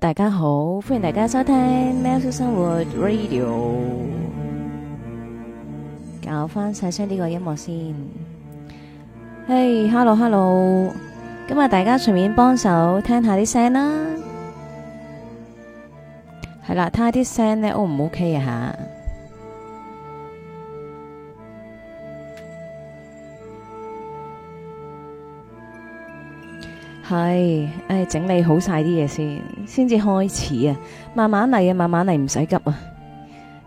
大家好，歡迎大家收聽《喵式生活 Radio》，搞翻細聲呢個音樂先。誒，Hello，Hello，今日大家隨便幫手聽下啲聲啦。係啦，聽下啲聲咧，O 唔 O K 啊吓？係，唉，整理好晒啲嘢先，先至開始啊，慢慢嚟啊，慢慢嚟，唔使急啊。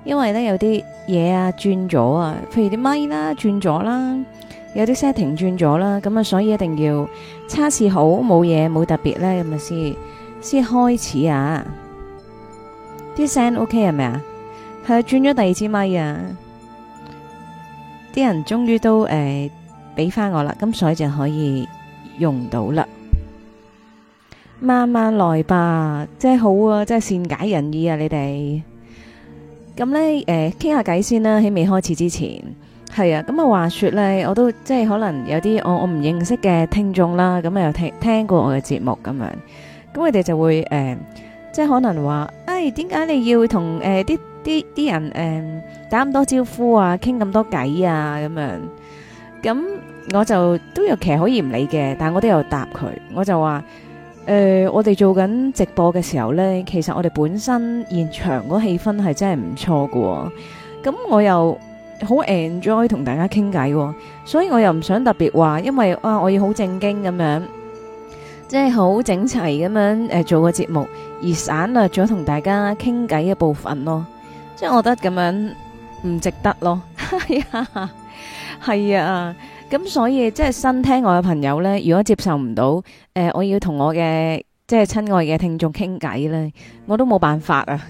因為咧有啲嘢啊轉咗啊，譬如啲咪，咪啦轉咗啦，有啲 setting 轉咗啦，咁啊所以一定要測試好，冇嘢冇特別咧，咁啊先先開始啊。啲聲 OK 係咪啊？係轉咗第二支咪啊。啲人終於都誒俾翻我啦，咁所以就可以用到啦。慢慢來吧，即係好啊，即係善解人意啊，你哋咁呢，誒、呃，傾下偈先啦。喺未開始之前係啊，咁啊，話說呢，我都即係可能有啲我我唔認識嘅聽眾啦，咁啊又聽聽過我嘅節目咁樣，咁佢哋就會誒、呃，即係可能話哎點解你要同誒啲啲啲人誒、呃、打咁多招呼啊，傾咁多偈啊咁樣咁，我就都有其實可以唔理嘅，但係我都有答佢，我就話。誒、呃，我哋做緊直播嘅時候呢，其實我哋本身現場嗰氣氛係真係唔錯喎。咁我又好 enjoy 同大家傾偈，哦，所以我又唔想特別話，因為哇，我要好正經咁樣，即係好整齊咁樣誒做個節目，而省略咗同大家傾偈嘅部分咯，即係我覺得咁樣唔值得咯，係 呀，啊！咁所以即係新聽我嘅朋友呢，如果接受唔到，誒、呃，我要同我嘅即係親愛嘅聽眾傾偈呢，我都冇辦法啊。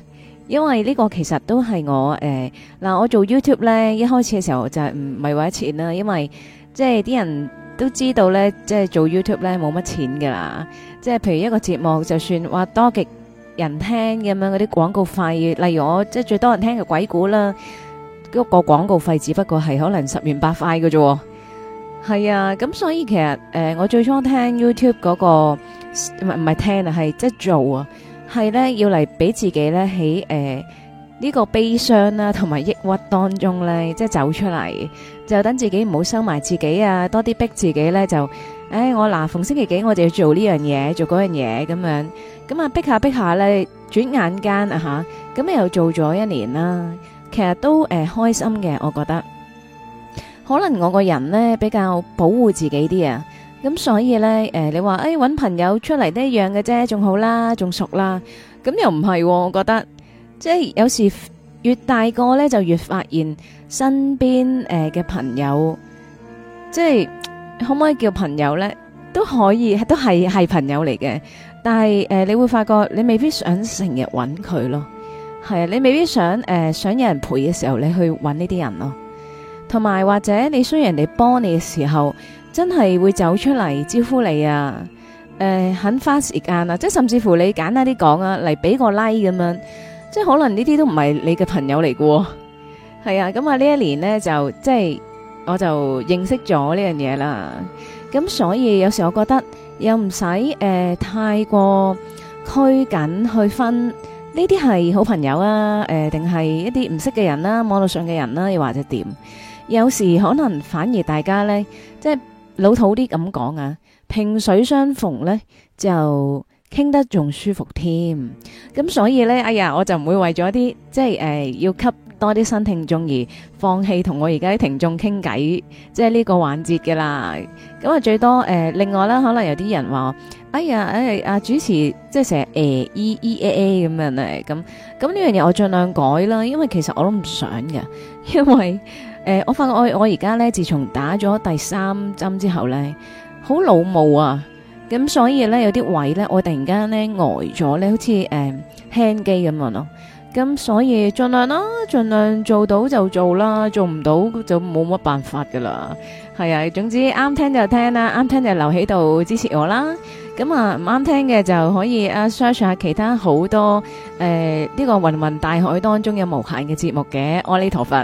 因為呢個其實都係我誒嗱、呃，我做 YouTube 呢，一開始嘅時候就係唔係為咗錢啦、啊。因為即係啲人都知道呢，即係做 YouTube 呢冇乜錢噶啦。即係譬如一個節目，就算話多極人聽咁樣，嗰啲廣告費，例如我即係最多人聽嘅鬼故啦，嗰、嗰個廣告費只不過係可能十元八塊噶啫。係啊，咁所以其實誒、呃，我最初聽 YouTube 嗰個唔係唔係聽啊，係即係做啊，係咧要嚟俾自己咧喺誒呢個悲傷啦同埋抑鬱當中咧，即係走出嚟，就等自己唔好收埋自己啊，多啲逼自己咧就，誒、哎、我嗱逢星期幾我就要做呢樣嘢做嗰樣嘢咁樣，咁啊逼下逼下咧，轉眼間啊吓，咁又做咗一年啦，其實都誒、呃、開心嘅，我覺得。可能我個人呢，比較保護自己啲啊，咁所以呢，誒、呃，你話誒搵朋友出嚟都一樣嘅啫，仲好啦、啊，仲熟啦、啊，咁又唔係、哦，我覺得即係有時越大個呢，就越發現身邊誒嘅、呃、朋友，即係可唔可以叫朋友呢？都可以，都係係朋友嚟嘅，但係誒、呃、你會發覺你未必想成日搵佢咯，係啊，你未必想誒、呃、想有人陪嘅時候，你去搵呢啲人咯。同埋或者你需要人哋幫你嘅時候，真係會走出嚟招呼你啊！誒，很花時間啊，即係甚至乎你簡單啲講啊，嚟俾個 like 咁樣，即係可能呢啲都唔係你嘅朋友嚟嘅喎。係啊，咁啊呢一年呢就即係我就認識咗呢樣嘢啦。咁所以有時我覺得又唔使誒太過拘謹去分呢啲係好朋友啊，誒定係一啲唔識嘅人啦，網絡上嘅人啦，又或者點？有時可能反而大家呢，即係老土啲咁講啊，萍水相逢呢，就傾得仲舒服添。咁所以呢，哎呀，我就唔會為咗啲即係誒、呃、要吸多啲新聽眾而放棄同我而家啲聽眾傾偈，即係呢個環節嘅啦。咁啊，最多誒、呃，另外啦，可能有啲人話，哎呀，誒、哎，主持即係成日誒 e e a a 咁樣呢，咁咁呢樣嘢我盡量改啦，因為其實我都唔想㗎，因為。誒，我發覺我我而家咧，自從打咗第三針之後咧，好老懵啊。咁所以咧，有啲位咧，我突然間咧呆咗咧，好似誒輕機咁樣咯。咁所以盡量啦，盡量做到就做啦，做唔到就冇乜辦法㗎喇。係啊，總之啱聽就聽啦，啱聽就留喺度支持我啦。咁啊，唔啱聽嘅就可以啊 search 下其他好多誒呢個芸芸大海當中有無限嘅節目嘅。阿彌陀佛。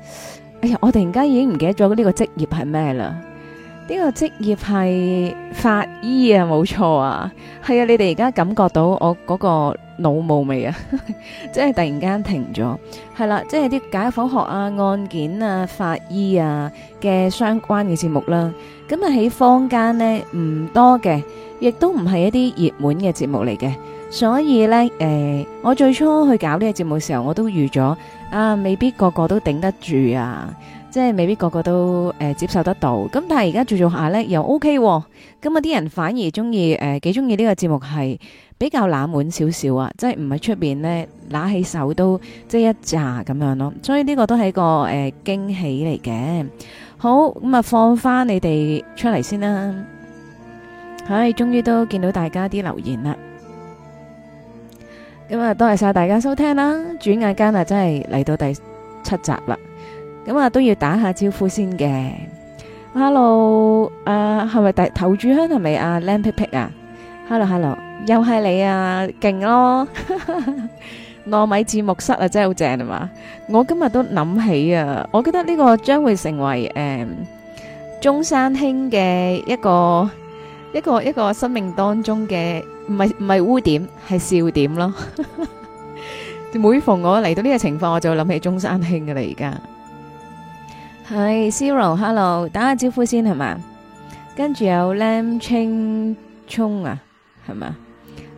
哎呀，我突然間已經唔記得咗呢個職業係咩啦？呢個職業係法醫啊，冇錯啊。係啊，你哋而家感覺到我嗰個腦霧未啊？即係突然間停咗。係啦，即係啲解剖學啊、案件啊、法醫啊嘅相關嘅節目啦。咁啊喺坊間呢唔多嘅，亦都唔係一啲熱門嘅節目嚟嘅。所以呢，誒、呃，我最初去搞呢個節目嘅時候，我都預咗。啊，未必個個都頂得住啊，即係未必個個都誒、呃、接受得到。咁但係而家做做下呢，又 OK，咁啊啲人反而中意誒，幾中意呢個節目係比較冷門少少啊，即係唔係出邊呢，拿起手都即係一扎咁樣咯、啊。所以呢個都係個誒驚、呃、喜嚟嘅。好咁啊，放翻你哋出嚟先啦。唉，終於都見到大家啲留言啦。咁啊，多謝晒大家收聽啦！轉眼間啊，真係嚟到第七集啦。咁啊，都要打下招呼先嘅。Hello，誒，係咪第頭柱香？係咪啊，靚皮皮啊？Hello，Hello，又係你啊！勁咯，糯米字幕室啊，真係好正啊嘛！我今日都諗起啊，我覺得呢個將會成爲誒中山興嘅一個一個一個生命當中嘅。唔係唔係污點，係笑點咯。每逢我嚟到呢個情況，我就會諗起中山興噶啦。而家係 zero hello 打下招呼先係嘛，跟住有 lam 青聰啊係嘛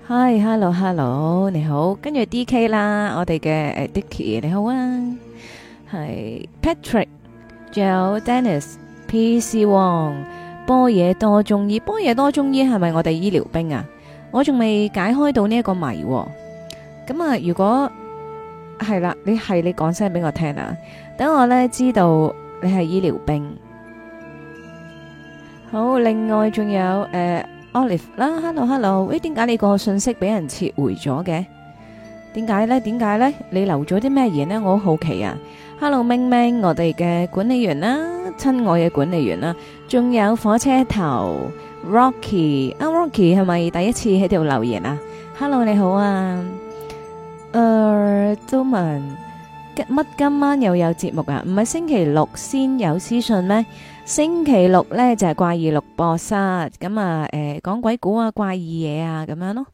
，hi hello hello 你好，跟住 d k 啦，我哋嘅誒 dicky 你好啊，係 patrick，仲有 dennis p c 王波野多中醫，波野多中醫係咪我哋醫療兵啊？我仲未解開到呢一個謎，哦，咁、嗯、啊，如果係啦，你係你講聲俾我聽啦，等我呢，知道你係醫療兵。好，另外仲有誒、呃、Olive 啦，Hello，Hello，喂，點解、欸、你個信息俾人撤回咗嘅？點解呢？點解呢？你留咗啲咩嘢呢？我好好奇啊。Hello，明明，我哋嘅管理員啦，親愛嘅管理員啦，仲有火車頭。Rocky，阿 Rocky 係咪第一次喺度留言啊？Hello，你好啊。誒，周文，乜今晚又有節目啊？唔係星期六先有屍訊咩？星期六咧就係怪異錄播室，咁啊誒講鬼故啊怪異嘢啊咁樣咯。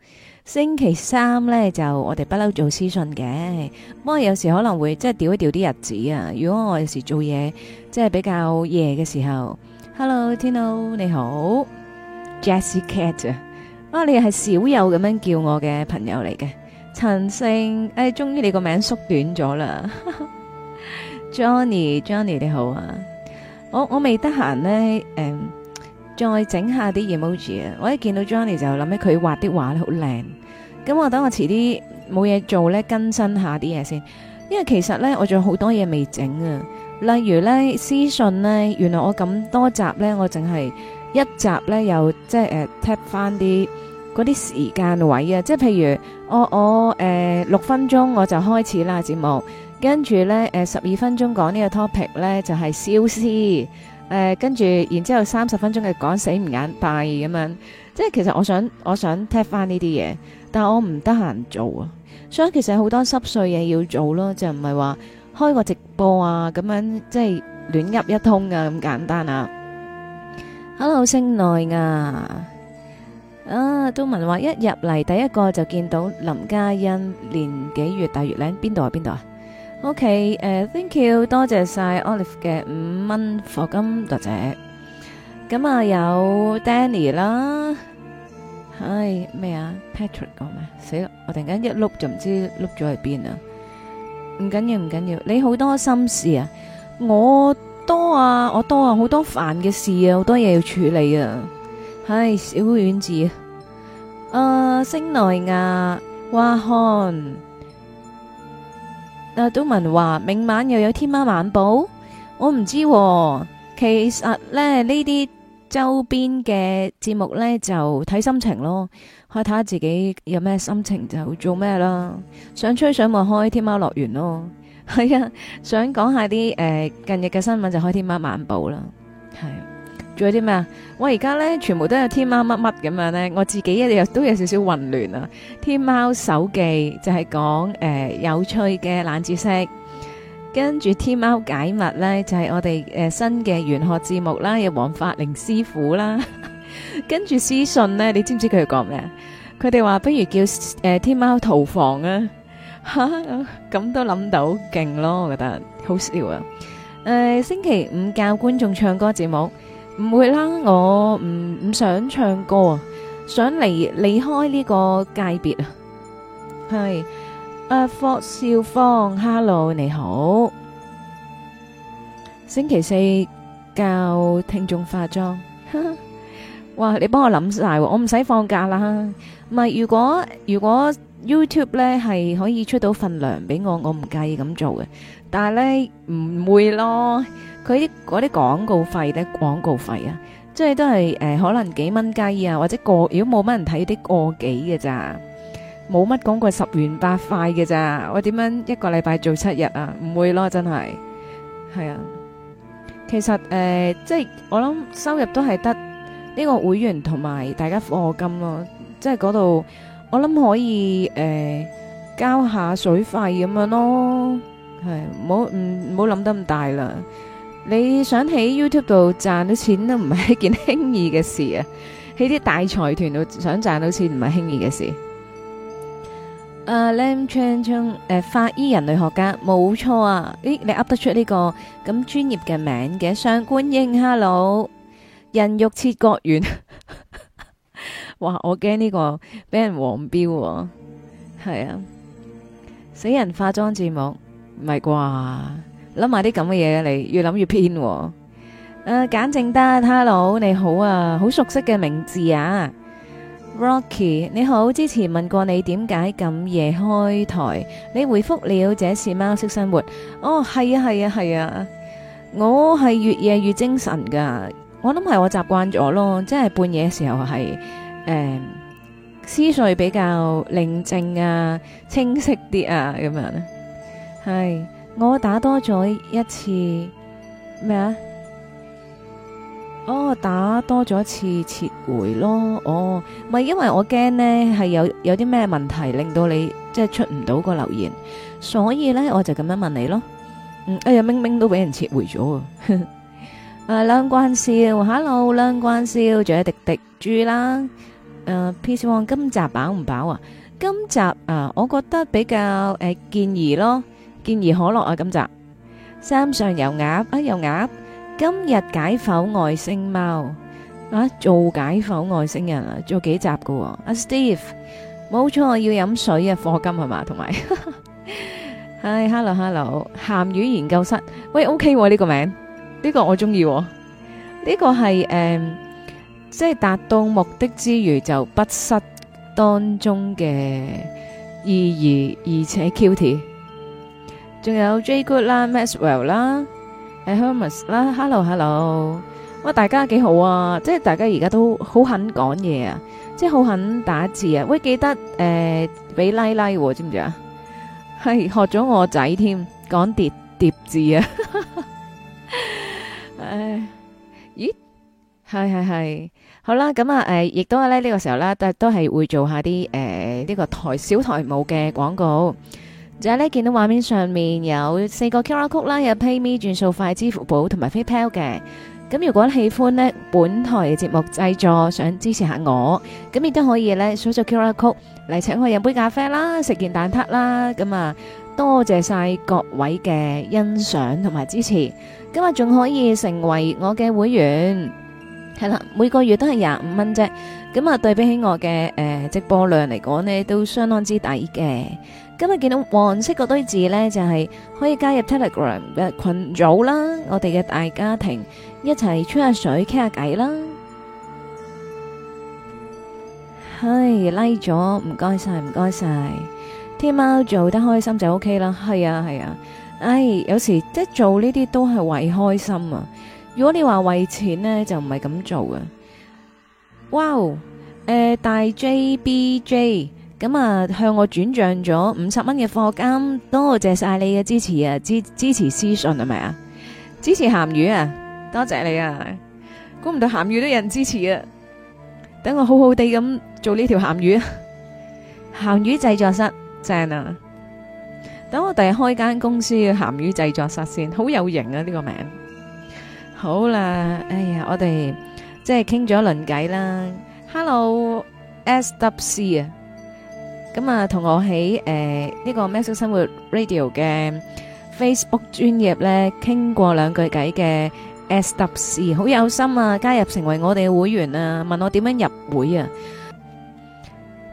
星期三咧就我哋不嬲做屍訊嘅，不過有時可能會即係調一調啲日子啊。如果我有時做嘢即係比較夜嘅時候，Hello，Tino 你好。Jesse Cat 啊，你係少有咁樣叫我嘅朋友嚟嘅。陳勝，哎，終於你個名縮短咗啦。Johnny，Johnny Johnny，你好啊，我我未得閒呢，誒、嗯，再整下啲 emoji 啊。我一見到 Johnny 就諗起佢畫啲畫好靚。咁我等我遲啲冇嘢做咧，更新下啲嘢先。因為其實咧，我仲有好多嘢未整啊。例如咧，私信咧，原來我咁多集咧，我淨係。一集呢，又即係誒 tap 翻啲嗰啲時間位啊！即係譬如我我誒、呃、六分鐘我就開始啦節目，跟住呢，誒、呃、十二分鐘講呢個 topic 呢，就係、是、消失誒，跟、呃、住然之後三十分鐘嘅講死唔眼閉咁樣。即係其實我想我想 tap 翻呢啲嘢，但係我唔得閒做啊！所以其實好多濕碎嘢要做咯，就唔係話開個直播啊咁樣即係亂噏一通啊咁簡單啊！Hello，姓內牙啊，東文話一入嚟第一個就見到林嘉欣，年紀越大越靚？邊度啊邊度啊？OK，誒，Thank you，多謝晒 Olive 嘅五蚊火金多謝。咁啊，有 Danny 啦，係咩啊？Patrick 講咩？死啦！我突然間一碌就唔知碌咗喺邊啊！唔緊要，唔緊要，你好多心事啊，我。多啊，我多啊，好多煩嘅事啊，好多嘢要處理啊，唉，小丸子，啊、呃，星奈亞，哇漢，啊，都文話，明晚又有天喵晚報，我唔知道、啊，其實咧呢啲周邊嘅節目咧就睇心情咯，可以睇下自己有咩心情就做咩啦，想吹想望開天喵樂園咯。係啊， 想講下啲誒、呃、近日嘅新聞就開天貓晚報啦，係。仲有啲咩啊？我而家咧全部都有天貓乜乜咁樣咧，我自己一日都有少少混亂啊。天貓手記就係講誒有趣嘅冷知識，跟住天貓解密咧就係、是、我哋誒、呃、新嘅玄學節目啦，有黃法靈師傅啦， 跟住屍訊咧，你知唔知佢哋講咩？佢哋話不如叫誒、呃、天貓逃房啊。吓，咁都諗到勁咯，我覺得好笑啊！誒，星期五教觀眾唱歌節目？唔會啦，我唔唔想唱歌啊，想離離開呢個界別啊。係誒，霍少芳，hello 你好。星期四教聽眾化妝，哇！你幫我諗晒，我唔使放假啦。唔係如果如果。YouTube 咧係可以出到份糧俾我，我唔介意咁做嘅。但係咧唔會咯，佢嗰啲廣告費咧廣告費啊，即係都係誒可能幾蚊雞啊，或者個如果冇乜人睇啲過幾嘅咋，冇乜講過十元八塊嘅咋，我點樣一個禮拜做七日啊？唔會咯，真係係啊。其實誒，即係我諗收入都係得呢個會員同埋大家課金咯，即係嗰度。我諗可以誒交下水費咁樣咯，係唔好唔唔好諗得咁大啦。你想喺 YouTube 度賺到錢都唔係一件輕易嘅事啊！喺啲大財團度想賺到錢唔係輕易嘅事。阿梁昌昌誒，法醫人類學家，冇錯啊！咦，你噏得出呢個咁專業嘅名嘅上官英，Hello，人肉切割員。哇！我驚呢個俾人黃標啊。哦，係啊，死人化妝節目唔係啩，諗埋啲咁嘅嘢，你越諗越偏。哦。誒、啊，簡正德，hello，你好啊，好熟悉嘅名字啊，Rocky，你好，之前問過你點解咁夜開台，你回覆了這是貓式生活。哦，係啊，係啊，係啊，我係越夜越精神噶，我諗係我習慣咗咯，即係半夜嘅時候係。誒，思緒比較寧靜啊，清晰啲啊，咁樣咧。係我打多咗一次咩啊？哦，打多咗一次撤回咯。哦，咪因為我驚咧，係有有啲咩問題令到你即係出唔到個留言，所以咧我就咁樣問你咯。嗯，哎呀，明明都俾人撤回咗啊。誒，兩關笑，hello，兩關笑，仲有迪迪，住啦。誒，Peace One 今集飽唔飽啊？今集誒，我覺得比較誒健怡咯，健怡可樂啊，今集。山上有鴨啊，有鴨。今日解剖外星貓啊，做解剖外星人啊，做幾集噶。阿 Steve，冇錯，我要飲水啊，課金係嘛，同埋。係，hello hello，鹹魚研究室。喂，OK，呢個名，呢個我中意。呢個係誒。即係達到目的之餘，就不失當中嘅意義，而且 QT 仲有 J Good 啦，Maxwell 啦，Hermes 啦，Hello Hello，喂，大家幾好啊？即係大家而家都好，好肯講嘢啊，即係好肯打字啊！喂，記得誒，俾拉拉知唔知啊？係、哎、學咗我仔添，講疊疊字啊！ 唉，咦，係係係。好啦，咁啊，誒、呃，亦都咧呢、這個時候咧，都係會做下啲誒呢個台小台帽嘅廣告。就係、是、咧見到畫面上面有四個 QR Code 啦，有 PayMe 轉數快、支付寶同埋 PayPal 嘅。咁、啊、如果喜歡呢本台嘅節目製作，想支持下我，咁亦都可以咧掃咗 QR Code 嚟請我飲杯咖啡啦，食件蛋撻啦。咁啊，多謝晒各位嘅欣賞同埋支持。咁啊，仲可以成為我嘅會員。係啦，每個月都係廿五蚊啫，咁啊，對比起我嘅誒直播量嚟講呢，都相當之抵嘅。今日見到黃色嗰堆字呢，就係可以加入 Telegram 嘅群組啦，我哋嘅大家庭一齊吹下水，傾下偈啦。係拉咗，唔該晒，唔該晒。天喵做得開心就 OK 啦。係啊，係啊。哎，有時即係做呢啲都係為開心啊。如果你話為錢呢，就唔係咁做啊。哇誒、呃、大 J B J 咁啊，向我轉賬咗五十蚊嘅課金，多謝晒你嘅支持啊！支支持私信係咪啊？支持鹹魚啊！多謝你啊！估唔到鹹魚都有人支持啊！等我好好地咁做呢條鹹魚啊！鹹魚製作室正啊！等我第日開間公司嘅鹹魚製作室先，好有型啊！呢、呢個名。好啦，哎呀，我哋即係傾咗一輪偈啦。Hello SWC 啊，咁啊，同我喺誒呢個喵式生活 Radio 嘅 Facebook 專業咧傾過兩句偈嘅 SWC，好有心啊！加入成為我哋嘅會員啊，問我點樣入會啊？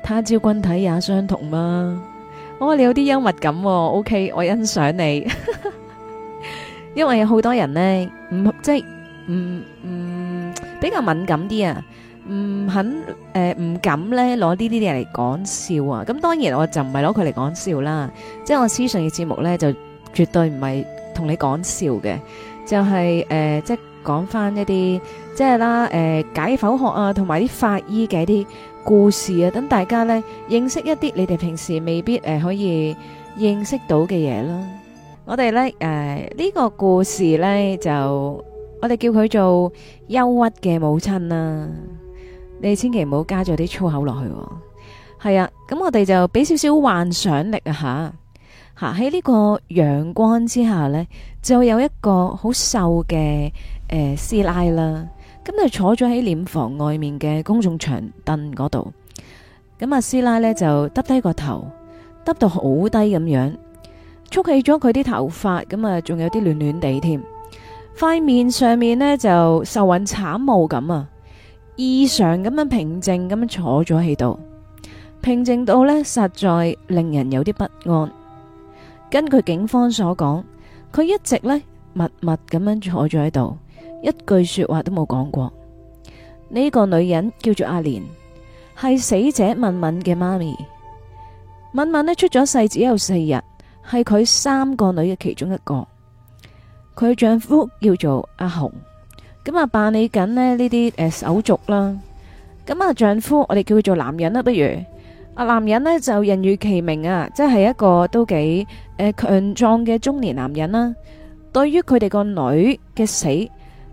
他朝君體也相同嘛？我覺得你有啲幽默感，OK，我欣賞你。因為有好多人咧，唔即係唔唔比較敏感啲啊，唔肯誒唔敢咧攞呢啲嘢嚟講笑啊！咁當然我就唔係攞佢嚟講笑啦，即係我屍訊嘅節目咧就絕對唔係同你講笑嘅，就係誒即係講翻一啲即係啦誒解剖學啊，同埋啲法醫嘅一啲故事啊，等大家咧認識一啲你哋平時未必誒可以認識到嘅嘢啦。我哋咧，誒、啊，呢、這個故事咧就，我哋叫佢做憂鬱嘅母親啦。你千祈唔好加咗啲粗口落去，哦。係啊，咁我哋就俾少少幻想力下啊，吓，吓喺呢個陽光之下咧，就有一個好瘦嘅誒師奶啦。咁就坐咗喺殮房外面嘅公眾長凳嗰度。咁啊，師奶咧就耷低個頭，耷到好低咁樣。束起咗佢啲頭髮，咁啊，仲有啲暖暖地添。塊面上面呢，就愁雲慘霧咁啊，異常咁樣平靜咁樣坐咗喺度，平靜到呢，實在令人有啲不安。根據警方所講，佢一直呢，默默咁樣坐咗喺度，一句說話都冇講過。呢、這個女人叫做阿蓮，係死者敏敏嘅媽咪。敏敏呢，出咗世只有四日。係佢三個女嘅其中一個，佢丈夫叫做阿雄，咁啊辦理緊呢啲誒、呃、手續啦。咁啊丈夫，我哋叫佢做男人啦，不如、啊、男人呢就人如其名啊，即係一個都幾誒強壯嘅中年男人啦、啊。對於佢哋個女嘅死，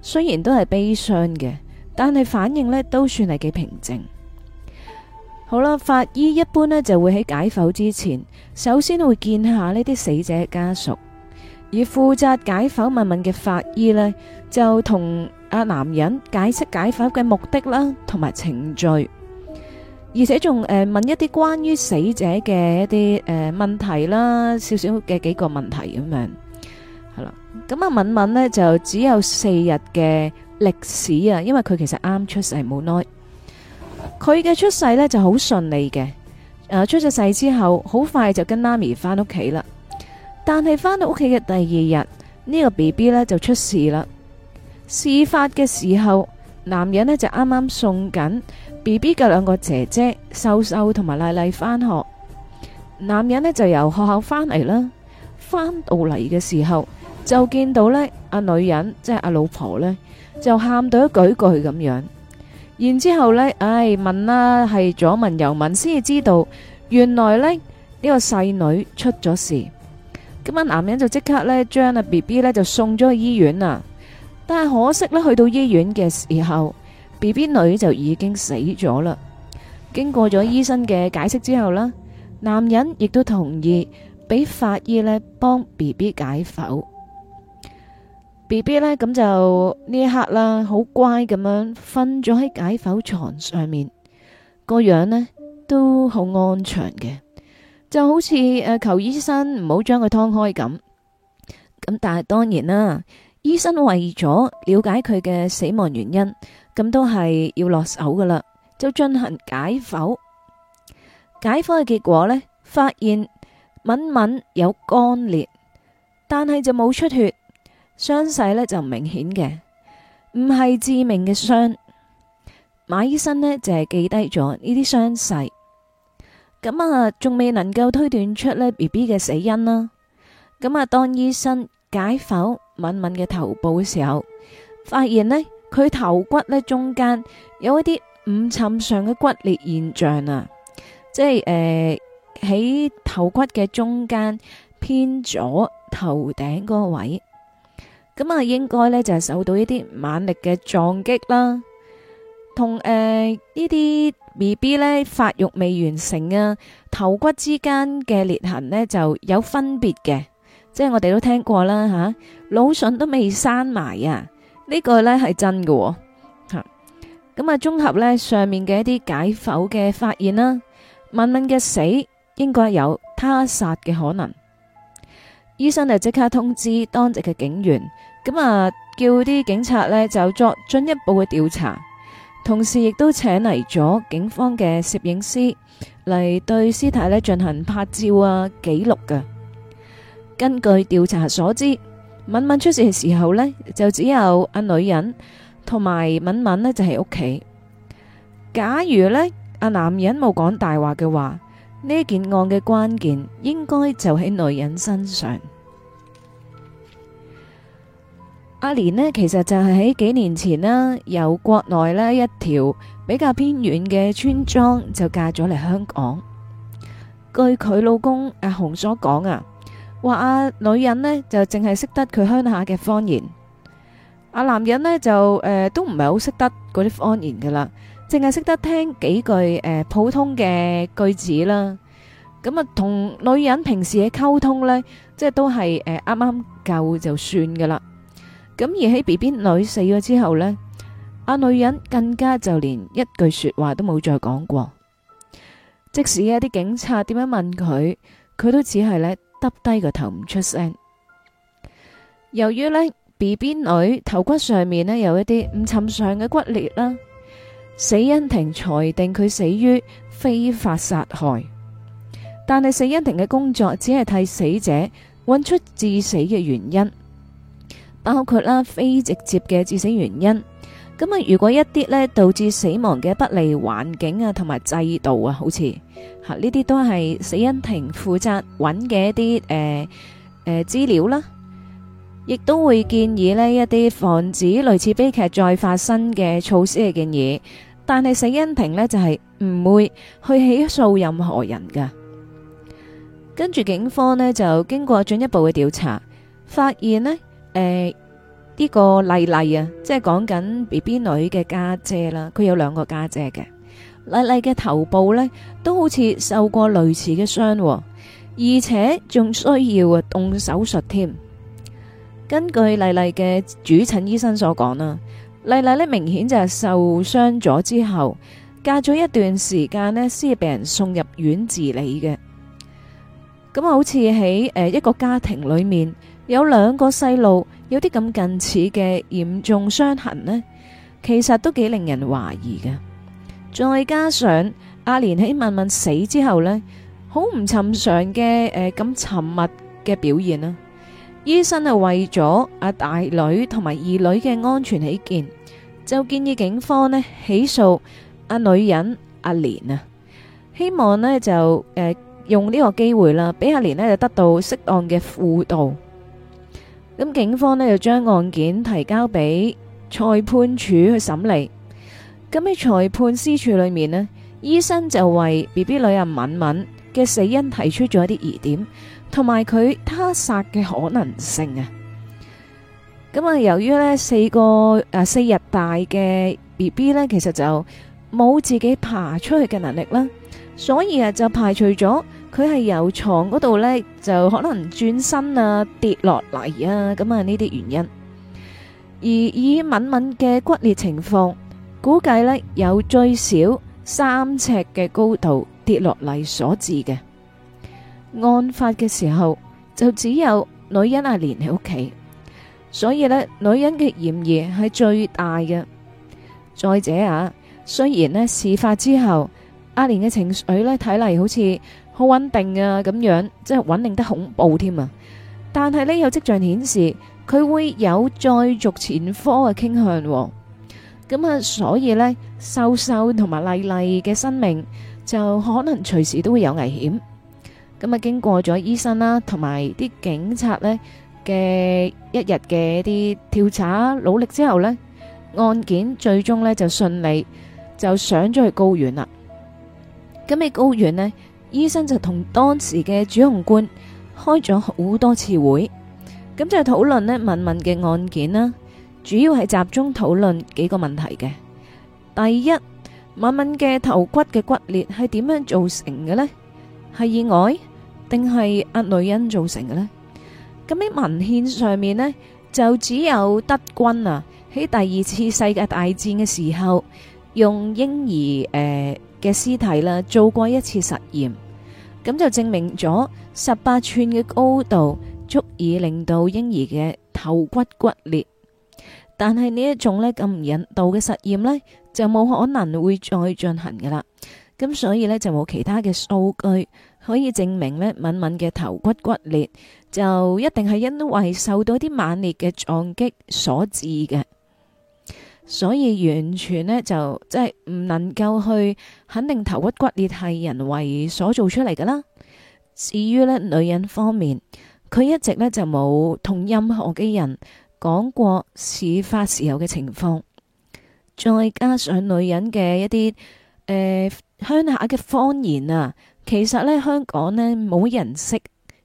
雖然都係悲傷嘅，但係反應呢都算係幾平靜。好啦，法醫一般呢就會喺解剖之前，首先會見下呢啲死者家屬，而負責解剖敏敏嘅法醫呢就同阿男人解釋解剖嘅目的啦，同埋程序，而且仲誒問一啲關於死者嘅一啲誒問題啦，少少嘅幾個問題咁樣，係啦，咁阿敏敏呢就只有四日嘅歷史啊，因為佢其實啱出世冇耐。佢嘅出世呢就好順利嘅，誒，出咗世之後，好快就跟媽咪返屋企啦。但係返到屋企嘅第二日，呢個 B B 呢就出事啦。事發嘅時候，男人呢就啱啱送緊 B B 嘅兩個姐姐秀秀同埋麗麗返學，男人呢就由學校返嚟啦。返到嚟嘅時候，就見到呢阿女人，即係阿老婆呢，就喊到一句一句咁樣。然之後呢唉、哎，問啦，係左問右問，先至知道原來呢，呢、呢個細女出咗事。今晚男人就即刻呢，將 B B 呢就送咗去醫院啦。但係可惜呢，去到醫院嘅時候，B B 女就已經死咗啦。經過咗醫生嘅解釋之後呢，男人亦都同意俾法醫呢幫 B B 解剖。B B 呢，咁就呢一刻啦，好乖咁樣瞓咗喺解剖床上面，個樣呢都好安詳嘅，就好似求醫生唔好將佢劏開咁。咁但係當然啦，醫生為咗了,了解佢嘅死亡原因，咁都係要落手噶啦，就進行解剖。解剖嘅結果呢，發現敏敏有乾裂，但係就冇出血。傷勢呢就唔明顯嘅，唔係致命嘅傷。馬醫生呢就係記低咗呢啲傷勢，咁啊仲未能夠推斷出呢 B B 嘅死因啦。咁啊，當醫生解剖敏敏嘅頭部嘅時候，發現呢，佢頭骨呢中間有一啲唔尋常嘅骨裂現象啊，即係誒喺頭骨嘅中間偏左頭頂嗰個位。咁啊，應該呢，就係、是、受到一啲猛力嘅撞擊啦，同誒呢啲 B B 呢，發育未完成啊，頭骨之間嘅裂痕呢，就有分別嘅，即係我哋都聽過啦吓，腦、啊、囟都未生埋啊，呢、這個呢係真㗎吓。咁啊，綜、啊、合呢上面嘅一啲解剖嘅發現啦、啊，敏敏嘅死應該有他殺嘅可能。醫生就即刻通知當值嘅警員。咁啊，叫啲警察呢就作進一步嘅調查，同時亦都請嚟咗警方嘅攝影師嚟對屍體呢進行拍照啊，記錄㗎。根據調查所知，敏敏出事嘅時候呢，就只有阿女人同埋敏敏呢就喺屋企。假如呢阿男人冇講大話嘅話，呢件案嘅關鍵應該就喺女人身上。阿蓮呢，其實就係喺幾年前啦，由國內呢一條比較偏遠嘅村莊就嫁咗嚟香港。據佢老公阿雄所講啊，話阿女人呢就淨係識得佢鄉下嘅方言，阿男人呢就誒都唔係好識得嗰啲方言噶啦，淨係識得聽幾句誒普通嘅句子啦。咁啊，同女人平時嘅溝通呢，即係都係誒啱啱夠就算噶啦。咁而喺 B B 女死咗之後呢，阿女人更加就連一句說話都冇再講過，即使一啲警察點樣問佢，佢都只係呢耷低個頭唔出聲。由於呢 B B 女頭骨上面呢有一啲唔尋常嘅骨裂啦，死因庭裁定佢死於非法殺害，但係死因庭嘅工作只係替死者揾出致死嘅原因。包括啦非直接嘅致死原因，咁啊如果一啲咧，導致死亡嘅不利環境啊同埋制度啊，好似吓呢啲都係死因庭負責揾嘅一啲誒誒資料啦，亦都會建議呢一啲防止類似悲劇再發生嘅措施嘅嘢。但係死因庭呢，就係唔會去起訴任何人噶。跟住警方呢，就經過進一步嘅調查，發現呢。誒，呢個麗麗啊，即係講緊 BB 女嘅家姐啦。佢有兩個家姐嘅，麗麗嘅頭部呢都好似受過類似嘅傷，而且仲需要動手術添。根據麗麗嘅主診醫生所講啦，麗麗呢明顯就係受傷咗之後，隔咗一段時間呢先被人送入院治理嘅。咁好似喺誒一個家庭裏面。有兩個細路有啲咁近似嘅嚴重傷痕呢，其實都幾令人懷疑嘅。再加上阿蓮喺曼曼死之後呢，好唔尋常嘅誒咁沉默嘅表現啊。醫生係爲咗阿大女同埋二女嘅安全起見，就建議警方呢起訴阿女人阿蓮啊。希望呢就誒、呃、用呢個機會啦，俾阿蓮呢就得到適當嘅輔導。咁警方呢又將案件提交俾裁判署去審理。咁喺裁判司處裏面呢醫生就為 B B 女人敏敏嘅死因提出咗一啲疑點，同埋佢他殺嘅可能性由於啊。咁啊，由於呢四個啊四日大嘅 B B 呢其實就冇自己爬出去嘅能力啦，所以啊就排除咗。佢係由床嗰度呢，就可能轉身啊跌落嚟，啊咁啊呢啲原因。而以敏敏嘅骨裂情況，估計呢有最少三尺嘅高度跌落嚟所致嘅。案發嘅時候就只有女人阿蓮喺屋企，所以呢，女人嘅嫌疑係最大嘅。再者啊，雖然呢，事發之後阿蓮嘅情緒呢，睇嚟好似。好穩定啊，咁樣即係穩定得恐怖添啊！但係咧有跡象顯示佢會有再續前科嘅傾向，咁啊，所以咧秀秀同埋麗麗嘅生命就可能隨時都會有危險。咁啊，經過咗醫生啦同埋啲警察咧嘅一日嘅啲調查努力之後咧，案件最終咧就順利，就上咗去高院啦。咁喺高院咧。醫生就同當時嘅主控官開咗好多次會，咁就係討論呢敏敏嘅案件啦。主要係集中討論幾個問題嘅。第一，敏敏嘅頭骨嘅骨裂係點樣造成嘅呢？係意外定係阿女人造成嘅呢？咁喺文獻上面呢，就只有德軍啊喺第二次世界大戰嘅時候用嬰兒誒嘅屍體啦做過一次實驗。咁就證明咗十八寸嘅高度足以令到嬰兒嘅頭骨骨裂。但係呢一種呢咁引導嘅實驗呢，就冇可能會再進行㗎喇，咁所以呢，就冇其他嘅數據可以證明呢敏敏嘅頭骨骨裂就一定係因為受到啲猛烈嘅撞擊所致嘅。所以完全呢，就即係唔能夠去肯定頭骨骨裂係人為所做出嚟噶啦。至於呢，女人方面，佢一直呢就冇同任何嘅人講過事發時候嘅情況。再加上女人嘅一啲誒鄉下嘅方言啊，其實呢香港呢冇人識，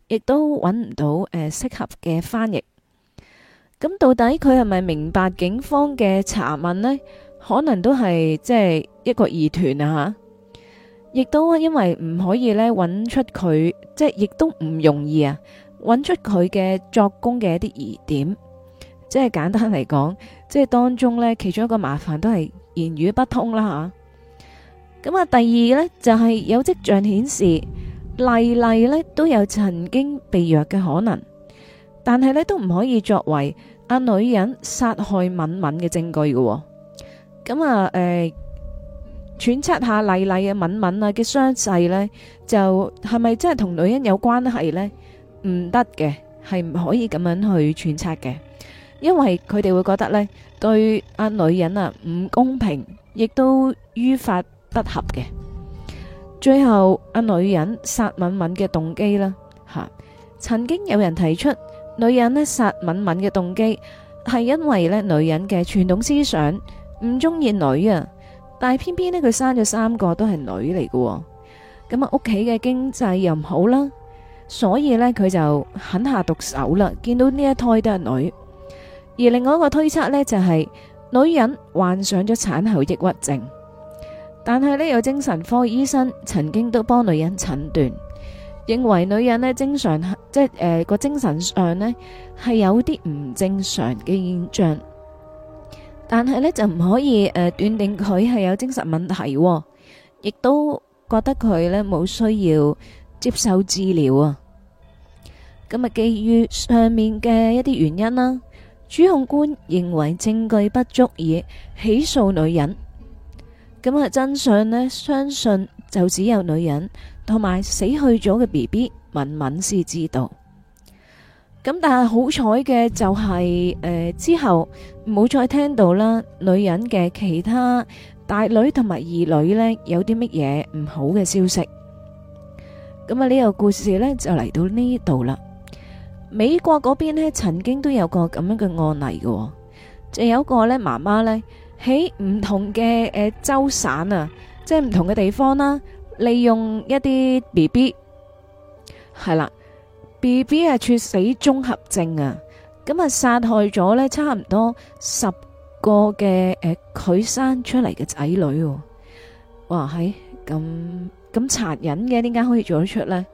亦都揾唔到誒適合嘅翻譯。咁到底佢係咪明白警方嘅查問呢？可能都係即係一個疑團啊！吓，亦都因為唔可以咧揾出佢，即係亦都唔容易啊！揾出佢嘅作供嘅一啲疑點，即係簡單嚟講，即係當中呢，其中一個麻煩都係言語不通啦！吓，咁啊，第二呢，就係、是、有跡象顯示麗麗呢都有曾經被虐嘅可能。但係咧，都唔可以作為阿女人殺害敏敏嘅證據嘅，哦。咁啊，誒、呃，揣測下麗麗嘅敏敏啊嘅傷勢呢，就係、是、咪真係同女人有關係呢，唔得嘅，係唔可以咁樣去揣測嘅，因為佢哋會覺得呢，對阿女人啊唔公平，亦都於法不合嘅。最後阿女人殺敏敏嘅動機啦，吓、啊、曾經有人提出。女人呢殺敏敏嘅動機係因為咧，女人嘅傳統思想唔中意女啊，但係偏偏呢，佢生咗三個都係女嚟嘅，咁啊，屋企嘅經濟又唔好啦，所以呢，佢就狠下毒手啦。見到呢一胎都係女，而另外一個推測呢，就是，就係女人患上咗產後抑鬱症，但係呢，有精神科醫生曾經都幫女人診斷。認為女人呢正常，即係誒個精神上呢係有啲唔正常嘅現象，但係呢就唔可以誒斷定佢係有精神問題，亦都覺得佢呢冇需要接受治療啊。咁啊，基於上面嘅一啲原因啦，主控官認為證據不足以起訴女人。咁啊，真相呢，相信就只有女人。同埋死去咗嘅 B B，敏敏先知道。咁但係好彩嘅就係、是、誒、呃、之後冇再聽到啦，女人嘅其他大女同埋二女呢，有啲乜嘢唔好嘅消息。咁啊呢個故事呢，就嚟到呢度啦。美國嗰邊呢，曾經都有個咁樣嘅案例嘅，就有個呢媽媽呢，喺唔同嘅誒州省啊，即係唔同嘅地方啦。利用一啲 B B 係啦，B B 係猝死綜合症啊，咁啊殺害咗呢差唔多十個嘅佢、呃、生出嚟嘅仔女、啊，哇係咁咁殘忍嘅，點解可以做得出呢？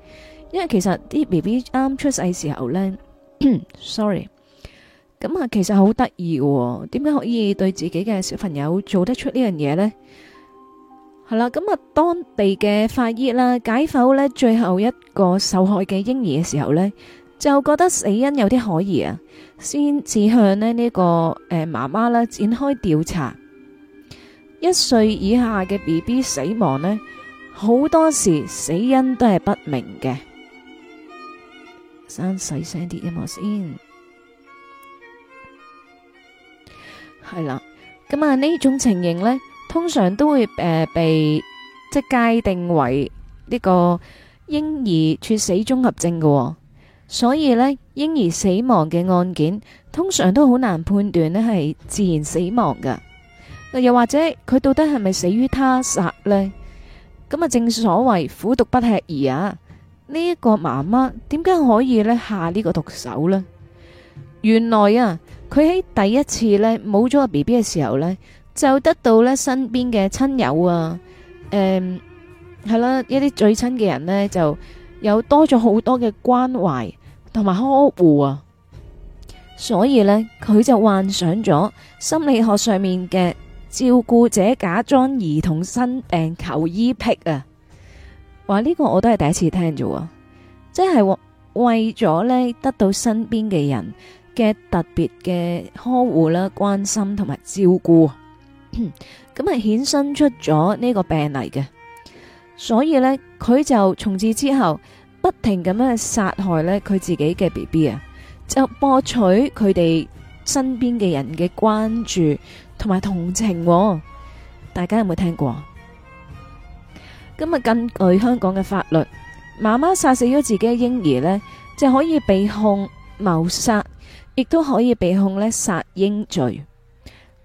因為其實啲 B B 啱出世時候呢 sorry 咁啊其實好得意嘅，點解可以對自己嘅小朋友做得出呢樣嘢呢？係啦，咁啊，當地嘅法醫啦，解剖呢最後一個受害嘅嬰兒嘅時候呢，就覺得死因有啲可疑啊，先至向咧呢個誒媽媽啦展開調查。一歲以下嘅 B B 死亡呢，好多時死因都係不明嘅。生細聲啲音樂先一。係啦，咁啊呢種情形呢。通常都會誒、呃、被即界定為呢個嬰兒猝死綜合症嘅，哦，所以呢，嬰兒死亡嘅案件通常都好難判斷呢係自然死亡噶，又或者佢到底係咪死於他殺呢？咁啊，正所謂虎毒不吃兒啊，呢、這、一個媽媽點解可以呢下呢個毒手呢？原來啊，佢喺第一次呢冇咗個 B B 嘅時候呢。就得到咧身邊嘅親友啊，誒、嗯、係啦，一啲最親嘅人呢，就有多咗好多嘅關懷同埋呵護啊。所以呢，佢就患上咗心理學上面嘅照顧者假裝兒童生病求醫癖啊。話呢、這個我都係第一次聽啫，即、就、係、是、為咗呢得到身邊嘅人嘅特別嘅呵護啦、啊、關心同埋照顧。咁啊，衍、嗯、生出咗呢個病嚟嘅，所以呢，佢就從此之後，不停咁樣殺害呢佢自己嘅 B B 啊，就博取佢哋身邊嘅人嘅關注同埋同情、哦。大家有冇聽過？咁啊，根據香港嘅法律，媽媽殺死咗自己嘅嬰兒呢，就可以被控謀殺，亦都可以被控呢殺嬰罪。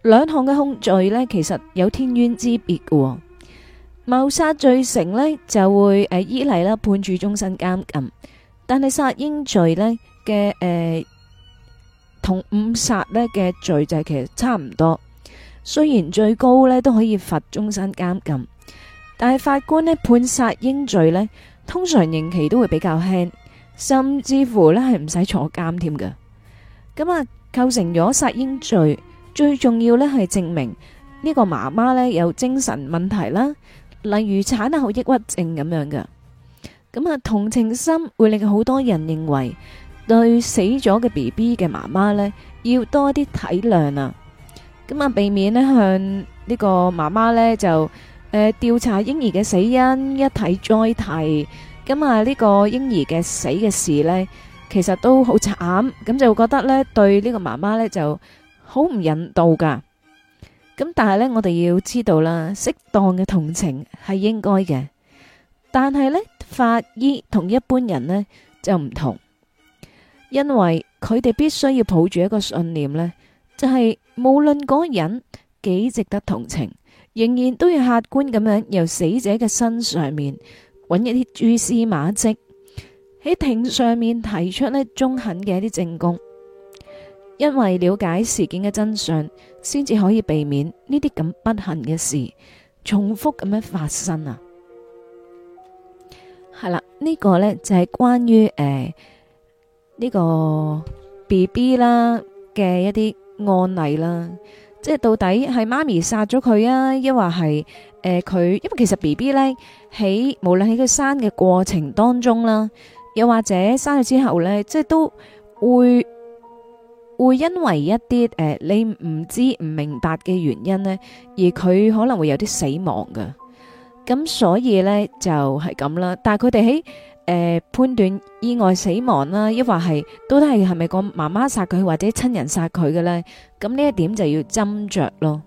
兩項嘅控罪呢，其實有天淵之別嘅、哦、謀殺罪成呢，就會誒、呃、依例啦判處終身監禁。但係殺嬰罪呢，嘅誒同誤殺呢嘅罪就係其實差唔多，雖然最高呢都可以罰終身監禁，但係法官呢判殺嬰罪呢，通常刑期都會比較輕，甚至乎呢係唔使坐監添㗎。咁啊，構成咗殺嬰罪。最重要呢，係證明呢個媽媽呢，有精神問題啦，例如產後抑鬱症咁樣嘅。咁啊同情心會令好多人認為對死咗嘅 BB 嘅媽媽呢，要多啲體諒啊。咁啊避免呢向呢個媽媽呢，就、呃、誒調查嬰兒嘅死因一睇再態。咁啊呢個嬰兒嘅死嘅事呢，其實都好慘，咁就覺得呢，對呢個媽媽呢，就。好唔引導噶，咁但係呢，我哋要知道啦，適當嘅同情係應該嘅，但係呢，法醫同一般人呢，就唔同，因為佢哋必須要抱住一個信念呢，就係、是、無論嗰個人幾值得同情，仍然都要客觀咁樣由死者嘅身上面揾一啲蛛絲馬跡，喺庭上面提出呢中肯嘅一啲證供。因為了解事件嘅真相，先至可以避免呢啲咁不幸嘅事重複咁樣發生啊！係啦，呢個呢就係關於誒呢個 B B 啦嘅一啲案例啦，即係到底係媽咪殺咗佢啊，抑或係誒佢，因為其實 B B 呢，喺無論喺佢生嘅過程當中啦，又或者生咗之後呢，即係都會。會因為一啲誒，你唔知唔明白嘅原因咧，而佢可能會有啲死亡噶。咁所以咧就係咁啦。但係佢哋喺誒判斷意外死亡啦，亦或係到底係咪個媽媽殺佢或者親人殺佢嘅咧？咁呢一點就要斟酌咯。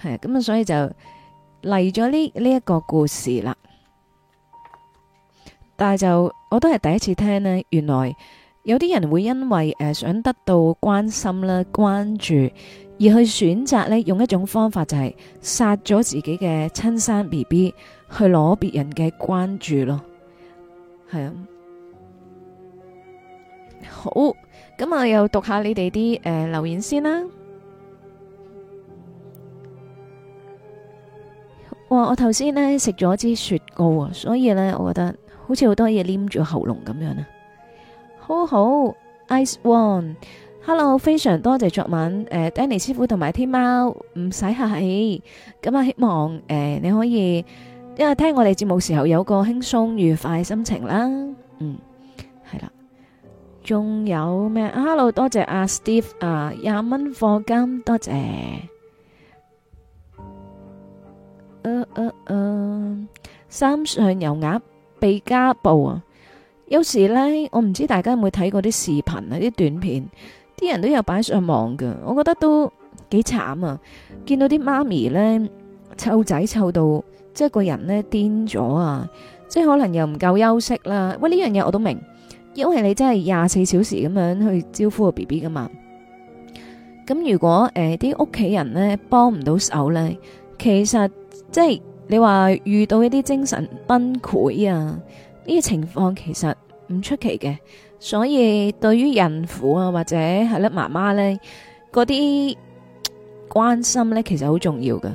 係咁啊，所以就嚟咗呢呢一個故事啦。但係就我都係第一次聽咧，原來。有啲人會因為誒、呃、想得到關心啦、關注，而去選擇咧用一種方法，就係殺咗自己嘅親生 BB 去攞別人嘅關注咯。係啊，好，咁我又讀下你哋啲誒留言先啦。哇！我頭先咧食咗支雪糕啊，所以咧我覺得好似好多嘢黏住喉嚨咁樣啊。好好，Ice One，Hello，非常多謝昨晚誒、呃、Danny 師傅同埋天喵，唔使客氣，咁啊希望誒、呃、你可以因為聽我哋節目時候有個輕鬆愉快心情啦，嗯係啦，仲有咩？Hello，多謝阿、啊、Steve 啊，廿蚊課金，多謝，誒誒誒，三歲牛鴨被家暴。啊。有時咧，我唔知大家有冇睇過啲視頻啊，啲短片，啲人都有擺上網嘅，我覺得都幾慘啊！見到啲媽咪咧，湊仔湊到即係個人咧癲咗啊！即係可能又唔夠休息啦。喂，呢樣嘢我都明，因為你真係廿四小時咁樣去招呼個 B B 噶嘛。咁如果誒啲屋企人咧幫唔到手咧，其實即係你話遇到一啲精神崩潰啊呢個情況，其實，唔出奇嘅，所以對於孕婦啊或者係咧媽媽咧，嗰啲關心咧，其實好重要嘅，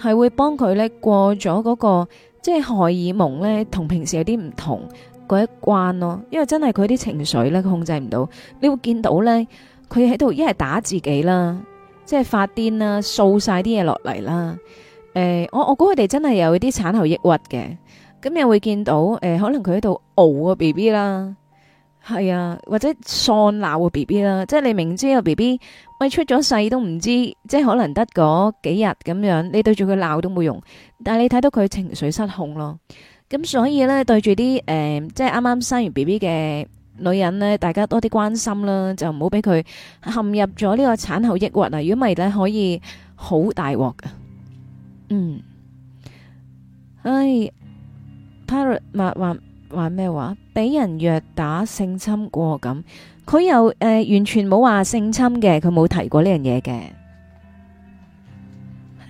係會幫佢咧過咗嗰個即係荷爾蒙咧同平時有啲唔同嗰一關咯，因為真係佢啲情緒咧佢控制唔到，你會見到咧佢喺度一係打自己啦，即係發癲啦，掃晒啲嘢落嚟啦，誒、呃，我我估佢哋真係有啲產後抑鬱嘅。咁又會見到誒、呃，可能佢喺度嘔個 B B 啦，係啊，或者喪鬧個 B B 啦，即係你明知個 B B，喂出咗世都唔知，即係可能得嗰幾日咁樣，你對住佢鬧都冇用，但係你睇到佢情緒失控咯。咁所以咧，對住啲誒，即係啱啱生完 B B 嘅女人咧，大家多啲關心啦，就唔好俾佢陷入咗呢個產後抑鬱啊！如果唔係咧，可以好大鑊噶。嗯，唉。他話話咩話俾人虐打性侵過咁，佢又誒完全冇話性侵嘅，佢冇提過呢樣嘢嘅，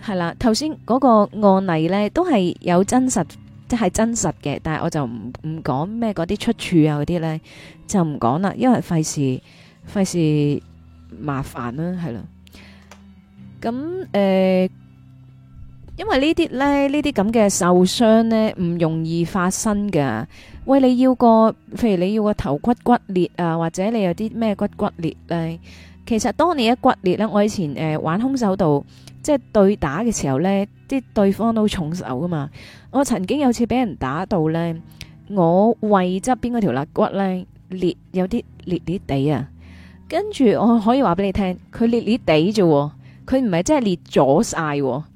係啦。頭先嗰個案例呢，都係有真實，即係真實嘅，但係我就唔唔講咩嗰啲出處啊嗰啲呢，就唔講啦，因為費事費事麻煩啦，係啦。咁誒。呃因為呢啲呢呢啲咁嘅受傷呢唔容易發生噶。喂，你要個，譬如你要個頭骨骨裂啊，或者你有啲咩骨骨裂呢？其實當你一骨裂呢，我以前誒、呃、玩空手道，即係對打嘅時候呢啲對方都重手噶嘛。我曾經有次俾人打到呢，我胃側邊嗰條肋骨呢，裂有啲裂裂地啊。跟住我可以話俾你聽，佢裂裂地咋，佢唔係真係裂咗晒。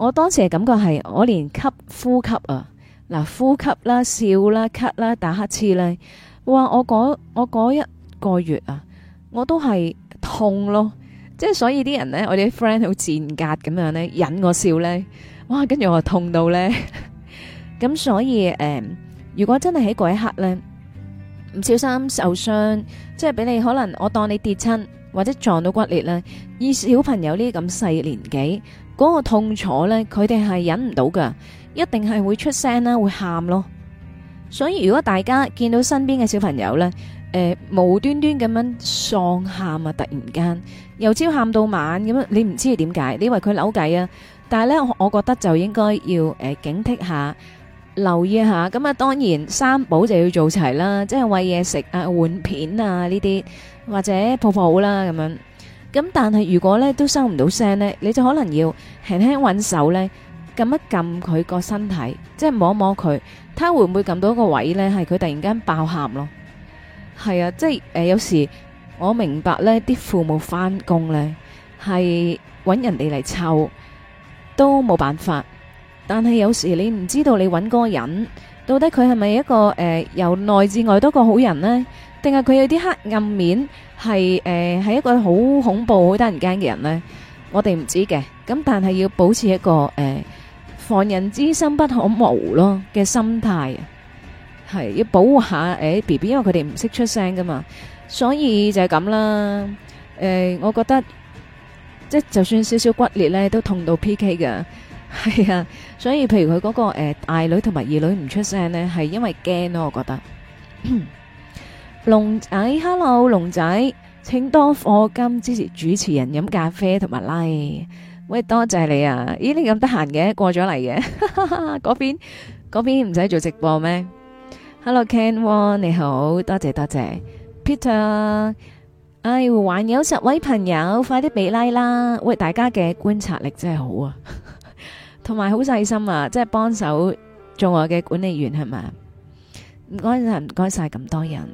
我當時嘅感覺係，我連吸呼吸啊，嗱呼吸啦、啊、笑啦、啊、咳啦、啊、打乞嗤咧，哇！我嗰我一個月啊，我都係痛咯，即係所以啲人咧，我哋啲 friend 好賤格咁樣咧，引我笑咧，哇！跟住我痛到咧，咁 所以誒、呃，如果真係喺嗰一刻咧，唔小心受傷，即係俾你可能我當你跌親或者撞到骨裂咧，以小朋友呢咁細年紀。嗰個痛楚呢，佢哋係忍唔到噶，一定係會出聲啦，會喊咯。所以如果大家見到身邊嘅小朋友呢，誒、呃、無端端咁樣喪喊啊，突然間由朝喊到晚咁樣，你唔知係點解，你以為佢扭計啊？但係呢我，我覺得就應該要誒、呃、警惕下，留意一下。咁啊，當然三寶就要做齊啦，即係餵嘢食啊、換片啊呢啲，或者抱抱啦咁樣。咁但係如果咧都收唔到聲呢，你就可能要輕輕揾手呢，撳一撳佢個身體，即係摸一摸佢，睇下會唔會撳到一個位呢？係佢突然間爆喊咯。係啊，即係誒、呃，有時我明白呢啲父母返工呢，係揾人哋嚟湊，都冇辦法。但係有時你唔知道你揾嗰個人到底佢係咪一個誒、呃、由內至外多個好人呢？定係佢有啲黑暗面，係誒係一個好恐怖、好得人驚嘅人咧，我哋唔知嘅。咁但係要保持一個誒防人之心不可無咯嘅心態，係要保護下誒 BB，因為佢哋唔識出聲噶嘛，所以就係咁啦。誒，我覺得即係就算少少骨裂咧，都痛到 PK 噶，係啊。所以譬如佢嗰個誒大女同埋二女唔出聲咧，係因為驚咯，我覺得。龍仔，Hello，龍仔，請多課金支持主持人飲咖啡同埋拉。喂，多謝你啊！咦，你咁得閒嘅，過咗嚟嘅，哈哈，嗰邊嗰邊唔使做直播咩？Hello Ken Won 你好，多謝多謝，Peter，哎，還有十位朋友，快啲俾拉啦！喂，大家嘅觀察力真係好啊，同埋好細心啊，即係幫手做我嘅管理員係咪？唔該晒，唔該晒咁多人。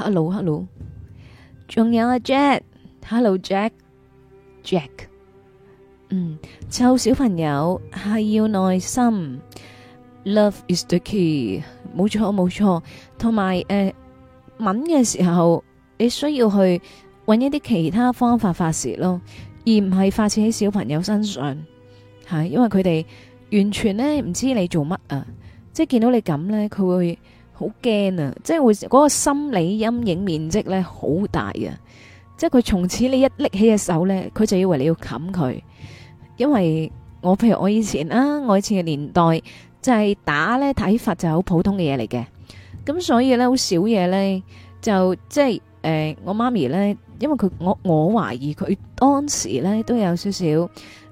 Hello，Hello，仲 hello. 有阿 Jack，Hello，Jack，Jack，嗯，臭小朋友係要耐心，Love is the key，冇錯冇錯，同埋誒，吻嘅、呃、時候，你需要去搵一啲其他方法發泄咯，而唔係發泄喺小朋友身上，吓，因為佢哋完全咧唔知你做乜啊，即係見到你咁咧，佢會。好驚啊！即係會嗰個心理陰影面積咧好大啊！即係佢從此你一拎起隻手咧，佢就以為你要冚佢。因為我譬如我以前啊，我以前嘅年代就係打咧睇法就係好普通嘅嘢嚟嘅。咁所以咧好少嘢咧，就即係誒，我媽咪咧，因為佢我我懷疑佢當時咧都有少少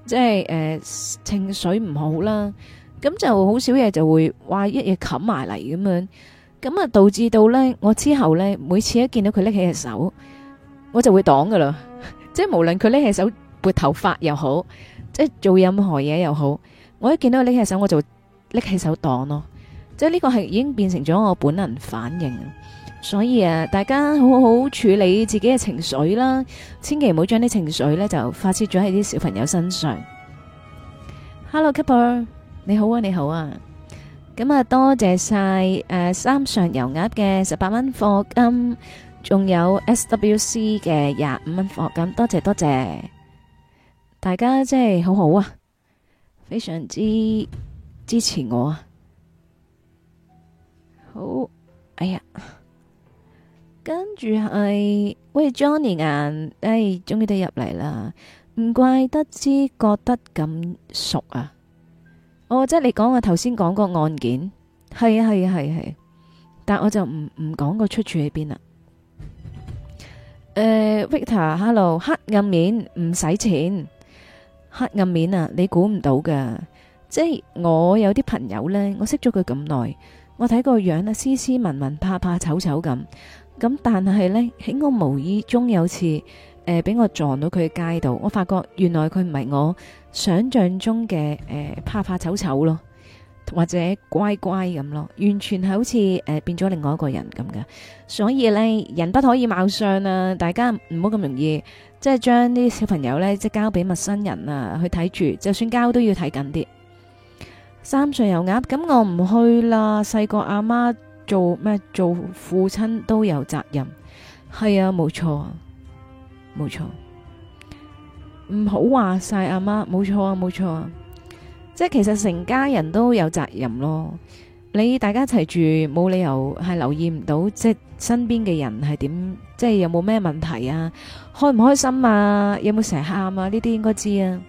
即係誒情緒唔好啦。咁就好少嘢就會話：「一嘢冚埋嚟」咁樣。咁啊，就導致到呢，我之後呢，每次一見到佢拎起隻手，我就會擋噶啦。即係無論佢拎起手撥頭髮又好，即係做任何嘢又好，我一見到佢拎起手，我就拎起手擋咯。即係呢個係已經變成咗我本能反應。所以啊，大家好好處理自己嘅情緒啦，千祈唔好將啲情緒呢就發泄咗喺啲小朋友身上。Hello，Kapoor，你好啊，你好啊。咁啊，多謝晒誒、呃，三上油鴨嘅十八蚊課金，仲有 S W C 嘅廿五蚊課金，多謝多謝，大家真係好好啊，非常之支持我啊！好，哎呀，跟住係喂，Johnny 啊，哎，終於都入嚟啦，唔怪得知覺得咁熟啊！哦，即係你講我頭先講個案件，係啊係啊係係，但我就唔唔講個出處喺邊啦。誒、uh，Victor，Hello，黑暗面唔使錢，黑暗面啊，你估唔到噶。即係我有啲朋友呢，我識咗佢咁耐，我睇個樣啊，斯斯文文、怕怕醜醜咁，咁但係呢，喺我無意中有次，誒、呃，俾我撞到佢喺街度，我發覺原來佢唔係我。想象中嘅，誒、呃，怕怕丑醜咯，或者乖乖咁咯，完全係好似誒、呃、變咗另外一個人咁嘅。所以咧，人不可以貌相啊！大家唔好咁容易，即係將啲小朋友咧，即係交俾陌生人啊去睇住，就算交都要睇緊啲。三歲油鴨，咁我唔去啦。細個阿媽做咩？做父親都有責任。係啊，冇錯，冇錯。唔好話晒阿媽，冇錯啊，冇錯啊，即係其實成家人都有責任咯。你大家一齊住，冇理由係留意唔到即，即係身邊嘅人係點，即係有冇咩問題啊，開唔開心啊，有冇成日喊啊？呢啲應該知啊。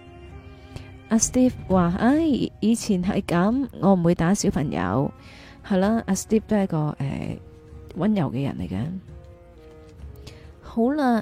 阿 Steve 話：唉、哎，以前係咁，我唔會打小朋友，係 啦。阿 Steve 都係一個誒、呃、温柔嘅人嚟嘅。好啦。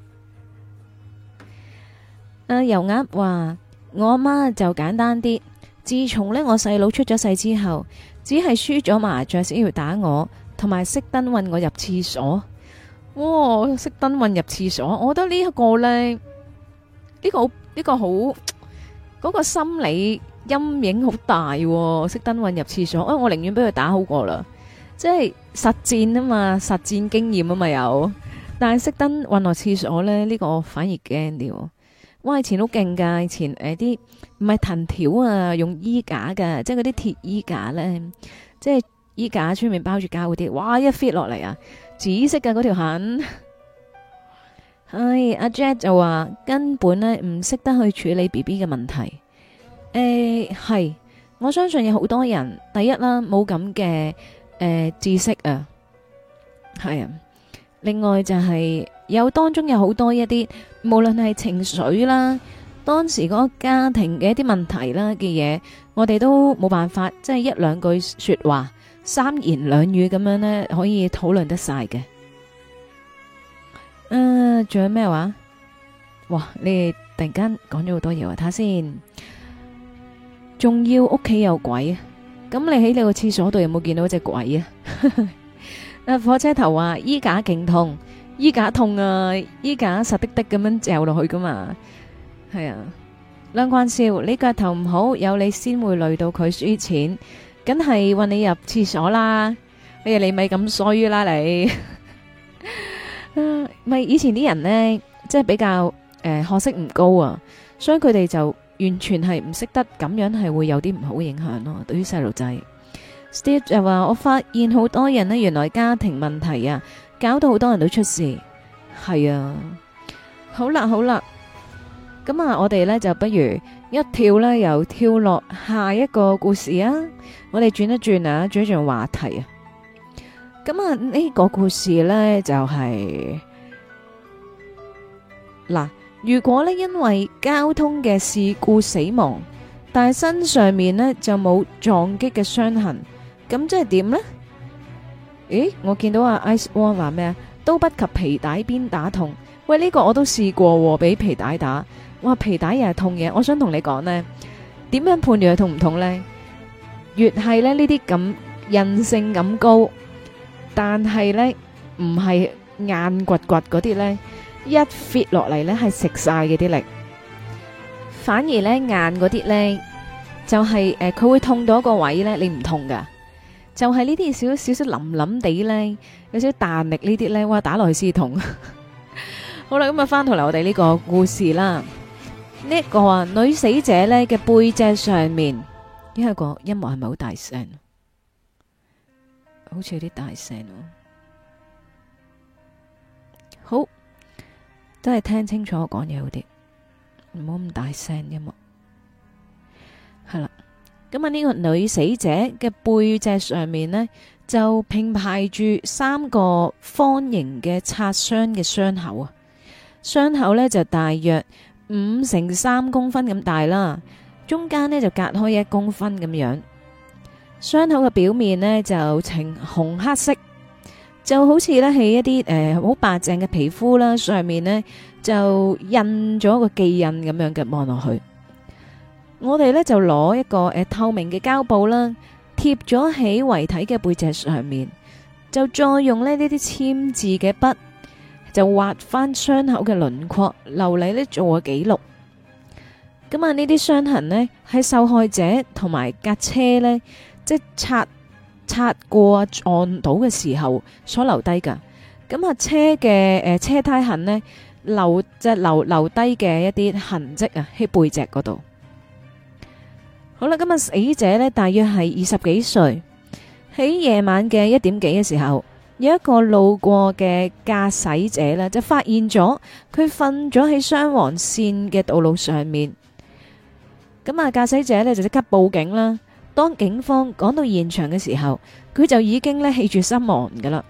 啊！油鴨話我阿媽就簡單啲。自從呢我細佬出咗世之後，只係輸咗麻雀先要打我，同埋熄燈運我入廁所。哇！熄燈運入廁所，我覺得呢一個呢呢、呢個好呢、呢個好嗰、嗰個心理陰影好大、哦。熄燈運入廁所，哎，我寧願俾佢打好過啦。即係實戰啊嘛，實戰經驗啊嘛有，但係熄燈運落廁所呢呢、呢個我反而驚啲。哇！以前都勁㗎，以前誒啲唔係藤條啊，用衣架㗎。即係嗰啲鐵衣架咧，即係衣架出面包住膠嗰啲，哇！一 fit 落嚟啊，紫色嘅嗰條痕。唉、 哎，阿、啊、Jack 就話根本咧唔識得去處理 BB 嘅問題。誒、欸、係，我相信有好多人，第一啦冇咁嘅誒知識啊，係啊。另外就係、是、有當中有好多一啲。無論係情緒啦，當時個家庭嘅一啲問題啦嘅嘢，我哋都冇辦法，即係一兩句說話，三言兩語咁樣呢，可以討論得晒嘅。啊，仲有咩話？哇！你突然間講咗好多嘢，睇下先。仲要屋企有鬼啊！咁你喺你個廁所度有冇見到隻鬼啊？啊，火車頭話衣架勁痛。衣架痛啊！衣架實滴滴咁樣掉落去噶嘛？係啊，兩關少，你腳頭唔好，有你先會累到佢輸錢，梗係運你入廁所啦！咩你咪咁衰啦你，咪、 啊、以前啲人呢，即係比較誒、呃、學識唔高啊，所以佢哋就完全係唔識得咁樣係會有啲唔好影響咯、啊。對於細路仔，Steve 又話 我發現好多人呢，原來家庭問題啊。搞到好多人都出事，係啊，好啦好啦，咁啊，我哋呢就不如一跳呢，又跳落下，下一個故事啊，我哋轉一轉啊，轉一轉話題啊，咁啊呢個故事呢，就係、是、嗱，如果呢，因為交通嘅事故死亡，但係身上面呢，就冇撞擊嘅傷痕，咁即係點呢？誒，我見到阿 Ice a n e 話咩啊？都不及皮帶邊打痛。喂，呢、這個我都試過，俾皮帶打，哇，皮帶又係痛嘅。我想同你講呢，點樣判斷佢痛唔痛呢？越係咧呢啲咁韌性咁高，但係呢唔係硬掘掘嗰啲呢，挖挖一 fit 落嚟，呢係食晒嘅啲力，反而呢，硬嗰啲呢，就係、是、誒，佢、呃、會痛到一個位呢，你唔痛噶。就係呢啲少少少少腍腍地呢，有少少彈力呢啲呢，哇，打落去先痛 好啦，咁啊翻到嚟我哋呢個故事啦。呢、這個啊女死者呢嘅背脊上面，因、哎、呢個音樂係咪好大聲？好似有啲大聲咯。好，真係聽清楚我講嘢好啲，唔好咁大聲音樂。咁啊！呢個女死者嘅背脊上面呢，就並排住三個方形嘅擦傷嘅傷口啊！傷口呢，就大約五乘三公分咁大啦，中間呢，就隔開一公分咁樣。傷口嘅表面呢，就呈紅黑色，就好似咧喺一啲誒好白淨嘅皮膚啦上面呢，就印咗個記印咁樣嘅望落去。我哋咧就攞一個誒、呃、透明嘅膠布啦，貼咗喺遺體嘅背脊上面，就再用呢啲簽字嘅筆，就畫翻傷口嘅輪廓，留嚟呢做個記錄。咁啊，呢啲傷痕呢，係受害者同埋架車呢，即係擦擦過撞到嘅時候所留低噶。咁啊車嘅誒、呃、車胎痕呢，留即係留留低嘅一啲痕跡啊喺背脊嗰度。好啦，今日死者呢，大約係二十幾歲，喺夜晚嘅一點幾嘅時候，有一個路過嘅駕駛者呢，就發現咗佢瞓咗喺雙黃線嘅道路上面。咁啊，駕駛者呢，就即刻報警啦。當警方趕到現場嘅時候，佢就已經呢，氣絕身亡噶啦。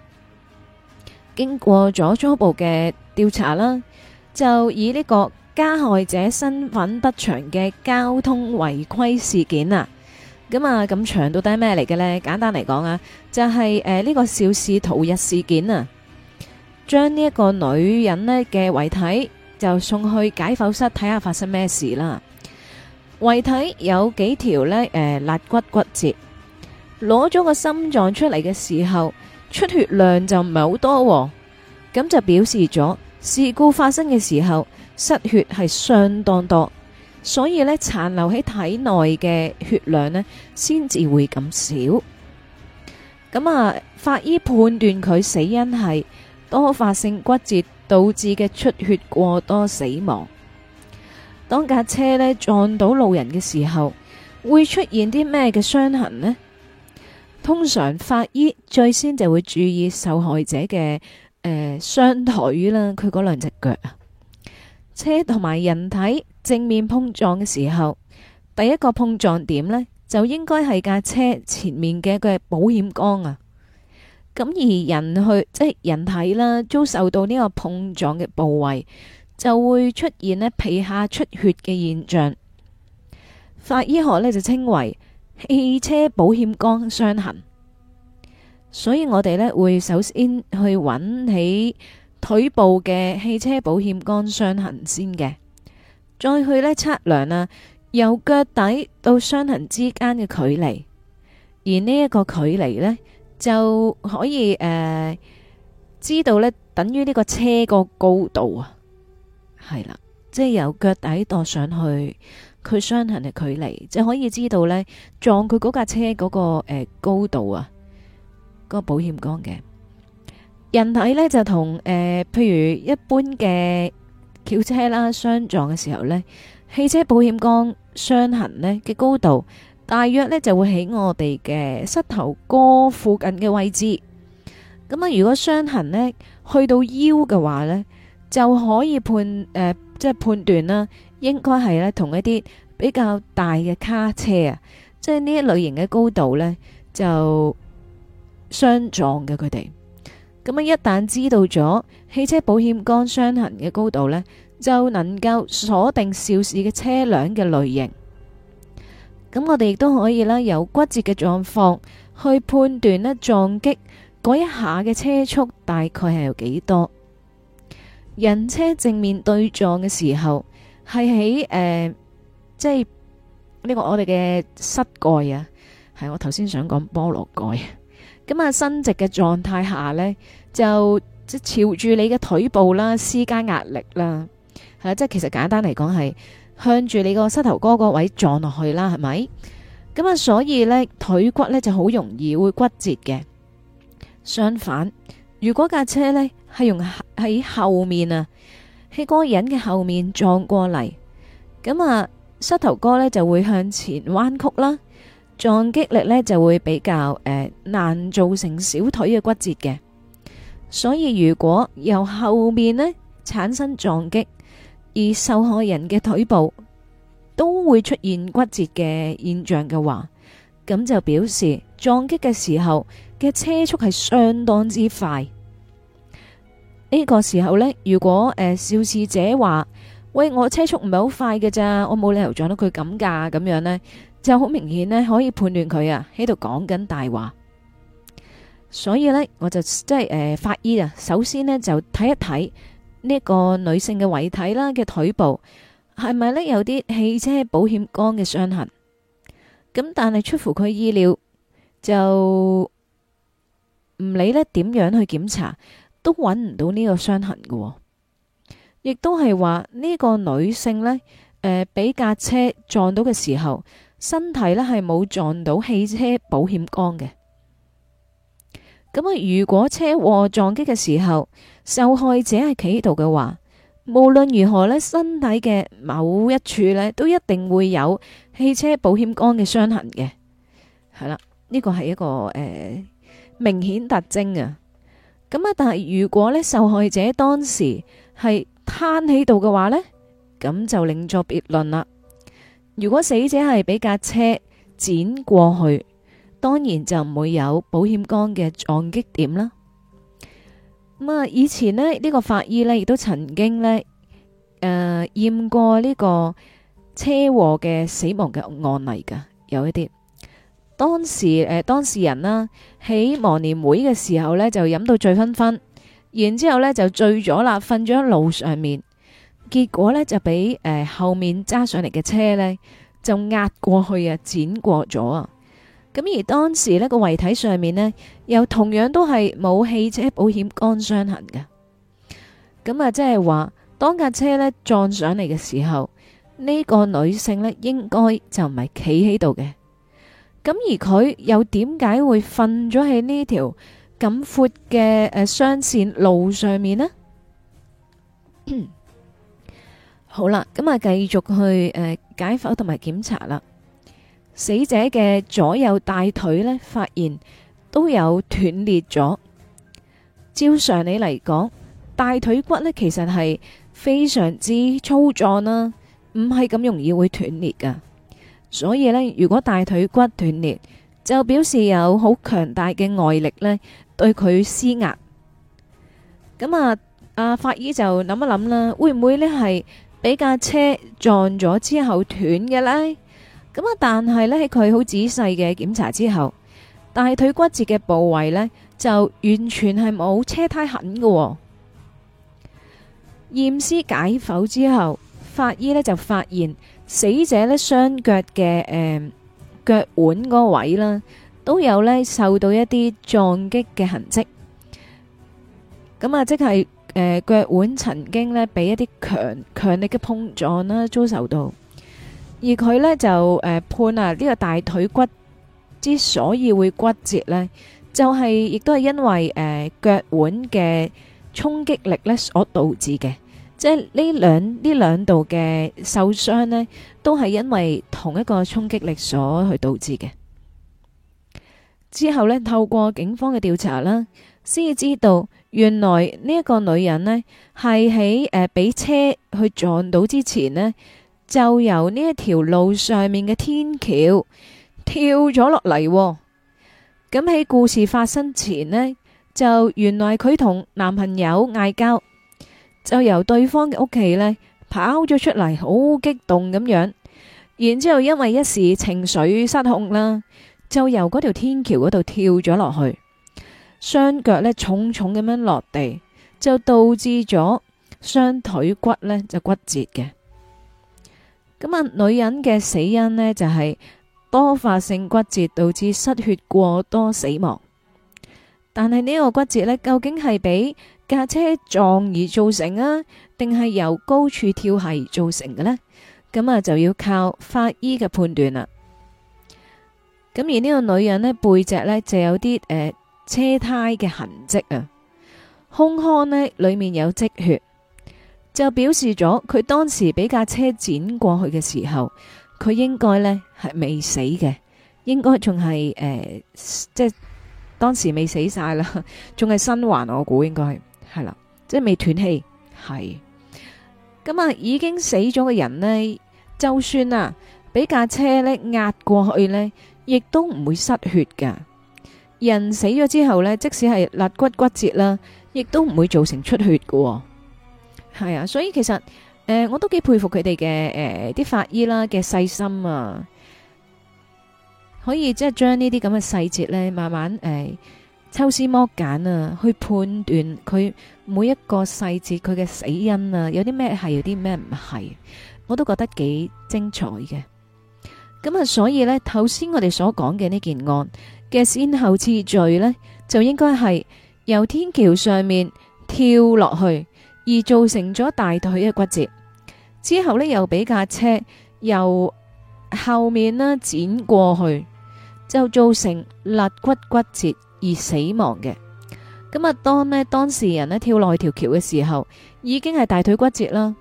經過咗初步嘅調查啦，就以呢、這個。加害者身份不詳嘅交通違規事件啊，咁啊，咁長到底係咩嚟嘅咧？簡單嚟講啊，就係誒呢個肇事逃逸事件啊，將呢一個女人咧嘅遺體就送去解剖室睇下發生咩事啦。遺體有幾條咧，誒、呃、肋骨骨折，攞咗個心臟出嚟嘅時候出血量就唔係好多，咁就表示咗事故發生嘅時候。失血係相當多，所以咧，殘留喺體內嘅血量咧，先至會咁少。咁啊，法醫判斷佢死因係多發性骨折導致嘅出血過多死亡。當架車咧撞到路人嘅時候，會出現啲咩嘅傷痕呢？通常法醫最先就會注意受害者嘅誒雙腿啦，佢、呃、嗰兩隻腳啊。車同埋人體正面碰撞嘅時候，第一個碰撞點呢，就應該係架車前面嘅一個保險槓啊。咁而人去即係人體啦，遭受到呢個碰撞嘅部位，就會出現皮下出血嘅現象。法醫學呢就稱為汽車保險槓傷痕。所以我哋呢會首先去揾起。腿部嘅汽車保險杆傷痕先嘅，再去呢測量啊，由腳底到傷痕之間嘅距離，而呢一個距離呢，就可以誒、呃、知道呢等於呢個車個高度啊，係啦，即係由腳底度上去佢傷痕嘅距離，就可以知道呢撞佢嗰架車嗰、那個誒、呃、高度啊，嗰、那個保險杆嘅。人體咧就同誒、呃，譬如一般嘅轎車啦，相撞嘅時候呢，汽車保險槓傷痕呢嘅高度，大約呢就會喺我哋嘅膝頭哥附近嘅位置。咁、嗯、啊，如果傷痕呢去到腰嘅話呢，就可以判誒，即、呃、係、就是、判斷啦，應該係咧同一啲比較大嘅卡車啊，即係呢一類型嘅高度呢，就相撞嘅佢哋。咁啊，樣一旦知道咗汽車保險杆傷痕嘅高度呢就能夠鎖定肇事嘅車輛嘅類型。咁我哋亦都可以啦，由骨折嘅狀況去判斷呢撞擊嗰一下嘅車速大概係有幾多？人車正面對撞嘅時候，係喺誒，即係呢、這個我哋嘅膝蓋啊，係我頭先想講菠蘿蓋。咁啊，伸直嘅狀態下呢，就即係朝住你嘅腿部啦，施加壓力啦，係即係其實簡單嚟講係向住你個膝頭哥個位撞落去啦，係咪？咁啊，所以呢，腿骨呢就好容易會骨折嘅。相反，如果架車呢係用喺後面啊，喺個人嘅後面撞過嚟，咁啊膝頭哥呢就會向前彎曲啦。撞擊力呢就會比較誒難造成小腿嘅骨折嘅，所以如果由後面呢產生撞擊，而受害人嘅腿部都會出現骨折嘅現象嘅話，咁就表示撞擊嘅時候嘅車速係相當之快。呢個時候呢，如果誒肇事者話，喂，我車速唔係好快嘅咋，我冇理由撞到佢咁噶，咁樣呢。就好明顯呢，可以判斷佢啊喺度講緊大話，所以呢，我就即係誒法醫啊，首先呢，就睇一睇呢一個女性嘅遺體啦嘅腿部係咪呢？有啲汽車保險杆嘅傷痕咁，但係出乎佢意料，就唔理呢點樣去檢查都揾唔到呢個傷痕嘅，亦都係話呢個女性呢，誒俾架車撞到嘅時候。身體咧係冇撞到汽車保險槓嘅，咁啊，如果車禍撞擊嘅時候，受害者係企喺度嘅話，無論如何咧，身體嘅某一處咧都一定會有汽車保險槓嘅傷痕嘅，係啦，呢個係一個誒、呃、明顯特徵啊。咁啊，但係如果咧受害者當時係攤喺度嘅話呢，咁就另作別論啦。如果死者係俾架車碾過去，當然就唔會有保險杆嘅撞擊點啦。咁啊，以前咧呢、呢個法醫呢，亦都曾經咧誒驗過呢個車禍嘅死亡嘅案例噶，有一啲。當時誒、呃、當事人啦喺忘年會嘅時候呢，就飲到醉醺醺，然之後咧就醉咗啦，瞓咗喺路上面。結果呢，就俾誒、呃、後面揸上嚟嘅車呢，就壓過去啊，碾過咗啊。咁而當時呢個遺體上面呢，又同樣都係冇汽車保險桿傷痕嘅。咁啊，即係話當架車呢撞上嚟嘅時候，呢、呢個女性呢應該就唔係企喺度嘅。咁而佢又點解會瞓咗喺呢條咁闊嘅誒雙線的路上面呢？ 好啦，咁啊，繼續去誒解剖同埋檢查啦。死者嘅左右大腿咧，發現都有斷裂咗。照常理嚟講，大腿骨咧其實係非常之粗壯啦，唔係咁容易會斷裂噶。所以咧，如果大腿骨斷裂，就表示有好強大嘅外力咧對佢施壓。咁啊，阿法醫就諗一諗啦，會唔會咧係？俾架車撞咗之後斷嘅啦。咁啊，但係呢，喺佢好仔細嘅檢查之後，大腿骨折嘅部位呢，就完全係冇車胎痕嘅哦。驗屍解剖之後，法醫呢就發現死者呢，雙腳嘅誒腳腕嗰位啦，都有呢受到一啲撞擊嘅痕跡。咁啊，即係。誒，腳、呃、腕曾經呢俾一啲強強力嘅碰撞啦，遭受到。而佢呢就誒、呃、判啊，呢個大腿骨之所以會骨折呢就係亦都係因為誒腳、呃、腕嘅衝擊力呢所導致嘅。即係呢兩呢兩度嘅受傷呢都係因為同一個衝擊力所去導致嘅。之後呢，透過警方嘅調查啦。先至知道原來呢一個女人呢係喺誒俾車去撞到之前呢，就由呢一條路上面嘅天橋跳咗落嚟。咁喺故事發生前呢，就原來佢同男朋友嗌交，就由對方嘅屋企呢跑咗出嚟，好激動咁樣。然之後因為一時情緒失控啦，就由嗰條天橋嗰度跳咗落去。雙腳呢重重咁樣落地，就導致咗雙腿骨呢就骨折嘅。咁啊，女人嘅死因呢，就係多發性骨折導致失血過多死亡。但係呢個骨折呢，究竟係俾架車撞而造成啊，定係由高處跳下而造成嘅呢？咁啊，就要靠法醫嘅判斷啦。咁而呢個女人呢，背脊呢，就有啲誒。呃車胎嘅痕跡啊，空腔呢裏面有積血，就表示咗佢當時俾架車碾過去嘅時候，佢應該呢係未死嘅，應該仲係誒，即係當時未死晒啦，仲係生還，是還我估應該係啦，即係未斷氣，係咁啊，已經死咗嘅人呢，就算啊俾架車呢壓過去呢，亦都唔會失血噶。人死咗之後咧，即使係肋骨骨折啦，亦都唔會造成出血嘅。係啊，所以其實誒、呃，我都幾佩服佢哋嘅誒啲法醫啦嘅細心啊，可以即係將呢啲咁嘅細節呢，慢慢誒、呃、抽絲剝繭啊，去判斷佢每一個細節佢嘅死因啊，有啲咩係，有啲咩唔係，我都覺得幾精彩嘅。咁啊，所以呢頭先我哋所講嘅呢件案。嘅先後次序呢，就應該係由天橋上面跳落去，而造成咗大腿嘅骨折。之後呢，又俾架車由後面呢剪過去，就造成肋骨骨折而死亡嘅。咁啊，當呢，當事人呢跳落去條橋嘅時候，已經係大腿骨折啦。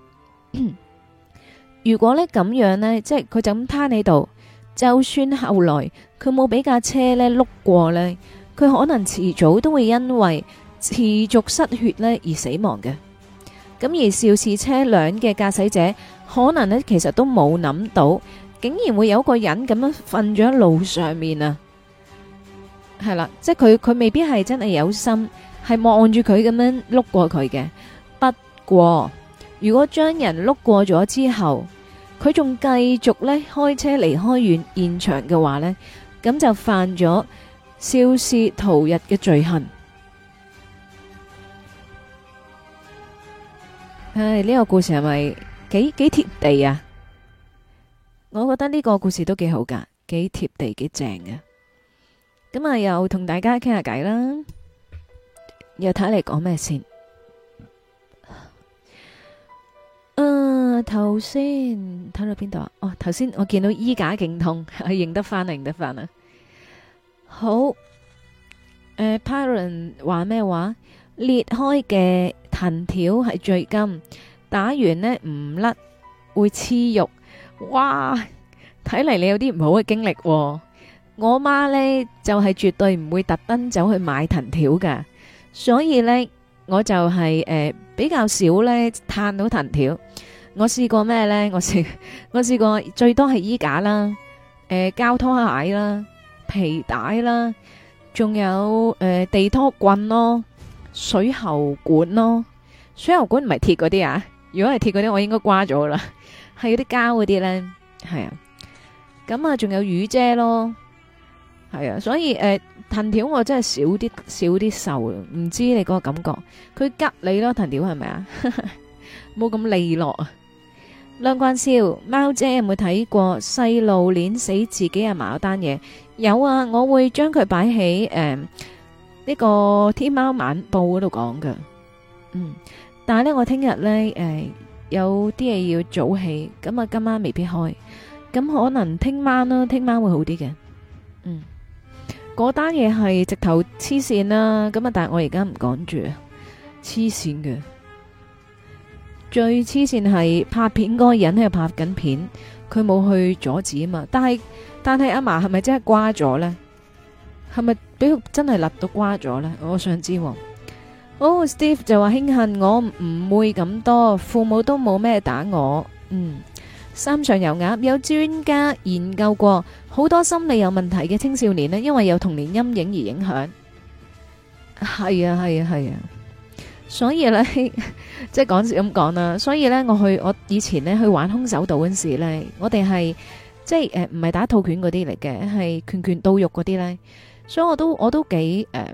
如果呢咁樣呢，即係佢就咁攤喺度，就算後來。佢冇俾架車咧碌過呢，佢可能遲早都會因為持續失血咧而死亡嘅。咁而肇事車輛嘅駕駛者可能呢其實都冇諗到，竟然會有個人咁樣瞓咗喺路上面啊！係啦，即係佢佢未必係真係有心，係望住佢咁樣碌過佢嘅。不過如果將人碌過咗之後，佢仲繼續咧開車離開遠現場嘅話呢。咁就犯咗肇事逃逸嘅罪行。唉，呢個故事係咪幾幾貼地啊？我覺得呢個故事都幾好噶，幾貼地，幾正嘅。咁啊，又同大家傾下偈啦。又睇下你講咩先。嗯。頭先睇到邊度啊？哦，頭先我見到衣架勁痛，係認得翻啊，認得翻啊。好誒，Parent 話咩話？裂開嘅藤條係最金，打完咧唔甩，會黐肉哇。睇嚟你有啲唔好嘅經歷。我媽咧就係絕對唔會特登走去買藤條嘅，所以咧我就係誒比較少咧嘆到藤條。我試過咩咧？我試我試過最多係衣架啦，誒、呃、膠拖鞋啦，皮帶啦，仲有誒、呃、地拖棍咯，水喉管咯，水喉管唔係鐵嗰啲啊？如果係鐵嗰啲，我應該刮咗啦。係嗰啲膠嗰啲咧，係啊。咁啊，仲有雨遮咯，係啊。所以誒、呃、藤條我真係少啲少啲受，唔知你嗰個感覺？佢吉你咯，藤條係咪啊？冇 咁利落啊！梁冠超，貓姐有冇睇過細路捻死自己啊？埋嗰單嘢有啊，我會將佢擺喺誒呢個天貓晚報嗰度講嘅。嗯，但係呢，我聽日呢，誒、嗯、有啲嘢要早起，咁啊今晚未必開，咁可能聽晚啦，聽晚會好啲嘅。嗯，嗰單嘢係直頭黐線啦，咁啊但係我而家唔講住，黐線嘅。最黐線係拍片嗰個人喺度拍緊片，佢冇去阻止啊嘛！但係但係阿嫲係咪真係瓜咗呢？係咪俾佢真係勒到瓜咗呢？我想知道哦。哦、oh，Steve 就話慶幸我唔會咁多，父母都冇咩打我。嗯，三上油鴨有專家研究過，好多心理有問題嘅青少年呢，因為有童年陰影而影響。係啊係啊係啊！是啊是啊所以咧，即係講咁講啦。所以咧，我去我以前咧去玩空手道嗰時咧，我哋係即係誒，唔係打套拳嗰啲嚟嘅，係拳拳到肉嗰啲咧。所以我都我都幾誒、呃，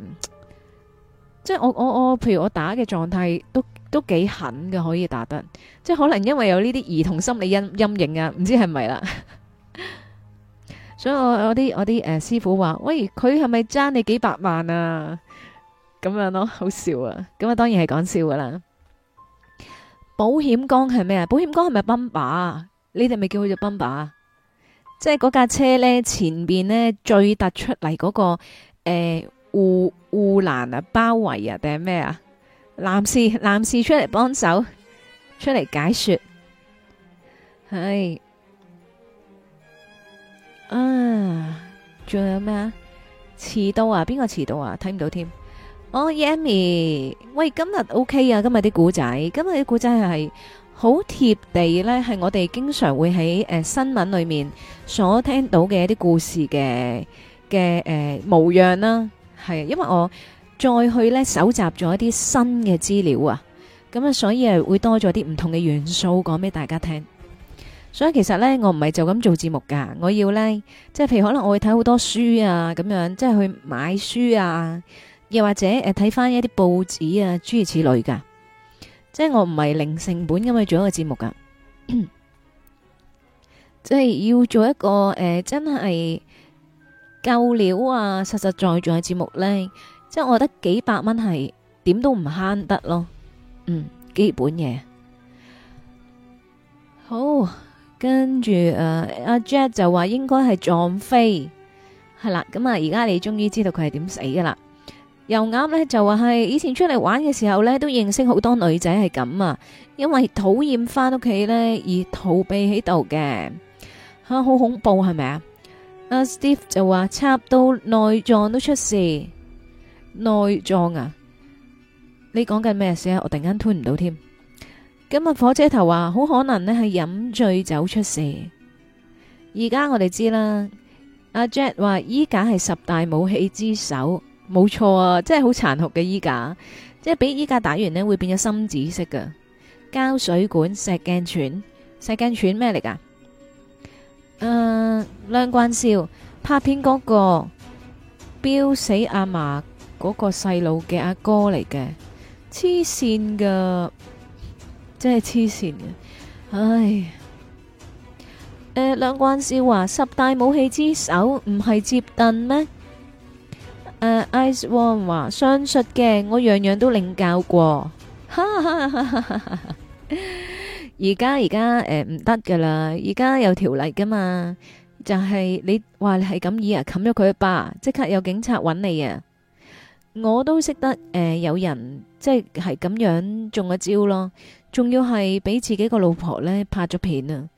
即係我我我，譬如我打嘅狀態都都幾狠嘅，可以打得。即係可能因為有呢啲兒童心理陰陰影啊，唔知係咪啦。所以我我啲我啲誒師傅話：喂，佢係咪爭你幾百萬啊？咁樣咯、哦，好笑啊！咁啊，當然係講笑噶啦。保險槓係咩啊？保險槓係咪賓霸？你哋咪叫佢做賓霸？即係嗰架車咧，前邊呢最突出嚟嗰、嗰個誒護護欄啊，包圍啊，定係咩啊？男士，男士出嚟幫手，出嚟解說。係啊，仲有咩啊？遲到啊？邊個遲到啊？睇唔到添。哦，Yamy，喂，今日 OK 啊，今日啲古仔，今日啲古仔係好貼地咧，係我哋經常會喺誒新聞裏面所聽到嘅一啲故事嘅嘅誒模樣啦，係，因為我再去咧搜集咗一啲新嘅資料啊，咁啊，所以啊會多咗啲唔同嘅元素講俾大家聽。所以其實咧，我唔係就咁做節目噶，我要咧，即係譬如可能我會睇好多書啊，咁樣，即係去買書啊。又或者誒，睇翻一啲報紙啊，諸、啊、如此類噶，即係我唔係零成本咁去做一個節目噶，即係、 就是、要做一個誒、啊，真係夠料啊！實實在在嘅節目呢。即係我覺得幾百蚊係點都唔慳得咯。嗯，基本嘢。好，跟住誒、阿、啊啊、Jack 就話應該係撞飛，係啦。咁啊，而家你終於知道佢係點死噶啦。又啱咧，就話係以前出嚟玩嘅時候咧，都認識好多女仔係咁啊。因為討厭翻屋企咧，而逃避喺度嘅吓，好、啊、恐怖係咪啊？阿、uh, Steve 就話插到內臟都出事，內臟啊？你講緊咩事啊？我突然間吞唔到添。咁啊，火車頭話好可能呢係飲醉酒出事，而家我哋知啦。阿 Jet 話衣架係十大武器之首。冇錯啊，真係好殘酷嘅衣架，即係俾衣架打完呢，會變咗深紫色嘅膠水管、石鏡串，石鏡串咩嚟噶？誒，梁冠少拍片嗰、嗰個，彪死阿嫲嗰個細路嘅阿哥嚟嘅，黐線噶，真係黐線嘅，唉，誒、呃，梁冠少話十大武器之首唔係接凳咩？誒、uh,，Ice w a n e 話相術嘅，我樣樣都領教過，而家而家誒唔得噶啦。而家、呃、有條例噶嘛，就係、是、你話你係咁意啊，冚咗佢一巴，即刻有警察揾你啊！我都識得誒、呃，有人即係係咁樣中咗招咯，仲要係俾自己個老婆呢拍咗片啊。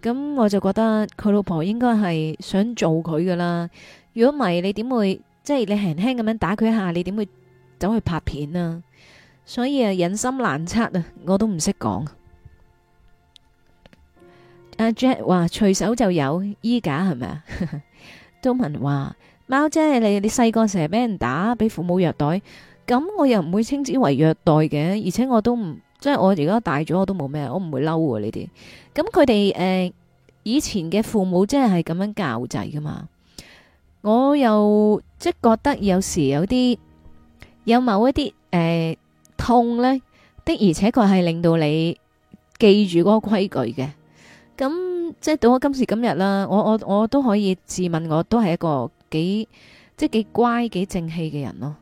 咁我就覺得佢老婆應該係想做佢噶啦。如果唔係，你點會？即係你輕輕咁樣打佢一下，你點會走去拍片啊？所以啊，人心難測啊，我都唔識講。阿、uh, Jack 話隨手就有衣架係咪啊？ 都文話貓姐，你你細個成日俾人打，俾父母虐待，咁我又唔會稱之為虐待嘅，而且我都唔即係我而家大咗，我都冇咩，我唔會嬲嘅呢啲。咁佢哋誒以前嘅父母即係係咁樣教仔噶嘛。我又即覺得有時有啲有某一啲誒、呃、痛咧，的而且確係令到你記住嗰個規矩嘅。咁即到我今時今日啦，我我我都可以自問我，我都係一個幾即幾乖幾正氣嘅人咯。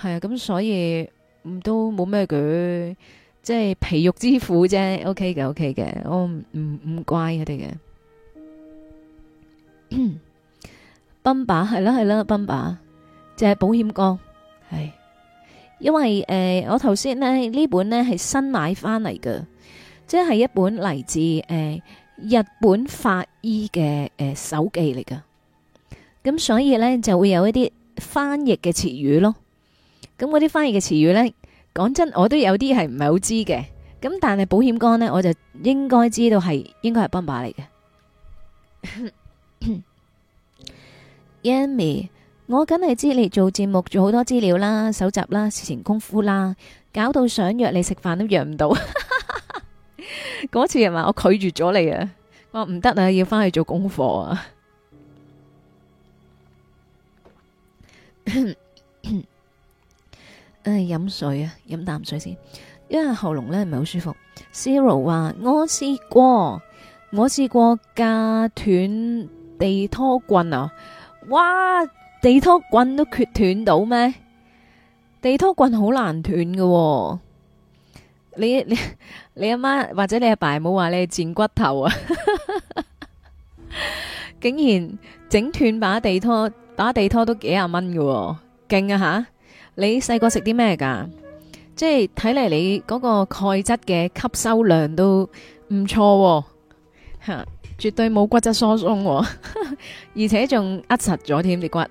係啊，咁所以唔都冇咩佢即皮肉之苦啫。OK 嘅，OK 嘅，我唔唔唔乖嗰啲嘅。 崩巴，係啦係啦，崩巴，umba，就係保險槓，係因為誒、呃、我頭先呢，呢本呢係新買翻嚟嘅，即係一本嚟自誒、呃、日本法醫嘅誒、呃、手記嚟噶，咁所以呢，就會有一啲翻譯嘅詞語咯，咁嗰啲翻譯嘅詞語呢，講真我都有啲係唔係好知嘅，咁但係保險槓呢，我就應該知道係應該係崩巴嚟嘅。 Yamy，m 我梗係知你做節目做好多資料啦、蒐集啦、事前功夫啦，搞到想約你食飯都約唔到。嗰次係嘛？我拒絕咗你啊，我唔得啊，要翻去做功課啊。誒，飲 水啊，飲啖水先，因為喉嚨咧唔係好舒服。Cero 話我試過，我試過架斷地拖棍啊。哇！地拖棍都缺斷到咩？地拖棍好難斷嘅、哦，你你你阿媽或者你阿爸冇話你係賤骨頭啊！ 竟然整斷把地拖，打地拖都幾廿蚊嘅，勁啊吓！你細個食啲咩噶？即係睇嚟你嗰個鈣質嘅吸收量都唔錯吓、哦。 絕對冇骨質疏鬆，而且仲握實咗添啲骨。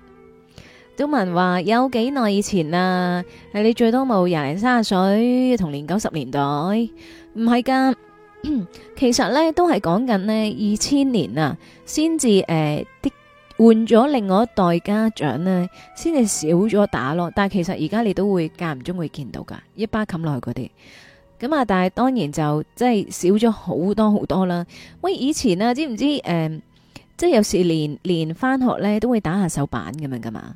小文話：有幾耐以前啊，係你最多冇廿零、三十歲，同年九十年代，唔係噶，其實呢都係講緊呢二千年啊，先至誒啲換咗另外一代家長呢、啊，先至少咗打咯。但係其實而家你都會間唔中會見到噶，一巴冚落嗰啲。咁啊！但係當然就即係少咗好多好多啦。喂，以前啊，知唔知誒、嗯？即係有時連連翻學咧都會打下手板咁樣噶嘛？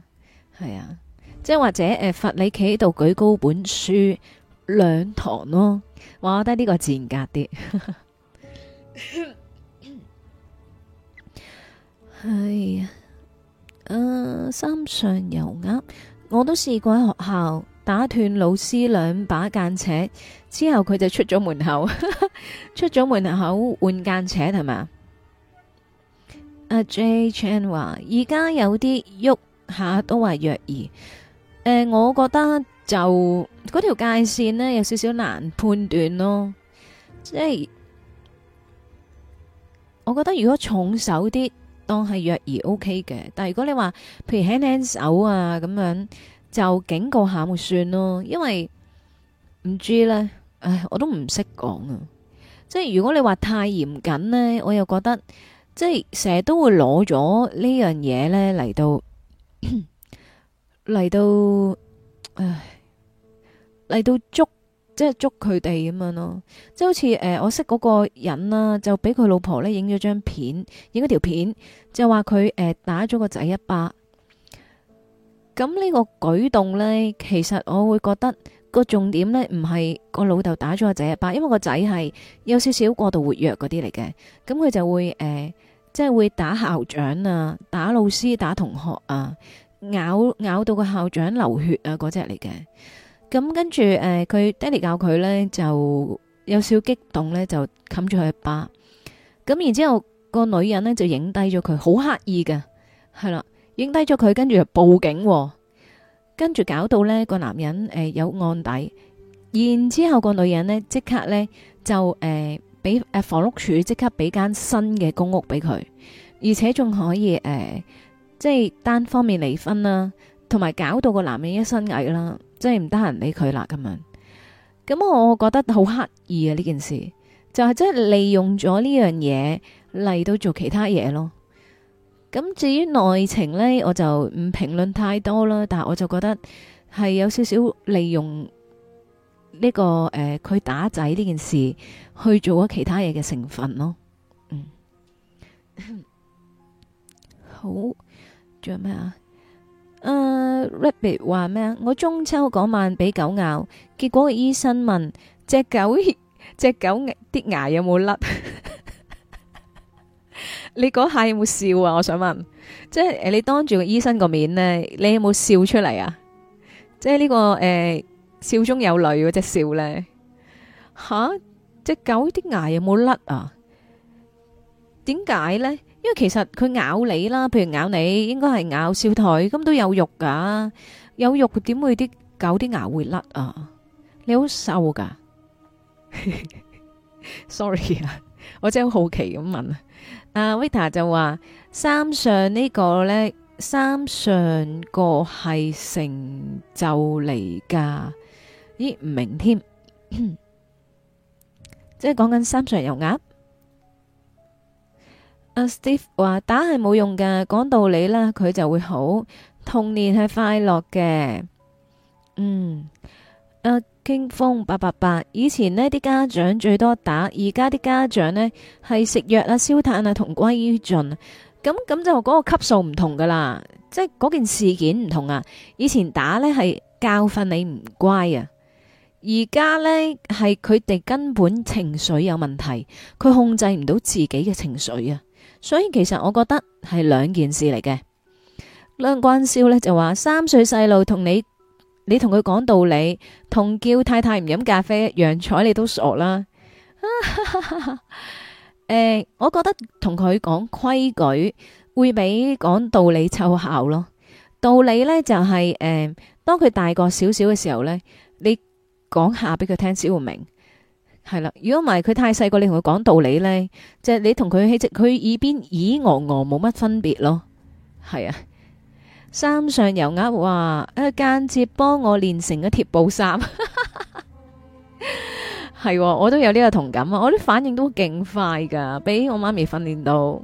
係啊，即係或者誒，罰、呃、你企喺度舉高本書兩堂咯哇。我覺得呢個賤格啲。係 啊，誒，三上油鴨，我都試過喺學校。打斷老師兩把間尺之後，佢就出咗門口， 出咗門口換間尺係嘛？阿、uh huh. J Chan 話：，而家有啲喐下都話虐兒。誒、呃，我覺得就嗰條界線呢有少少難判斷咯，即、就、係、是、我覺得如果重手啲當係虐兒 O K 嘅，但係如果你話譬如輕輕手啊咁樣。就警告下咪算咯，因為唔知咧，唉，我都唔識講啊！即係如果你話太嚴謹呢，我又覺得即係成日都會攞咗呢樣嘢呢嚟到，嚟到，唉，嚟 到，到捉即係捉佢哋咁樣咯，即係好似誒、呃，我識嗰個人啦，就俾佢老婆呢影咗張片，影咗條片，就話佢誒打咗個仔一巴。咁呢個舉動呢，其實我會覺得個重點呢，唔係個老豆打咗個仔一巴，因為個仔係有少少過度活躍嗰啲嚟嘅，咁佢就會誒、呃，即係會打校長啊，打老師，打同學啊，咬咬到個校長流血啊嗰隻嚟嘅。咁、那個、跟住誒，佢爹哋教佢呢，就有少激動呢，就冚住佢一巴。咁然之後個女人呢，就影低咗佢，好刻意嘅，係啦。影低咗佢，跟住就報警，跟住搞到呢個男人誒、呃、有案底，然之後個女人呢，即刻呢就誒俾誒房屋署即刻俾間新嘅公屋俾佢，而且仲可以誒、呃、即係單方面離婚啦，同埋搞到個男人一身蟻啦，即係唔得閒理佢啦咁樣。咁我覺得好刻意啊呢件事，就係即係利用咗呢樣嘢嚟到做其他嘢咯。咁至於內情呢，我就唔評論太多啦。但係我就覺得係有少少利用呢個誒，佢打仔呢件事去做咗其他嘢嘅成分咯。嗯，好，仲有咩啊？誒，Rabbit 話咩啊？我中秋嗰晚俾狗咬，結果個醫生問，隻狗，隻狗啲牙有冇甩？你嗰下有冇笑啊？我想問，即係、呃、你當住個醫生個面呢，你有冇笑出嚟啊？即係、這、呢個誒、呃，笑中有淚嗰隻笑呢？吓，隻狗啲牙有冇甩啊？點解呢？因為其實佢咬你啦，譬如咬你，應該係咬小腿，咁都有肉噶，有肉點會啲狗啲牙會甩啊？你好瘦噶 ？Sorry 啊，我真係好奇咁問。阿、uh, Vita 就話三上呢個呢，三上個係成就嚟噶，咦唔明添， 即係講緊三上有鴨。阿、uh, Steve 話打係冇用噶，講道理啦，佢就會好，童年係快樂嘅。嗯，uh, 清風八八八，以前呢啲家長最多打，而家啲家長呢，係食藥啊、燒炭啊，同歸於盡。咁咁就嗰個級數唔同噶啦，即係嗰件事件唔同啊。以前打呢係教訓你唔乖啊，而家呢，係佢哋根本情緒有問題，佢控制唔到自己嘅情緒啊。所以其實我覺得係兩件事嚟嘅。梁關少呢，就話三歲細路同你。你同佢講道理，同叫太太唔飲咖啡，樣睬你都傻啦。誒、 呃，我覺得同佢講規矩會比講道理湊效咯。道理呢就係、是、誒、呃，當佢大個少少嘅時候呢，你講下俾佢聽先會明。係啦，如果唔係佢太細個，你同佢講道理呢，就是、你同佢喺佢耳邊咿哦哦冇乜分別咯。係啊。三上油鴨話，一、啊、間接幫我練成嘅鐵布衫，係、 哦、我都有呢個同感啊！我啲反應都勁快噶，俾我媽咪訓練到。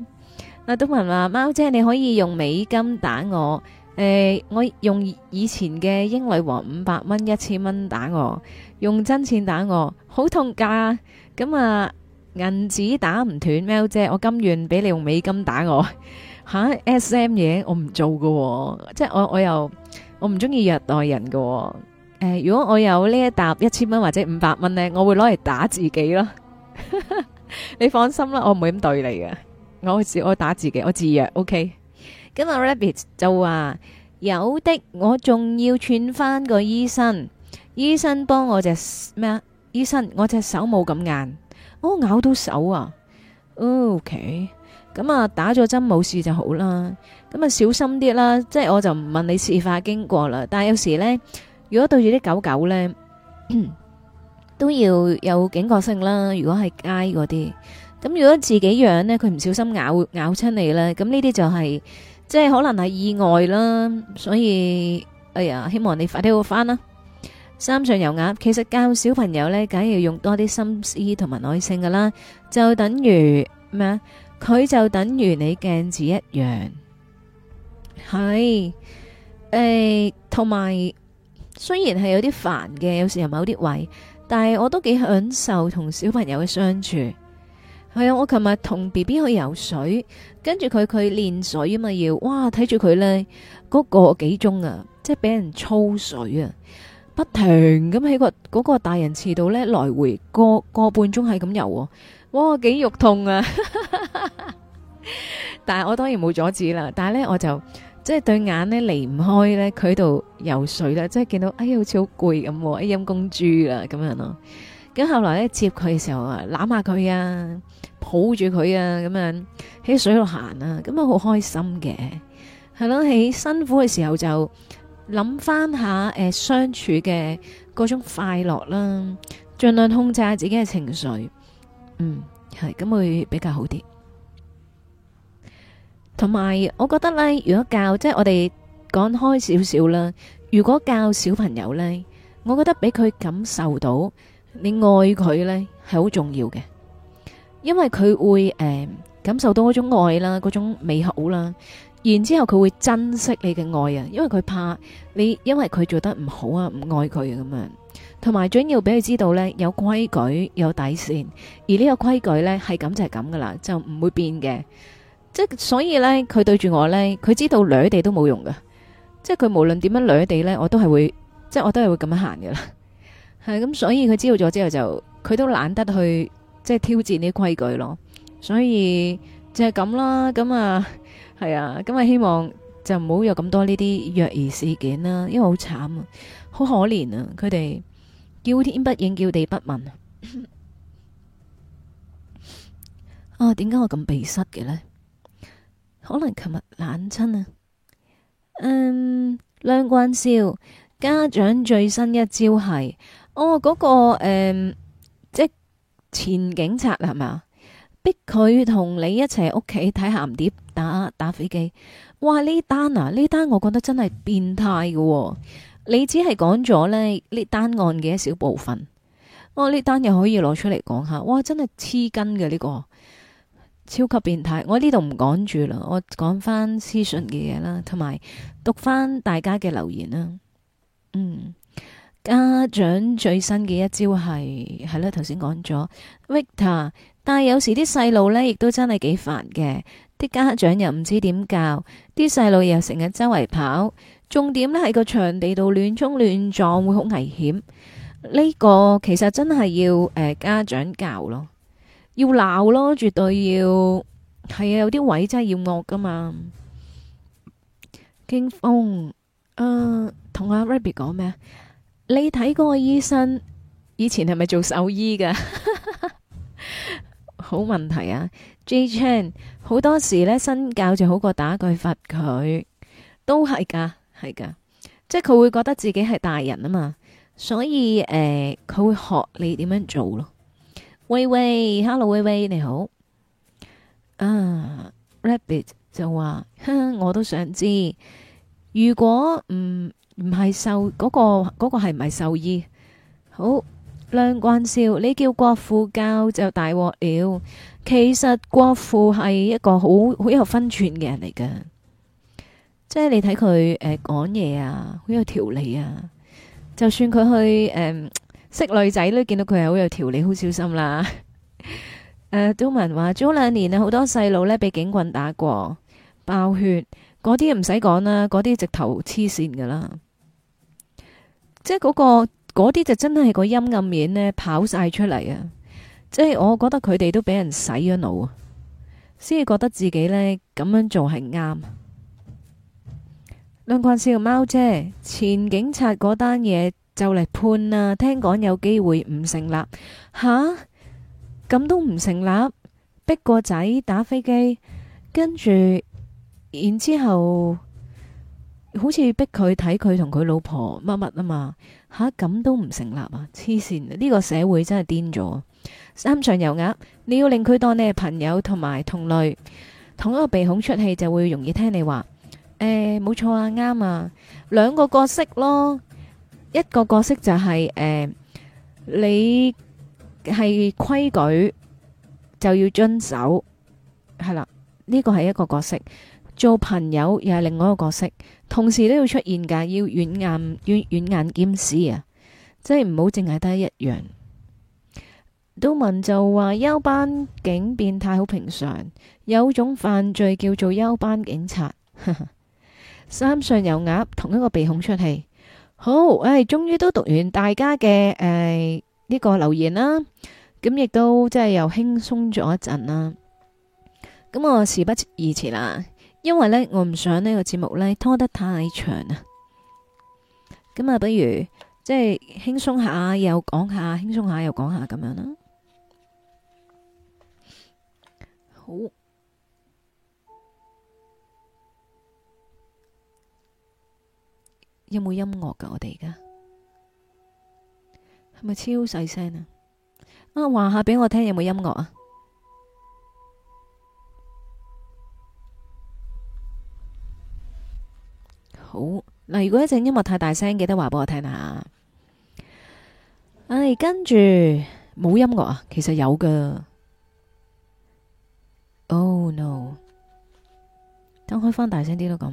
阿、啊、東文話：貓姐你可以用美金打我，誒、欸、我用以前嘅英女王五百蚊、一千蚊打我，用真錢打我，好痛噶！咁啊銀紙打唔斷，貓姐我甘願俾你用美金打我。吓 S.M，嘢我唔做嘅、哦，即係我我又我唔中意虐待人嘅、哦。誒、呃，如果我有呢一沓一千蚊或者五百蚊咧，我會攞嚟打自己咯。 你放心啦，我唔會咁對你嘅。我自我打自己，我自虐。OK，咁阿 Rabbit 就話有的，我仲要串返個醫生，醫生幫我隻咩啊？醫生我隻手冇咁硬，我、哦、咬到手啊。OK。咁啊，打咗針冇事就好啦。咁啊，小心啲啦。即係我就唔問你事發經過啦。但係有時咧，如果對住啲狗狗咧，都要有警覺性啦。如果係街嗰啲，咁如果自己養咧，佢唔小心咬咬親你啦。咁呢啲就係即係可能係意外啦。所以，哎呀，希望你快啲好翻啦。三上油鴨，其實教小朋友咧，梗係要用多啲心思同埋耐性噶啦。就等於咩啊？佢就等於你鏡子一樣，係誒，同埋雖然係有啲煩嘅，有時又某啲位，但係我都幾享受同小朋友嘅相處。係啊，我琴日同 BB 去游水，跟住佢佢練水啊嘛，要哇睇住佢咧，嗰個幾鐘啊，即係俾人操水啊，不停咁喺個嗰個大人池度咧來回個個半鐘係咁游，哇幾肉痛啊！ 但係我當然冇阻止啦，但係呢，我就即係對眼咧離唔開呢佢度游水啦，即係見到哎呀好似好攰咁，哎陰公豬啦咁樣咯。咁後來咧接佢嘅時候啊攬下佢啊，抱住佢啊咁樣喺水度行啊，咁啊好開心嘅。係咯，喺辛苦嘅時候就諗翻下誒相處嘅各種快樂啦，盡量控制下自己嘅情緒，嗯係咁會比較好啲。同埋，我覺得咧，如果教即係我哋講開少少啦，如果教小朋友咧，我覺得俾佢感受到你愛佢咧，係好重要嘅，因為佢會誒感受到嗰種愛啦，嗰種美好啦，然之後佢會珍惜你嘅愛啊，因為佢怕你因為佢做得唔好啊，唔愛佢咁樣。同埋，仲要俾佢知道咧，有規矩有底線，而呢個規矩咧係咁就係咁噶啦，就唔會變嘅。即所以呢，佢對住我呢，佢知道掠地都冇用噶。即佢無論點樣掠地呢，我都係會，即我都係會咁樣行噶啦。係咁，所以佢知道咗之後就，就佢都懶得去，即挑戰呢啲規矩咯。所以就係、是、咁啦。咁啊，係啊，咁啊，希望就唔好有咁多呢啲虐兒事件啦。因為好慘啊，好可憐啊，佢哋叫天不應，叫地不聞啊。 啊，點解我咁鼻塞嘅呢？可能琴日冷親啊，嗯，梁君少家長最新一招係，哦嗰、嗰個誒、嗯，即前警察係嘛，逼佢同你一齊屋企睇鹹碟打打飛機，哇，呢單啊，呢單我覺得真係變態噶，哦，你只係講咗咧呢單案嘅一小部分，哦，呢單又可以攞出嚟講下，哇真係黐根嘅呢個。超級變態，我呢度唔講住啦，我講翻私信嘅嘢啦，同埋讀翻大家嘅留言啦。嗯，家長最新嘅一招係係啦，頭先講咗 Victor，但係有時啲細路呢亦都真係幾煩嘅，啲家長又唔知點教，啲細路又成日周圍跑，重點呢，喺個場地度亂衝亂撞會好危險，呢、這個其實真係要誒、呃、家長教咯。要鬧咯，絕對要係啊！是有啲位真係要惡噶嘛，驚風，誒、呃，同阿 Rabbit 講咩？你睇嗰個醫生以前係咪做獸醫嘅？ 好問題啊！J Chan，好多時咧，身教就好過打佢罰佢，都係噶，係噶，即係佢會覺得自己係大人啊嘛，所以誒，佢、呃、會學你點樣做咯。喂喂，Hello，喂喂，你好。啊，Rabbit 就話，我都想知，如果唔唔係獸嗰個嗰個係唔係獸醫？好，梁冠少，你叫國父教就大鑊了。其實國父係一個好好有分寸嘅人嚟㗎，即係你睇佢誒講嘢啊，好有條理啊。就算佢去誒。識女仔咧，見到佢係好有條理，好小心啦。誒、 uh,，都文話早兩年啊，好多細路呢，俾警棍打過，爆血，嗰啲唔使講啦，嗰啲直頭黐線噶啦。即係嗰、嗰個嗰啲就真係個陰暗面呢，跑晒出嚟啊！即係我覺得佢哋都俾人洗咗腦啊，先至覺得自己呢，咁樣做係啱。兩個笑貓啫，前警察嗰單嘢。就嚟判啊，聽講有機會唔成立。吓、啊、咁都唔成立，逼個仔打飛機，跟住然後之後，好似逼佢睇佢同佢老婆乜乜啊嘛吓，咁都唔成立啊！黐線！呢、這個社會真係癲咗。三上油鴨，你要令佢當你係朋友同埋同類，同一個鼻孔出氣就會容易聽你話。誒、欸，冇錯啊，啱啊，兩個角色咯。一個角色就係、是、誒、呃，你係規矩就要遵守，係啦。呢、這個係一個角色，做朋友又係另外一個角色，同時都要出現噶，要軟硬軟軟硬兼施啊！即係唔好淨係得一樣。都文就話，休班警變態好平常，有種犯罪叫做休班警察。呵呵，三上有鴨，同一個鼻孔出氣。好，唉、哎，終於都讀完大家嘅、誒呢個留言啦，咁、嗯、亦都即係又輕鬆咗一陣啦。咁、嗯、我事不宜遲啦，因為呢，我唔想呢個節目呢拖得太長啊。咁啊，不如即係輕鬆下，又講下，輕鬆下又講下咁樣啦。好。有冇音樂噶、啊？我哋而家係咪超細聲啊？啊，話下俾我聽有冇音樂啊？好嗱、啊，如果一陣音樂太大聲，記得話俾我聽下。唉、哎，跟住冇音樂啊，其實有噶。Oh no！等開翻大聲啲咯，咁。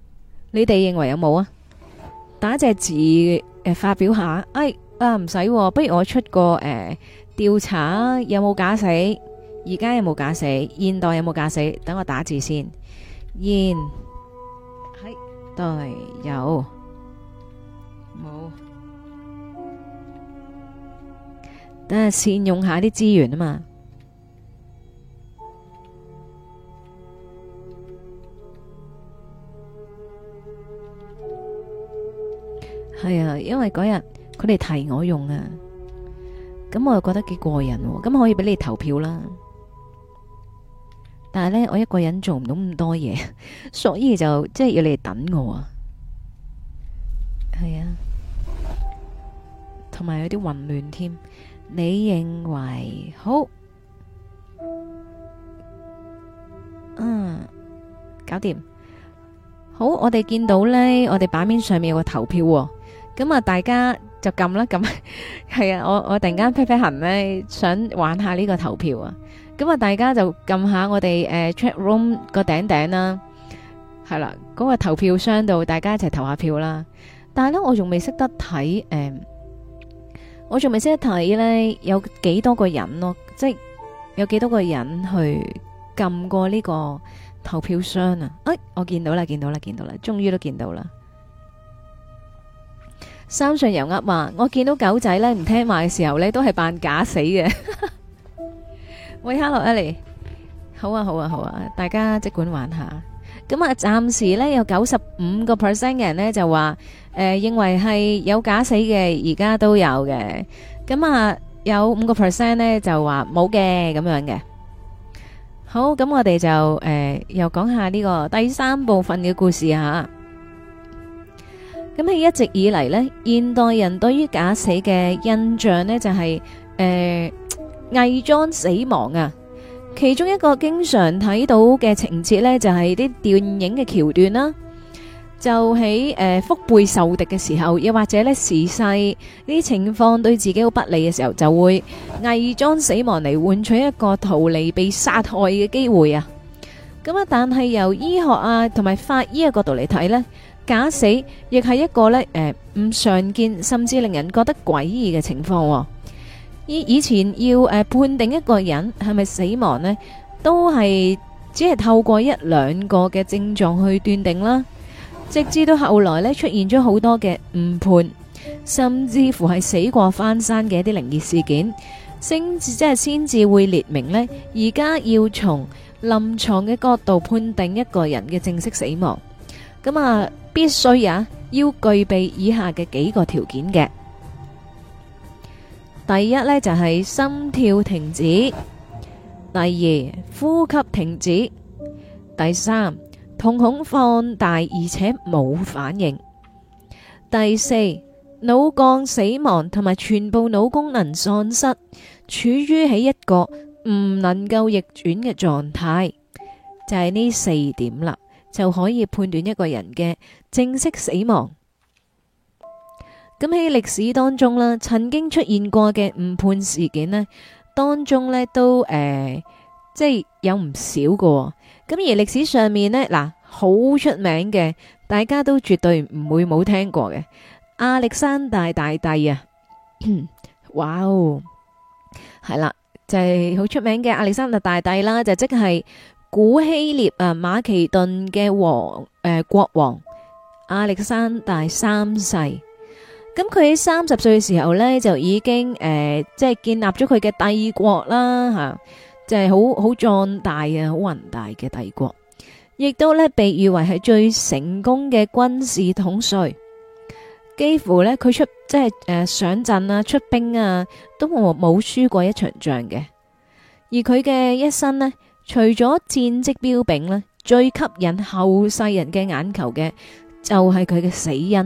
你哋認為有冇啊？打隻字誒、呃，發表下。哎啊，唔使，啊，不如我出個誒調、呃、查有冇假死？而家有冇假死？現代有冇假死？等我打字先。現係代有冇？等下善用下啲資源啊嘛。係啊，因為嗰日佢哋提我用啊，咁我又覺得幾過癮，咁可以俾你投票啦。但係呢，我一個人做唔到咁多嘢，所以就即係要你哋等我啊。係啊，同埋有啲混亂添。你認為好？嗯，搞掂。好，我哋見到呢，我哋版面上面有個投票。咁啊，大家就撳啦咁，係啊，我我突然間皮皮痕咧，想玩下呢個投票啊！咁啊，大家就撳下我哋誒 chat room 個頂頂啦，係啦、啊，嗰、那個投票箱度，大家一齊投下票啦。但係咧，我仲未識得睇誒、嗯，我仲未識得睇咧，有幾多個人咯，即係有幾多個人去撳過呢個投票箱啊！誒、哎，我見到啦，見到啦，見到啦，終於都見到啦。山上油鴨話：我見到狗仔咧唔聽話嘅時候咧，都係扮假死嘅。喂，Hello，Ellie，好啊，好啊，好啊，大家即管玩下。咁啊，暫時咧有九十五個 percent 嘅人咧就話，誒認為係有假死嘅，而家都有嘅。咁啊，有五個 percent 咧就話冇嘅咁樣嘅。好，咁我哋就誒又講下呢個第三部分嘅故事吓。咁喺一直以嚟呢，現代人對於假死嘅印象呢，就係誒偽裝死亡啊。其中一個經常睇到嘅情節呢，就係、是、啲電影嘅橋段啦、啊。就喺誒、呃、腹背受敵嘅時候，又或者呢時勢呢啲情況對自己好不利嘅時候，就會偽裝死亡嚟換取一個逃離被殺害嘅機會啊。咁啊，但係由醫學啊同埋法醫嘅角度嚟睇呢。假死亦係一個咧誒唔常見，甚至令人覺得詭異嘅情況。以以前要誒判定一個人係咪死亡咧，都係只係透過一兩個嘅症狀去斷定啦。直至到後來咧出現咗好多嘅誤判，甚至乎係死過翻生嘅一啲靈異事件，先即係先至會列明咧。而家要從臨床嘅角度判定一個人嘅正式死亡，咁啊。必須呀、啊，要具備以下嘅幾個條件嘅。第一呢就係、是，心跳停止，第二呼吸停止，第三瞳孔放大而且冇反應，第四腦幹死亡同埋全部腦功能喪失，處於喺一個唔能夠逆轉嘅狀態，就係、是，呢四點啦。就可以判斷一個人嘅正式死亡。咁喺歷史當中啦，曾經出現過嘅誤判事件呢，當中呢都誒、呃，即係有唔少嘅。咁而歷史上面呢，嗱好出名嘅，大家都絕對唔會冇聽過嘅亞歷山大大帝啊！哇 哦、wow，係啦，就係好出名嘅亞歷山大大帝啦，就即係。古希臘啊馬其頓嘅王，誒、呃、國王亞歷山大三世，咁佢喺三十歲嘅時候呢，就已經誒、呃、即係建立咗佢嘅帝國啦吓，即係好好壯大啊好宏大嘅帝國，亦都呢被譽為係最成功嘅軍事統帥，幾乎呢，佢出即係誒、呃、上陣啊出兵啊都冇冇輸過一場仗嘅，而佢嘅一生呢。除咗戰績彪炳咧，最吸引後世人嘅眼球嘅就係佢嘅死因。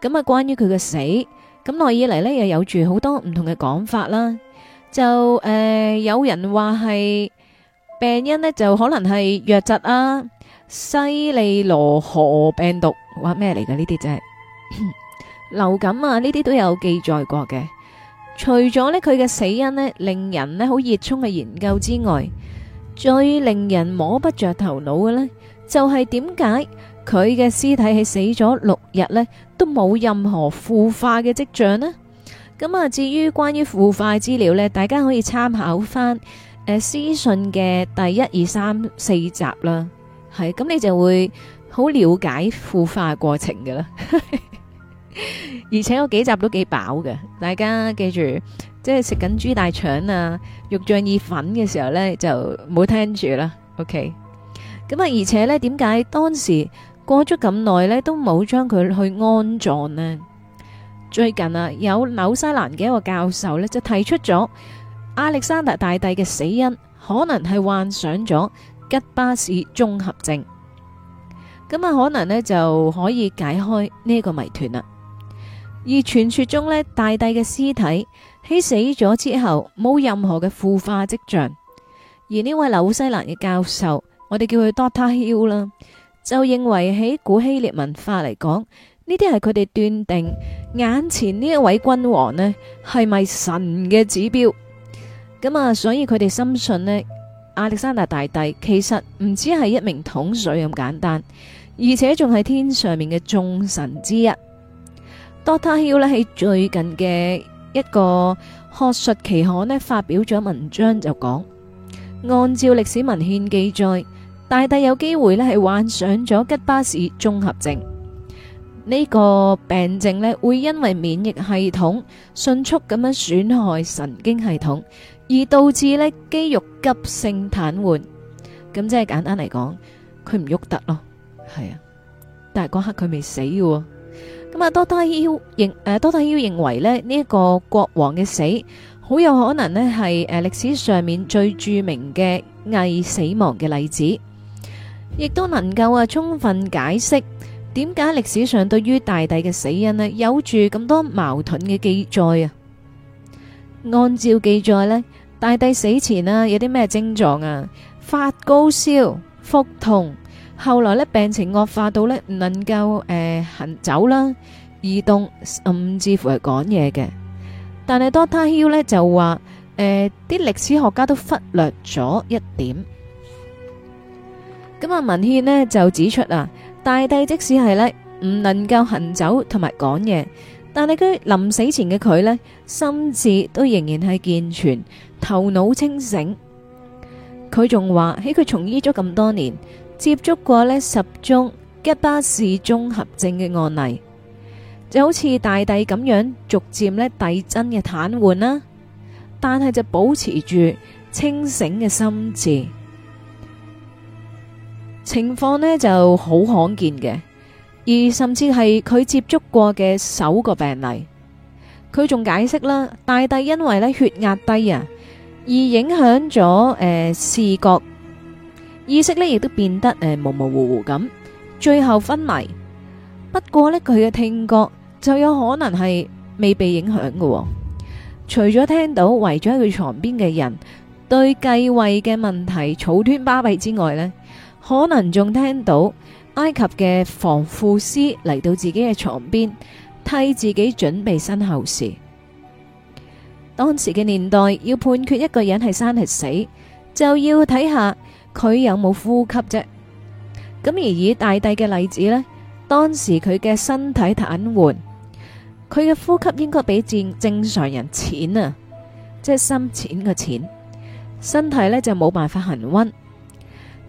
咁啊，關於佢嘅死，咁耐以嚟咧，又有住好多唔同嘅講法啦。就誒，有人話係病因咧，就可能係瘧疾啊、西利羅河病毒哇咩嚟㗎呢啲啫，流感啊呢啲都有記載過嘅。除咗呢佢嘅死因呢令人呢好熱衷嘅研究之外，最令人摸不着頭腦嘅呢，就係點解佢嘅屍體係死咗六日呢都冇任何腐化嘅跡象呢？咁啊，至於關於腐化資料呢，大家可以參考翻誒屍訊嘅第一二三四集啦，係咁你就會好了解腐化嘅過程嘅啦。 而且我幾集都幾飽嘅，大家記住，即係食緊豬大腸啊、肉醬意粉嘅時候呢，就冇聽住啦。OK，咁啊，而且呢，點解當時過咗咁耐呢，都冇將佢去安葬呢？最近啊，有紐西蘭嘅一個教授呢，就提出咗亞歷山大大帝嘅死因，可能係患上咗吉巴氏綜合症，咁、嗯、啊，可能呢，就可以解開呢個謎團啦。而傳說中呢，大帝嘅屍體喺死咗之後冇任何嘅腐化跡象。而呢位紐西蘭嘅教授，我哋叫佢 Doctor Hill 啦，就認為喺古希臘文化嚟講，呢啲係佢哋斷定眼前呢一位君王呢係咪神嘅指標。咁啊，所以佢哋深信呢，亞歷山大大帝其實唔只係一名統帥咁簡單，而且仲係天上面嘅眾神之一。Doctor Hill 咧，喺最近嘅一個學術期刊咧，發表咗文章，就講按照歷史文獻記載，大帝有機會咧，係患上咗吉巴氏綜合症。呢個病症咧，會因為免疫系統迅速咁樣損害神經系統，而導致咧，肌肉急性癱瘓。咁即係簡單嚟講，佢唔喐得咯，係啊。但係嗰刻佢未死嘅喎。咁啊，多特爾認誒，多特認為咧，呢一個國王嘅死，好有可能咧係誒歷史上面最著名嘅偽死亡嘅例子，亦都能夠啊充分解釋點解歷史上對於大帝嘅死因咧有住咁多矛盾嘅記載啊！按照記載呢，大帝死前啊有啲咩症狀啊？發高燒、腹痛。後來咧，病情惡化到咧，唔能夠誒行走啦，移動，甚至乎係講嘢嘅。但係 Dr. Hill 咧就話，誒啲歷史學家都忽略咗一點。咁啊，文獻咧就指出啊，大帝即使係咧唔能夠行走同埋講嘢，但係佢臨死前嘅佢咧，心智都仍然係健全，頭腦清醒。佢仲話喺佢從醫咗咁多年。接觸過呢十宗吉巴氏綜合症嘅案例，就好似大帝咁樣，逐漸呢遞增嘅癱瘓啦，但係就保持住清醒嘅心智，情況呢就好罕見嘅，而甚至係佢接觸過嘅首個病例，佢仲解釋啦，大帝因為呢血壓低啊，而影響咗誒、呃、視覺。意識呢亦都變得模模糊糊咁，最後昏迷。不過呢，佢嘅聽覺就有可能係未被影響嘅，哦。除咗聽到圍咗喺佢床邊嘅人對繼位嘅問題嘈喧巴閉之外呢，可能仲聽到埃及嘅防腐師嚟到自己嘅床邊替自己準備身後事。當時嘅年代要判決一個人係生係死，就要睇下。佢有冇呼吸啫？咁而以大帝嘅例子呢，當時佢嘅身體癱瘓，佢嘅呼吸應該比正正常人淺啊，即係深淺嘅淺，身體呢就冇辦法恒溫，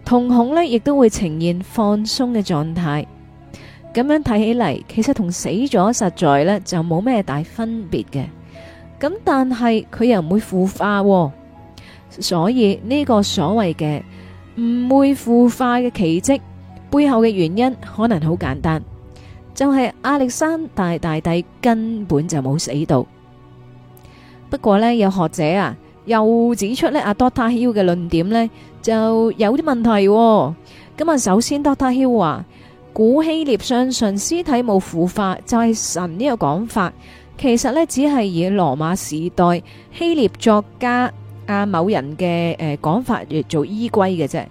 瞳孔呢亦都會呈現放鬆嘅狀態。咁樣睇起嚟，其實同死咗實在呢就冇咩大分別嘅。咁但係佢又唔會腐化，所以呢個所謂嘅。唔會腐化嘅奇跡背後嘅原因可能好簡單，就係亞歷山大大帝根本就冇死到。不過呢，有學者啊，又指出呢阿多塔休嘅論點呢就有啲問題。咁啊，首先多塔休話古希臘相信屍體冇腐化就係、是、神呢個講法，其實呢只係以羅馬時代希臘作家。阿某人嘅誒講法嚟做依歸嘅啫，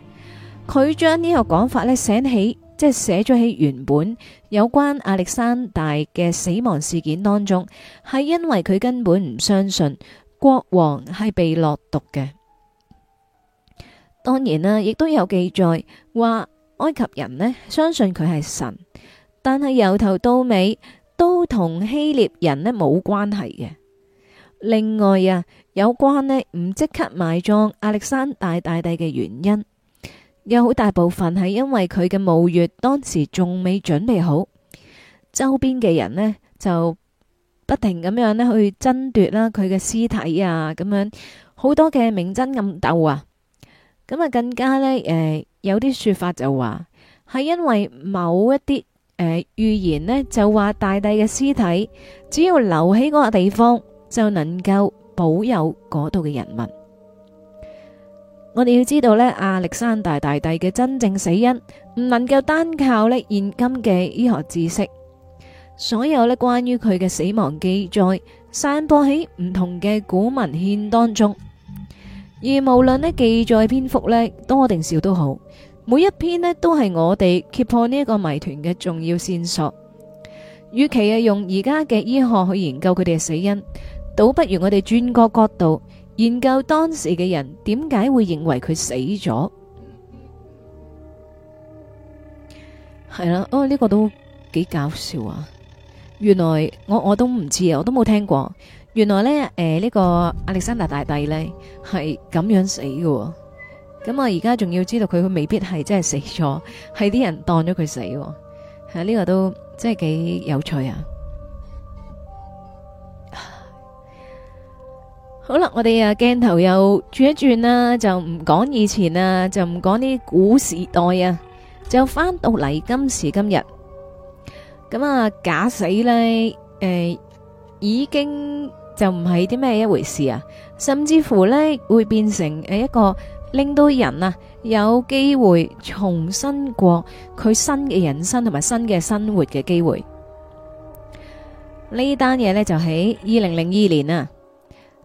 佢將呢個講法呢寫起，即係寫咗喺原本有關亞歷山大嘅死亡事件當中，係因為佢根本唔相信國王係被落毒嘅。當然啦、啊，亦都有記載話埃及人呢相信佢係神，但係由頭到尾都同希臘人呢冇關係嘅。另外啊。有關呢，唔即刻埋葬亞歷山大大帝嘅原因，有好大部分係因為佢嘅墓穴當時仲未準備好，周邊嘅人呢就不停咁樣呢去爭奪啦佢嘅屍體啊，咁樣好多嘅明爭暗鬥啊。咁啊，更加呢，誒、呃，有啲說法就話係因為某一啲誒、呃、預言呢，就話大帝嘅屍體只要留喺嗰個地方就能夠。保佑嗰度嘅人民。我哋要知道呢，亞歷山大大帝嘅真正死因唔能夠單靠呢現今嘅醫學知識。所有呢關於佢嘅死亡記載散播喺唔同嘅古文獻當中，而無論呢記載篇幅呢多定少都好，每一篇呢都係我哋揭破呢一個謎團嘅重要線索。與其係用而家嘅醫學去研究佢哋嘅死因。倒不如我哋轉個角度研究當時嘅人點解會認為佢死咗？係啦，哦呢、這個都幾搞笑啊！原來我我都唔知啊，我都冇聽過。原來咧，誒、呃、呢、這個亞歷山大大帝呢係咁樣死嘅，哦。咁啊，我而家仲要知道佢佢未必係真係死咗，係啲人當咗佢死，哦。係、這、呢個都真係幾有趣啊！好啦，我哋啊鏡頭又轉一轉啦，就唔講以前啦，就唔講啲古時代啊，就翻到嚟今時今日，咁啊假死呢，誒已經就唔係啲咩一回事啊，甚至乎呢會變成誒一個令到人啊有機會重新過佢新嘅人生同埋新嘅生活嘅機會。呢單嘢呢就喺二零零二年啊。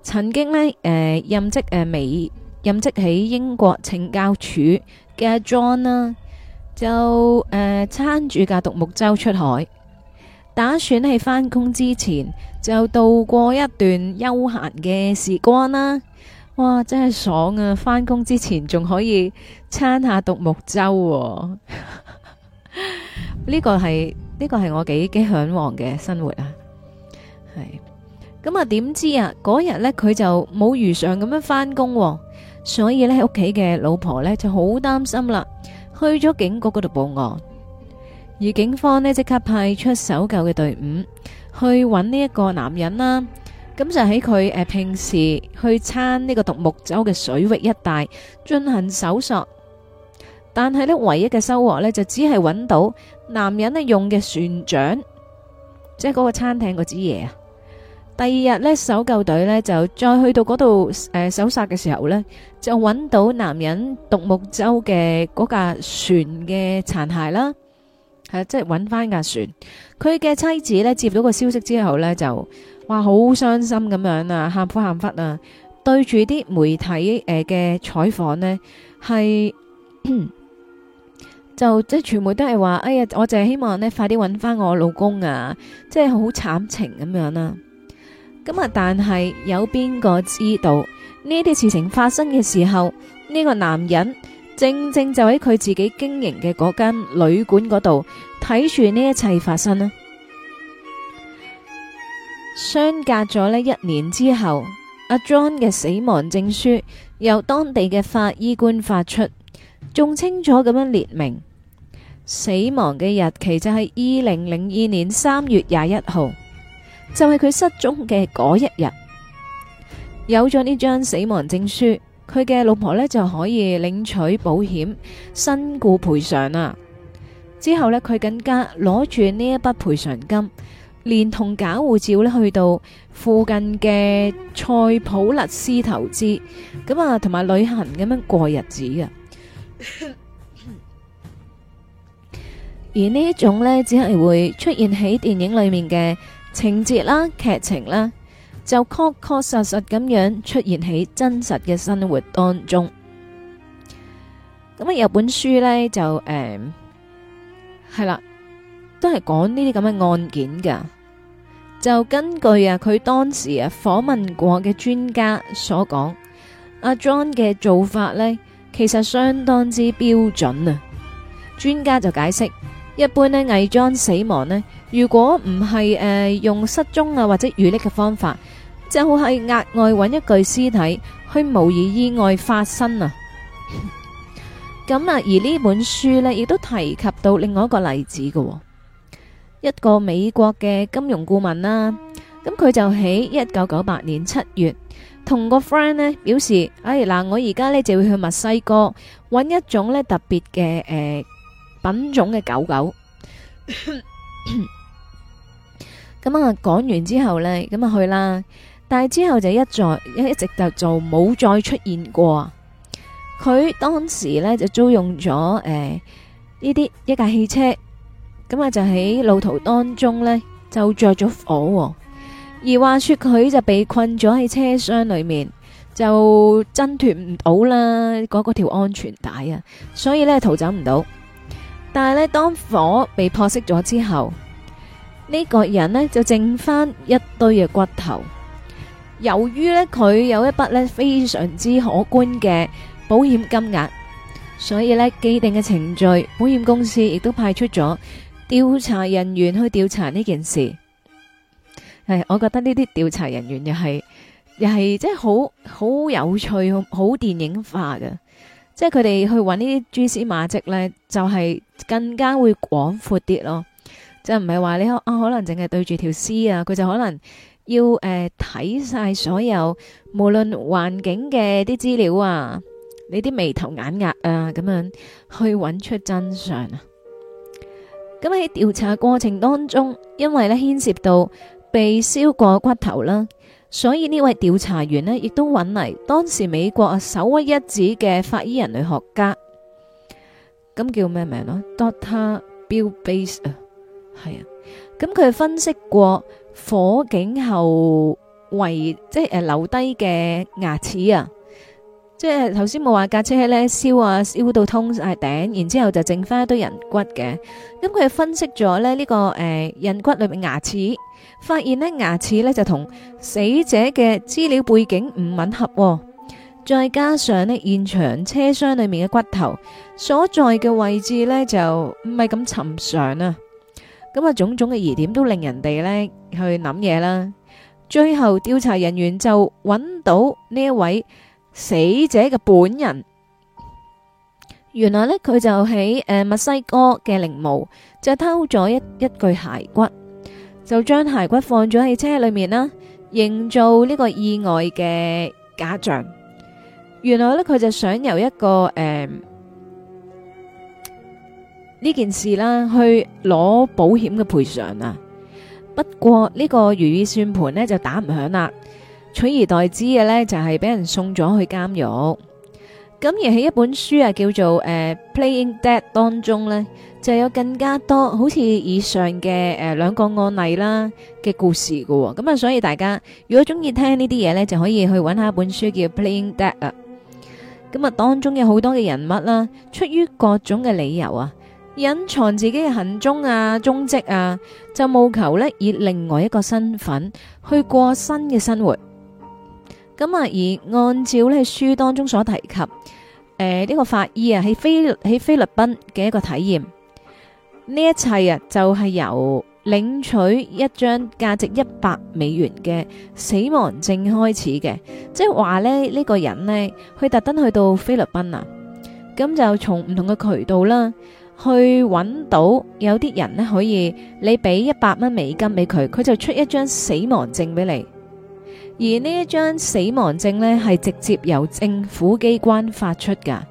曾經呢，誒、呃，任職誒美，任職喺英國懲教處嘅 John 啦、啊，就誒，撐、呃、住架獨木舟出海，打算喺翻工，之前就度過一段悠閒嘅時光啦、啊。哇，真係爽啊！翻工之前仲可以撐下獨木舟、啊，呢 個係呢、這個係我幾幾嚮往嘅生活啊，係。咁啊？點知啊？嗰日咧，佢就冇如常咁樣翻工，所以咧，屋企嘅老婆咧就好擔心啦，去咗警局嗰度報案，而警方咧即刻派出搜救嘅隊伍去搵呢一個男人啦。咁就喺佢誒平時去撐呢個獨木舟嘅水域一帶進行搜索，但係咧唯一嘅收穫咧就只係搵到男人咧用嘅船槳，即係嗰個餐廳嗰支嘢啊！第二日呢，搜救隊呢就再去到嗰度誒搜索嘅時候呢，就搵到男人獨木舟嘅嗰架船嘅殘骸啦。係、啊、即係搵翻架船。佢嘅妻子呢接到個消息之後呢，就哇好傷心咁樣啊，喊苦喊忽啊，對住啲媒體誒嘅採訪呢，係 就即係傳媒都係話：哎呀，我淨係希望呢，快啲搵翻我老公啊，即係好慘情咁樣啦。咁啊！但係有邊個知道呢啲事情發生嘅時候，呢個男人正正就喺佢自己經營嘅嗰間旅館嗰度睇住呢一切發生呢？相隔咗呢一年之後，阿 John 嘅死亡證書由當地嘅法醫官發出，仲清楚咁樣列明死亡嘅日期就係二零零二年三月廿一號。就係佢失蹤嘅嗰一日，有咗呢張死亡證書，佢嘅老婆咧就可以領取保險身故賠償啦。之後咧，佢更加攞住呢一筆賠償金，連同假護照咧去到附近嘅塞普勒斯投資，咁啊，同埋旅行咁樣過日子嘅。而呢種咧，只係會出現喺電影裏面嘅。情節啦，劇情啦，就確確實實咁樣出現喺真實嘅生活當中。咁啊，有本書呢，就誒，係、呃、啦，都係講呢啲咁嘅案件噶。就根據啊佢當時啊訪問過嘅專家所講，阿、啊、John 嘅做法呢，其實相當之標準啊。專家就解釋。一般咧偽裝死亡咧，如果唔係誒用失蹤啊或者遇溺嘅方法，就好係額外搵一具屍體去模擬意外發生啊！咁啊，而呢本書咧亦都提及到另外一個例子嘅，一個美國嘅金融顧問啦，咁佢就喺一九九八年七月同個 friend 咧表示，哎嗱，我而家咧就會去墨西哥搵一種咧特別嘅誒。呃品種嘅狗狗咁啊，講 完之後呢，咁啊去啦。但係之後就一再一一直就就冇再出現過。佢當時呢就租用咗誒呢啲一架汽車，咁啊就喺路途當中呢就着咗火，哦，而話說佢就被困咗喺車廂裏面，就掙脫唔到啦。嗰嗰條安全帶啊，所以呢逃走唔到。但係咧，當火被撲熄咗之後，呢個人呢就剩返一堆嘅骨頭。由於呢，佢有一筆呢非常之可觀嘅保險金額，所以呢既定嘅程序，保險公司亦都派出咗調查人員去調查呢件事。係，我覺得呢啲調查人員又係又係即係好好有趣，好電影化嘅。即係佢哋去揾呢啲蛛絲馬迹咧，就係更加會廣闊啲咯。即係唔係話你可啊，可能淨係對住條屍啊，佢就可能要誒睇晒所有無論環境嘅啲資料啊，你啲眉頭眼額啊咁樣去揾出真相啊。咁喺調查過程當中，因為咧牽涉到被燒過骨頭啦。所以呢位調查員呢，亦都揾嚟，當時美國啊首屈一指嘅法醫人類學家，咁叫咩名咯 Doctor Bill Bass、呃、啊，係啊，咁佢分析過火警後遺，即係誒留低嘅牙齒啊。即係頭先冇話架車咧燒啊燒到通晒頂，然之後就剩翻一堆人骨嘅。咁佢係分析咗咧呢個誒、呃、人骨裏面牙齒，發現呢牙齒咧就同死者嘅資料背景唔吻合、哦。再加上呢現場車廂裏面嘅骨頭所在嘅位置呢，就唔係咁尋常啊。咁、嗯、啊種種嘅疑點都令人哋呢去諗嘢啦。最後調查人員就揾到呢一位。死者嘅本人，原來呢，佢就喺誒、呃、墨西哥嘅陵墓，就偷咗一一具骸骨，就將骸骨放咗喺車裏面啦、啊，營造呢個意外嘅假象。原來呢，佢就想由一個誒呢、呃、件事啦，去攞保險嘅賠償啊。不過呢個如意算盤呢，就打唔響啦。取而代之嘅呢，就係、是、俾人送咗去監獄，咁而喺一本書啊叫做誒《Playing Dead》當中呢，就有更加多好似以上嘅誒兩個案例啦嘅故事喎。咁啊所以大家如果中意聽呢啲嘢呢，就可以去搵下一本書叫《Playing Dead》啊。咁啊當中有好多嘅人物啦，出於各種嘅理由啊，隱藏自己嘅行蹤啊、蹤跡啊，就務求呢以另外一個身份去過新嘅生活。咁啊，而按照呢書當中所提及，誒、呃、呢、呢個法醫啊喺菲喺菲律賓嘅一個體驗，呢一切啊就係、是、由領取一張價值一百美元嘅死亡證開始嘅，即係話呢呢、呢個人呢，佢特登去到菲律賓啊，咁就從唔同嘅渠道啦，去揾到有啲人呢可以，你俾一百蚊美金俾佢，佢就出一張死亡證俾你。而呢一張死亡證呢，係直接由政府機關發出噶，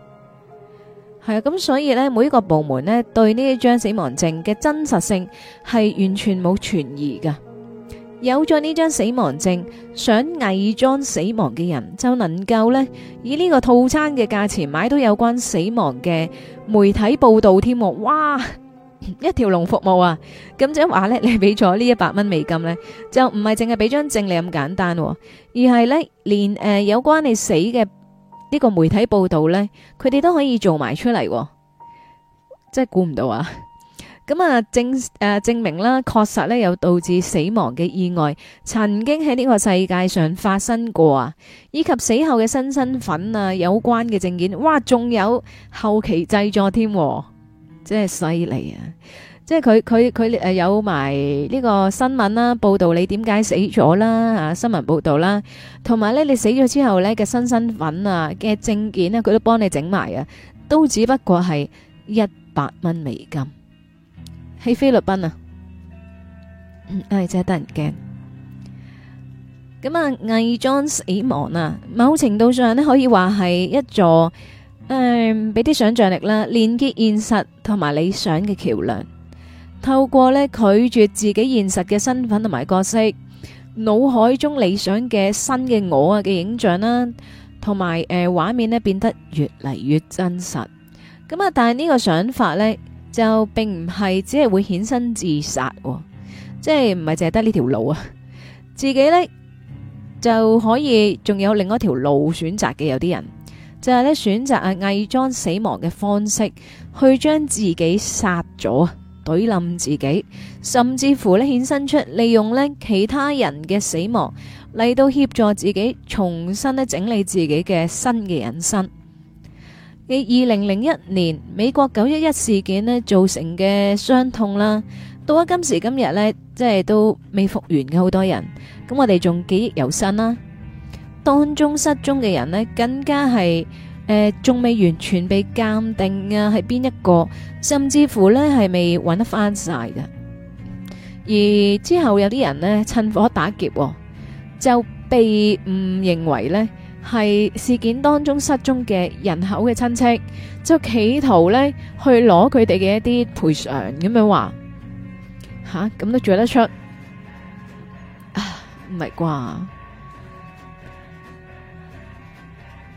係啊。咁所以呢，每一個部門呢，對呢一張死亡證嘅真實性係完全冇存疑噶。有咗呢張死亡證，想偽裝死亡嘅人就能夠呢以呢個套餐嘅價錢買到有關死亡嘅媒體報道添。哇！一條龍服務啊！咁就話、是、咧，你俾咗呢一百蚊美金呢，就唔係淨係俾張證你咁簡單，而係呢，連、呃、誒有關你死嘅呢個媒體報道呢，佢哋都可以做埋出嚟，真係估唔到啊！咁、嗯、啊、呃，證誒、呃、證明啦，確實呢，有導致死亡嘅意外，曾經喺呢個世界上發生過啊，以及死後嘅新身、身份啊有關嘅證件，哇，仲有後期製作添。真係犀利啊！即係佢佢佢誒有埋呢個新聞啦、啊，報道你點解死咗啦？啊，新聞報道啦、啊，同埋咧你死咗之後咧嘅新身份啊，嘅證件啊，佢都幫你整埋啊，都只不過係一百蚊美金喺、hey, 菲律賓啊！唉、嗯，真係得人驚。咁啊，偽裝死亡啊，某程度上呢，可以話係一座。誒，俾啲、嗯、想象力啦，連結現實同埋理想嘅橋樑，透過呢拒絕自己現實嘅身份同埋角色，腦海中理想嘅新嘅我啊嘅影像啦，同埋誒畫面呢變得越嚟越真實。咁、嗯、啊，但係呢個想法呢，就並唔係只係會衍生自殺、哦，即係唔係淨係得呢條路啊，自己呢，就可以仲有另一條路選擇嘅，有啲人。就係咧選擇啊偽裝死亡嘅方式去將自己殺咗啊，懟冧自己，甚至乎咧衍生出利用咧其他人嘅死亡嚟到協助自己重新咧整理自己嘅新嘅人生。喺二零零一年美國九一一事件咧造成嘅傷痛啦，到咗今時今日呢即係都未復原嘅好多人，咁我哋仲記憶猶新啦。當中失蹤嘅人咧，更加係誒，仲、呃、未完全被鑑定啊，係邊一個，甚至乎咧係未搵得翻晒嘅。而之後有啲人咧趁火打劫、哦，就被誤認為呢係事件當中失蹤嘅人口嘅親戚，就企圖呢去攞佢哋嘅一啲賠償咁樣話，吓，咁都做得出啊？唉，唔係啩？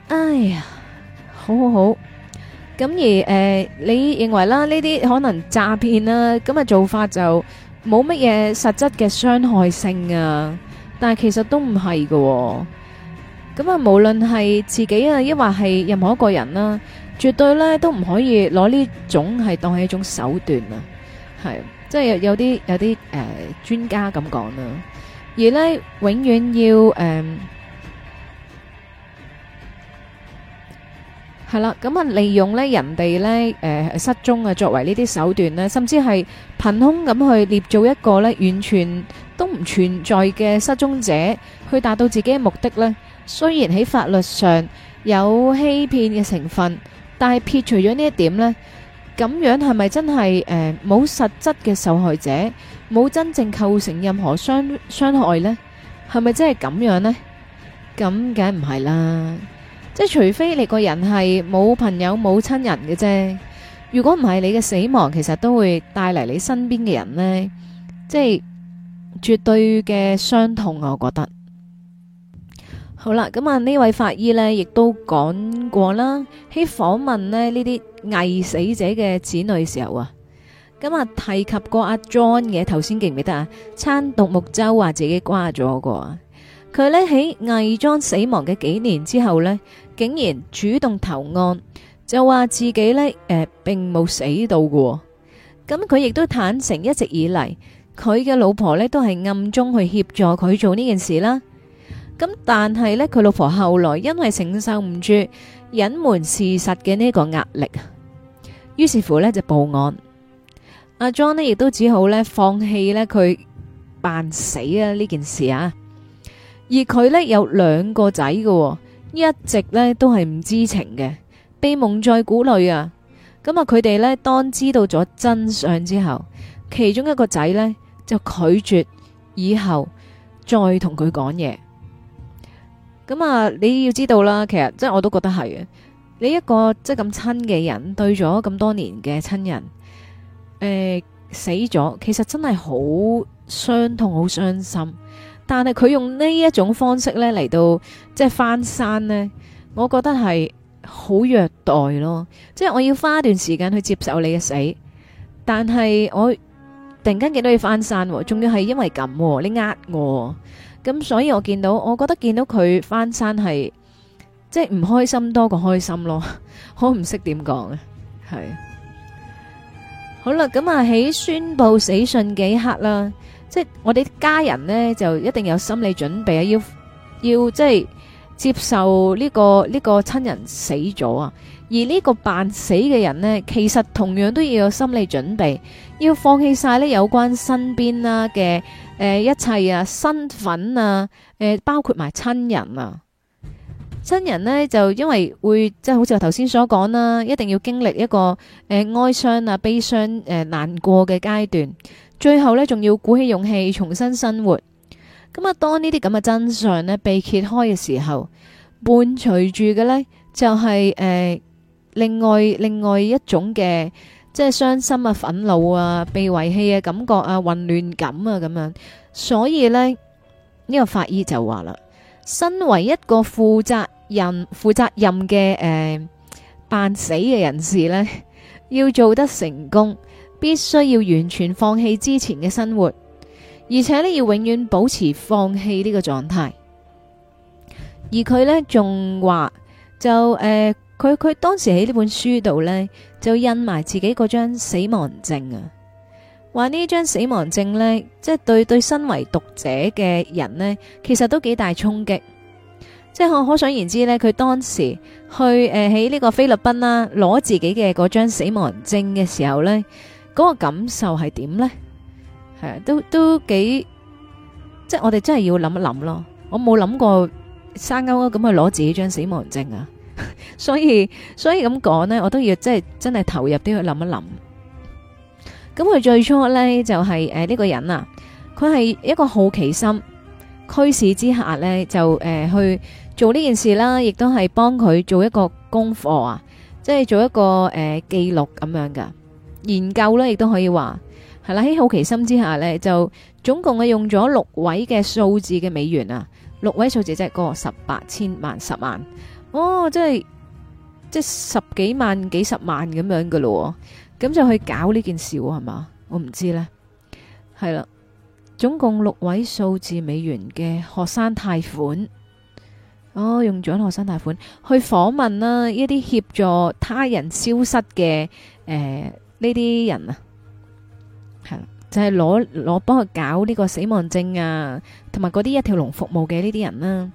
哎呀，好好好，咁而誒，你認為啦，呢啲可能詐騙啦，咁嘅做法就冇乜嘢實質嘅傷害性啊，但係其實都唔係㗎喎，咁啊無論係自己啊，抑或係任何一個人啦，絕對咧都唔可以攞呢種係當係一種手段啊，係即係有有啲有啲誒專家咁講啦，而呢永遠要誒。係啦，咁啊利用咧人哋咧誒失蹤啊作為呢啲手段咧，甚至係憑空咁去捏造一個咧完全都唔存在嘅失蹤者，去達到自己嘅目的咧。雖然喺法律上有欺騙嘅成分，但係撇除咗呢一點咧，咁樣係咪真係誒冇實質嘅受害者，冇真正構成任何傷傷害咧？係咪真係咁樣咧？咁梗唔係啦。即係除非你個人係冇朋友冇親人嘅啫，如果唔係你嘅死亡，其實都會帶嚟你身邊嘅人呢，即係絕對嘅傷痛，我覺得好啦，咁啊呢位法醫呢，亦都講過啦，喺訪問呢啲偽死者嘅子女時候啊，咁啊提及過阿、啊、John 嘅頭先記唔記得啊？撐獨木舟話自己瓜咗個，佢呢，喺偽裝死亡嘅幾年之後呢。竟然主動投案，就話自己呢誒、呃，並冇死到嘅。咁佢亦都坦誠，一直以嚟佢嘅老婆呢都係暗中去協助佢做呢件事啦。咁但係呢，佢老婆後來因為承受唔住隱瞞事實嘅呢個壓力，於是乎呢就報案。阿 John 呢亦都只好呢放棄呢佢扮死啊呢件事啊。而佢呢有兩個仔嘅。一直咧都係唔知情嘅，被蒙在鼓裏啊！咁啊，佢哋呢當知道咗真相之後，其中一個仔呢就拒絕以後再同佢講嘢。咁、嗯、啊，你要知道啦，其實即係我都覺得係嘅。你一個即係咁親嘅人，對咗咁多年嘅親人，誒、呃，死咗，其實真係好傷痛，好傷心。但係佢用呢一種方式咧嚟，到即係翻山呢，我覺得係好虐待咯。即係我要花一段時間去接受你嘅死，但係我突然間見到你翻山，仲要係因為咁，你呃我，咁所以我見到，我覺得見到佢翻山係即係唔開心多過開心咯， 不懂好唔識點講啊，係好啦，咁啊喺宣布死訊幾刻啦。即係我哋家人呢，就一定有心理準備啊！要要即係接受呢個呢個親人死咗啊，而呢個扮死嘅人呢，其實同樣都要有心理準備，要放棄晒呢有關身邊啦嘅誒一切啊，身份啊，誒、呃、包括埋親人啊，親人呢，就因為會即係好似我頭先所講啦，一定要經歷一個誒、呃、哀傷啊、悲傷誒、呃、難過嘅階段。最後呢，仲要鼓起勇氣重新生活。咁啊，當呢啲咁嘅真相呢被揭開嘅時候，伴隨住嘅呢就係誒，另外另外一種嘅即係傷心啊、憤怒啊、被遺棄嘅感覺啊、混亂感啊咁樣。所以呢，呢個法醫就話啦，身為一個負責任、負責任嘅誒扮死嘅人士呢，要做得成功。必須要完全放棄之前嘅生活，而且呢，要永遠保持放棄呢個狀態。而佢呢，仲話就誒，佢、呃、佢當時喺呢本書度呢，就印埋自己嗰張死亡證啊，話呢張死亡證呢，即係對對身為讀者嘅人呢，其實都幾大衝擊。即係可可想而知呢，佢當時去誒喺呢個菲律賓啦，攞自己嘅嗰張死亡證嘅時候呢。嗰個感受係點呢？係、啊、都都幾即係我哋真係要諗一諗咯。我冇諗過生勾勾咁去攞自己張死亡證啊！ 所以所以咁講呢，我都要即係真係投入啲去諗一諗。咁佢最初呢，就係誒呢個人啊，佢係一個好奇心驅使之下呢，就誒、呃、去做呢件事啦，亦都係幫佢做一個功課啊，即係做一個誒、呃、記錄咁樣噶。研究咧，亦都可以話係啦。喺好奇心之下呢，就總共係用咗六位嘅數字嘅美元啊，六位數字即係、嗰個十八千萬十萬哦，即係即係十幾萬幾十萬咁樣嘅咯。咁就去搞呢件事係嘛？我唔知呢，係啦，總共六位數字美元嘅學生貸款，哦，用咗學生貸款去訪問啦、啊，一啲協助他人消失嘅誒。呃呢啲人啊，就係攞攞幫佢搞呢個死亡證啊，同埋嗰啲一條龍服務嘅呢啲人啦、啊，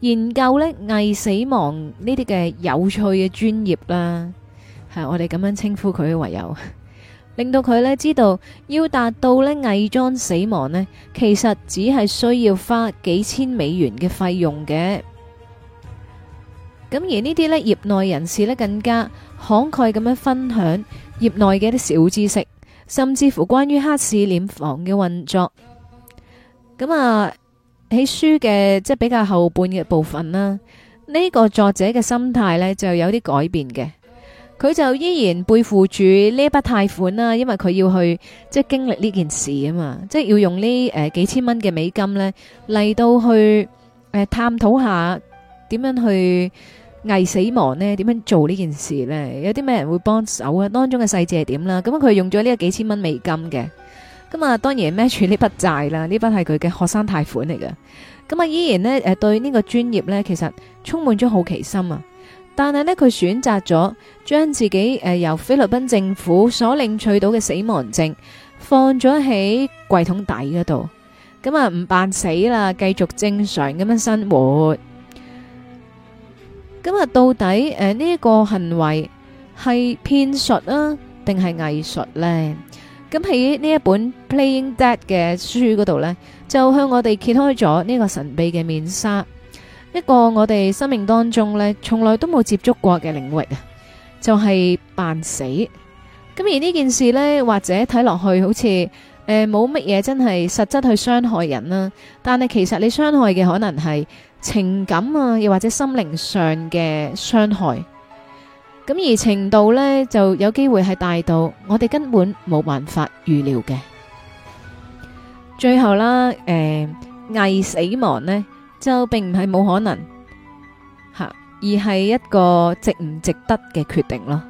研究呢偽死亡呢啲嘅有趣嘅專業啦、啊，係我哋咁樣稱呼佢唯有，令到佢呢知道要達到呢偽裝死亡呢，其實只係需要花幾千美元嘅費用嘅。咁而呢啲呢，業內人士呢更加慷慨咁樣分享。業內嘅一啲小知識，甚至乎關於黑市殮房嘅運作。咁啊，喺書嘅即係比較後半嘅部分啦，呢個作者嘅心態呢就有啲改變嘅。佢就依然背負住呢一筆貸款啦，因為佢要去即係經歷呢件事啊嘛，即係要用呢誒幾千蚊嘅美金呢嚟到去誒探討下點樣去。偽死亡呢？點樣做呢件事呢？有啲咩人會幫手啊？當中嘅細節係點啦？咁、嗯、佢用咗呢個幾千蚊美金嘅，咁、嗯、啊，當然孭住呢筆債啦，呢筆係佢嘅學生貸款嚟嘅。咁、嗯、啊，依然呢，誒、呃、對呢個專業呢，其實充滿咗好奇心啊。但係呢，佢選擇咗將自己誒、呃、由菲律賓政府所領取到嘅死亡證放咗喺櫃桶底嗰度，咁啊唔扮死啦，繼續正常咁樣生活。咁啊，到底誒呢一個行為係騙術啊，定係藝術呢？咁喺呢一本《Playing Dead》嘅書嗰度呢，就向我哋揭開咗呢個神秘嘅面紗，一個我哋生命當中呢，從來都冇接觸過嘅領域啊，就係扮死。咁而呢件事呢，或者睇落去好似誒冇乜嘢真係實質去傷害人啦，但係其實你傷害嘅可能係。情感啊，又或者心靈上嘅傷害，咁而程度呢，就有機會係大到我哋根本冇辦法預料嘅。最後啦，誒、欸，偽死亡呢，就並唔係冇可能吓，而係一個值唔值得嘅決定咯。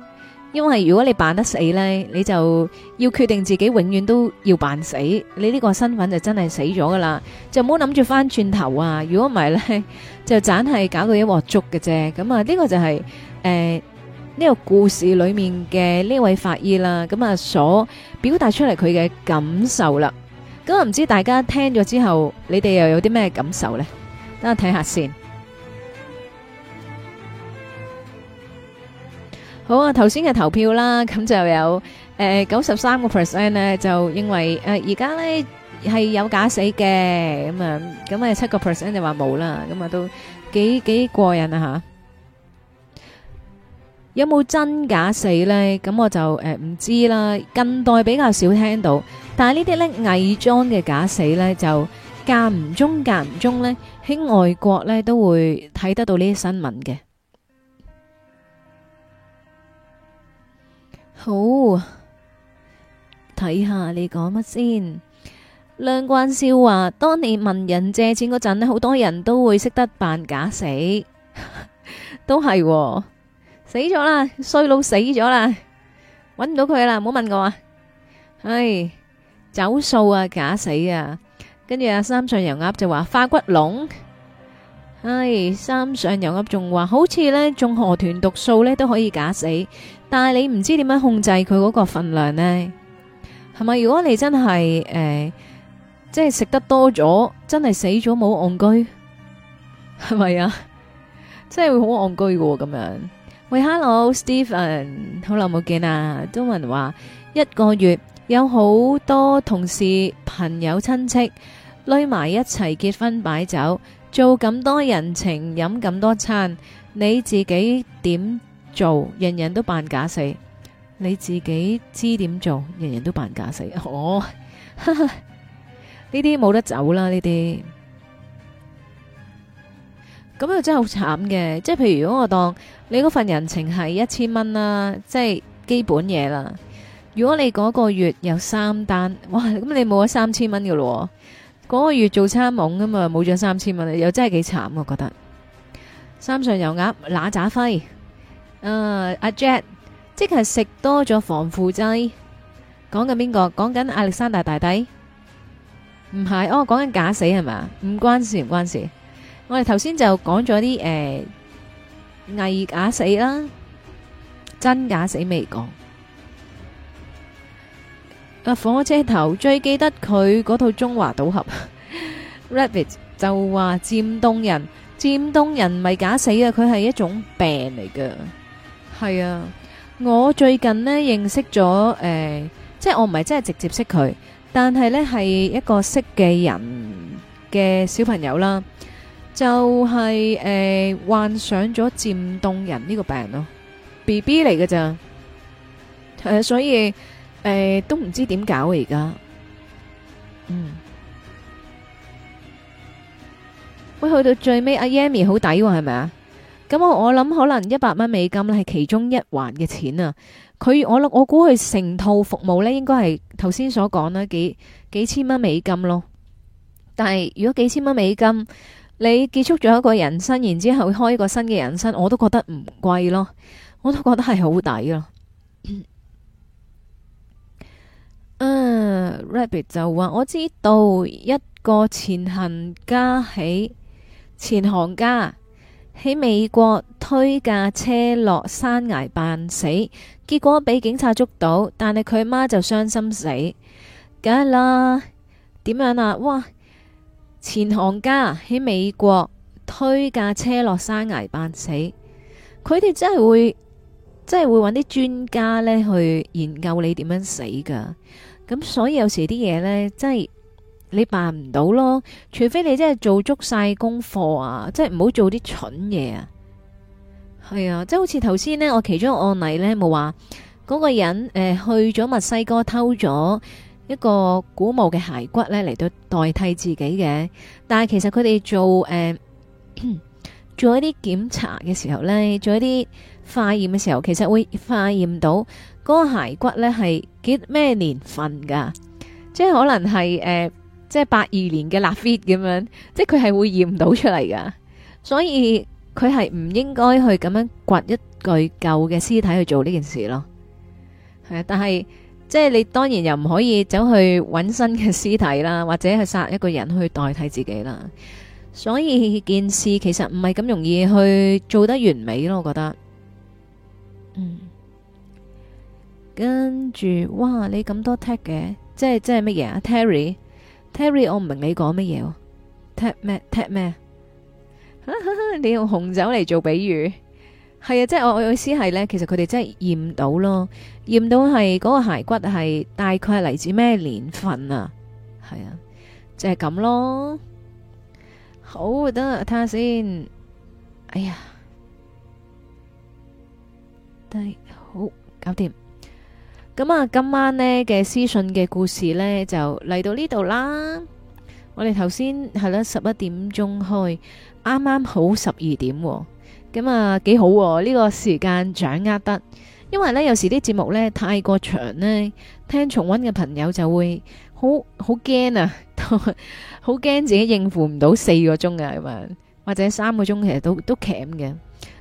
因為如果你扮得死咧，你就要決定自己永遠都要扮死，你呢個身份就真係死咗噶啦，就唔好諗住翻轉頭啊！如果唔係咧，就盞係搞到一鍋粥嘅啫。咁啊，呢個就係誒呢個故事裏面嘅呢位法醫啦，咁啊所表達出嚟佢嘅感受啦。咁啊，唔知大家聽咗之後，你哋又有啲咩感受咧？等我睇下先。好啊，頭先嘅投票啦，咁就有誒九十三個 percent 咧，就認為誒而家咧係有假死嘅。咁啊咁啊七個 percent 就話冇啦，咁啊都幾幾過癮啊吓！有冇真假死咧？咁我就誒唔知啦，近代比較少聽到，但係呢啲咧偽裝嘅假死咧，就間唔中間唔中咧喺外國咧都會睇得到呢啲新聞嘅。好，睇下你講乜先？梁貫少話當年問人借錢嗰陣咧，好多人都會識得扮假死， 都係、哦，死咗啦，衰佬死咗啦，揾唔到佢啦，唔好問我啊，唉，走數啊，假死啊，跟住啊三歲羊鴨就話化骨龍。唉、哎，三上油鴨仲話好似呢種河豚毒素呢都可以假死，但係你唔知點樣控制佢嗰個分量呢？係咪？如果你真係誒、呃，即係食得多咗，真係死咗冇戇居，係咪 啊？真係會好戇居嘅，咁樣。喂，Hello，Stephen，好耐冇見啊！都文話一個月有好多同事、朋友、親戚累埋一齊結婚擺酒。擺走做咁多人情飲咁多餐，你自己點做？人人都扮假，假死，你自己知點做？人人都扮假，假死，哦、哈，哈，呢啲冇得走啦，呢啲咁又真係好慘嘅。即係譬如如果我當你嗰份人情係一千蚊啦，即係基本嘢啦。如果你嗰個月有三單，哇咁你冇咗三千蚊嘅咯。嗰個月做餐懵啊嘛，冇咗三千蚊，又真係幾慘我覺得。山上油鴨乸咋揮？啊，阿 Jack 即係食多咗防腐劑。講緊邊個？講緊亞歷山大大帝？唔係哦，講緊假死係嘛？唔關事唔關事。我哋頭先就講咗啲誒，偽、呃、假死啦，真假死未講。啊，火車頭最記得佢嗰套中華賭俠，Rabbit 就話漸凍人，漸凍人咪假死啊！佢係一種病嚟噶，係啊！我最近咧認識咗誒，即係我唔係真係直接識佢，但係咧係一個識嘅人嘅小朋友啦，就係誒患上咗漸凍人呢個病咯，BB 嚟噶咋？誒，所以。誒、呃，都唔知點搞而家，嗯，喂，去到最尾，阿 Yami 好抵喎，係咪啊？咁我我諗可能一百蚊美金係係其中一環嘅錢啊，佢我我估佢成套服務呢應該係頭先所講啦，幾幾千蚊美金咯。但係如果幾千蚊美金，你結束咗一個人生，然之後開一個新嘅人生，我都覺得唔貴咯，我都覺得係好抵咯。 Uh, Rabbit 就話我知道一個前行家喺前行家喺美國推架車落山崖扮死，結果俾警察捉到，但係佢媽就傷心死，梗係啦。點樣啊？哇！前行家喺美國推架車落山崖扮死，佢哋真係會真係會揾啲專家呢去研究你點樣死噶。咁所以有時啲嘢呢，真係你辦唔到咯，除非你真係做足晒功課啊，啊，啊，即係唔好做啲蠢嘢啊。係啊，即係好似頭先呢，我其中一個案例呢，冇話嗰個人誒、呃、去咗墨西哥偷咗一個古墓嘅骸骨呢嚟到代替自己嘅，但係其實佢哋做誒、呃、做一啲檢查嘅時候呢，做一啲化驗嘅時候，其實會化驗到。嗰個骸骨咧係幾咩年份噶？即係可能係誒、呃，即係八二年嘅立 fit 咁樣，即係佢係會驗到出嚟噶。所以佢係唔應該去咁樣掘一具舊嘅屍體去做呢件事咯。係，但係即係你當然又唔可以走去揾新嘅屍體啦，或者係殺一個人去代替自己啦。所以這件事其實唔係咁容易去做得完美咯，我覺得。嗯。跟住，哇！你咁多 tag 嘅，即係即係乜嘢啊？Terry，Terry，我唔明你講乜嘢？tag 咩？tag 咩？你用紅酒嚟做比喻，係啊！即係我我意思係咧，其實佢哋真係驗到咯，驗到係嗰個骸骨係大概係嚟自咩年份啊？係啊，即係咁咯。好，得，睇下先。哎呀，對，好搞掂。咁啊，今晚咧嘅屍訊嘅故事咧就嚟到呢度啦。我哋頭先係啦，十一點鐘開，啱啱好十二點，咁啊幾好呢個時間掌握得。因為咧有時啲節目咧太過長咧，聽重溫嘅朋友就會好好驚啊，好驚自己應付唔到四個鐘啊，咁啊或者三個鐘其實都都鉗嘅。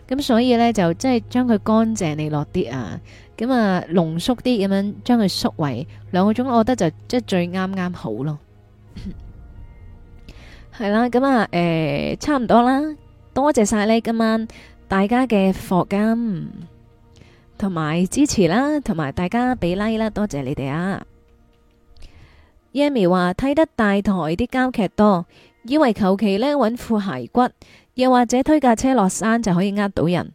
咁所以咧就即係將佢乾淨利落啲啊。咁啊，濃縮啲咁樣，將佢縮為兩個鐘，我覺得就即係最啱啱好咯。係 啦，咁啊，誒、呃，差唔多啦，多謝晒你今晚大家嘅課金同埋支持啦，同埋大家俾拉、like、啦，多謝你哋啊。 Yami 話睇得大台啲膠劇多，以為求其咧揾副鞋骨，又或者推架車落山就可以呃到人。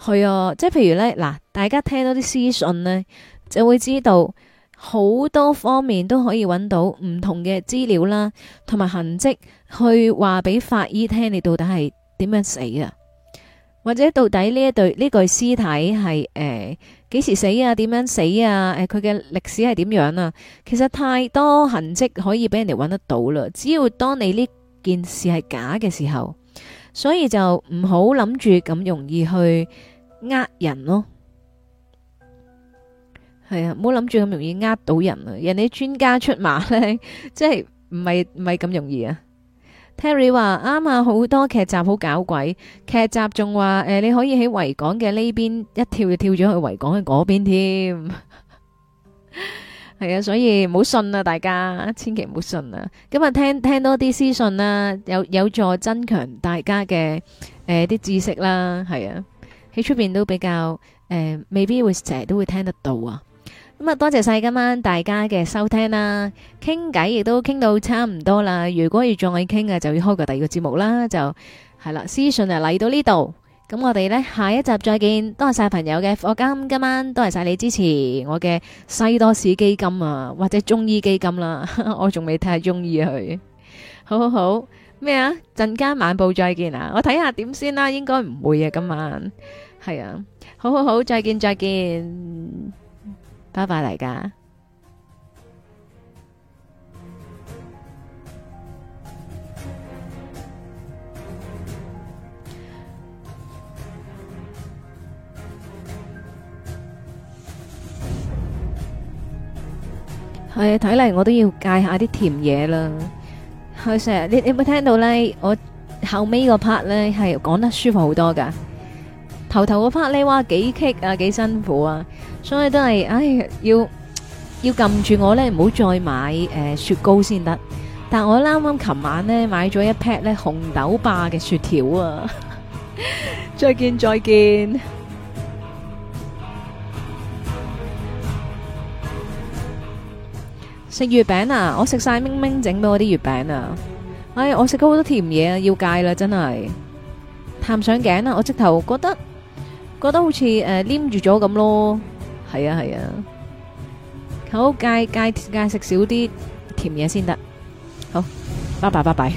係啊，即係譬如咧，嗱，大家聽到啲屍訊呢，就會知道好多方面都可以揾到唔同嘅資料啦，同埋痕迹去話俾法醫聽，你到底係點樣死啊？或者到底呢一對呢具屍體係誒幾時死啊？點樣死啊？誒、呃，佢嘅歷史係點樣啊？其實太多痕跡可以俾人哋揾得到啦。只要當你呢件事係假嘅時候。所以就唔好諗住咁容易去呃人咯，係啊，唔好諗住咁容易呃到人啊！人哋專家出馬咧，即係唔係唔係咁容易啊？Terry 話啱啊，好 多劇集好搞鬼，劇集仲話誒，你可以喺維港嘅呢邊一跳就跳咗去維港嘅嗰邊添。 係啊，所以唔好信啊，大家千祈唔好信啊。咁、嗯、啊，聽聽多啲屍訊啦，有有助增強大家嘅誒啲知識啦。係啊，喺出邊都比較誒、呃，未必會成日都會聽得到啊。咁、嗯、啊，多謝晒今晚大家嘅收聽啦，傾偈亦都傾到差唔多啦。如果要再傾嘅，就要開個第二個節目啦。就係啦，屍訊啊嚟到呢度。咁我哋咧，下一集再見，多謝晒朋友嘅課金，今晚多謝晒你支持我嘅西多士基金啊，或者中醫基金啦，我仲未太中意佢。好好好，咩啊？陣間晚報再見啊！我睇下點先啦，應該唔會啊，今晚係啊，好好好，再見再見，拜拜大家。係睇嚟，哎、我都要戒下啲甜嘢。啦。開、啊、心，你你有冇聽到咧？我後尾個 part 咧係講得舒服好多噶。頭頭個 part 咧話幾棘啊，幾辛苦啊，所以都係唉、哎，要要撳住我咧，唔好再買誒、呃、雪糕先得。但我啱啱琴晚咧買咗一 pack 咧紅豆霸嘅雪條啊！ 再見，再見。食月餅啊！我食晒明明整俾我啲月餅啊！哎，我食咗好多甜嘢，要戒啦，真係，探上頸啦、啊！我直頭覺得覺得好似誒、呃、黏住咗咁咯，係啊係啊，好戒戒戒食少啲甜嘢先得，好，拜拜拜拜，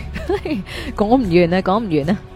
講 唔完啊，講唔完啊！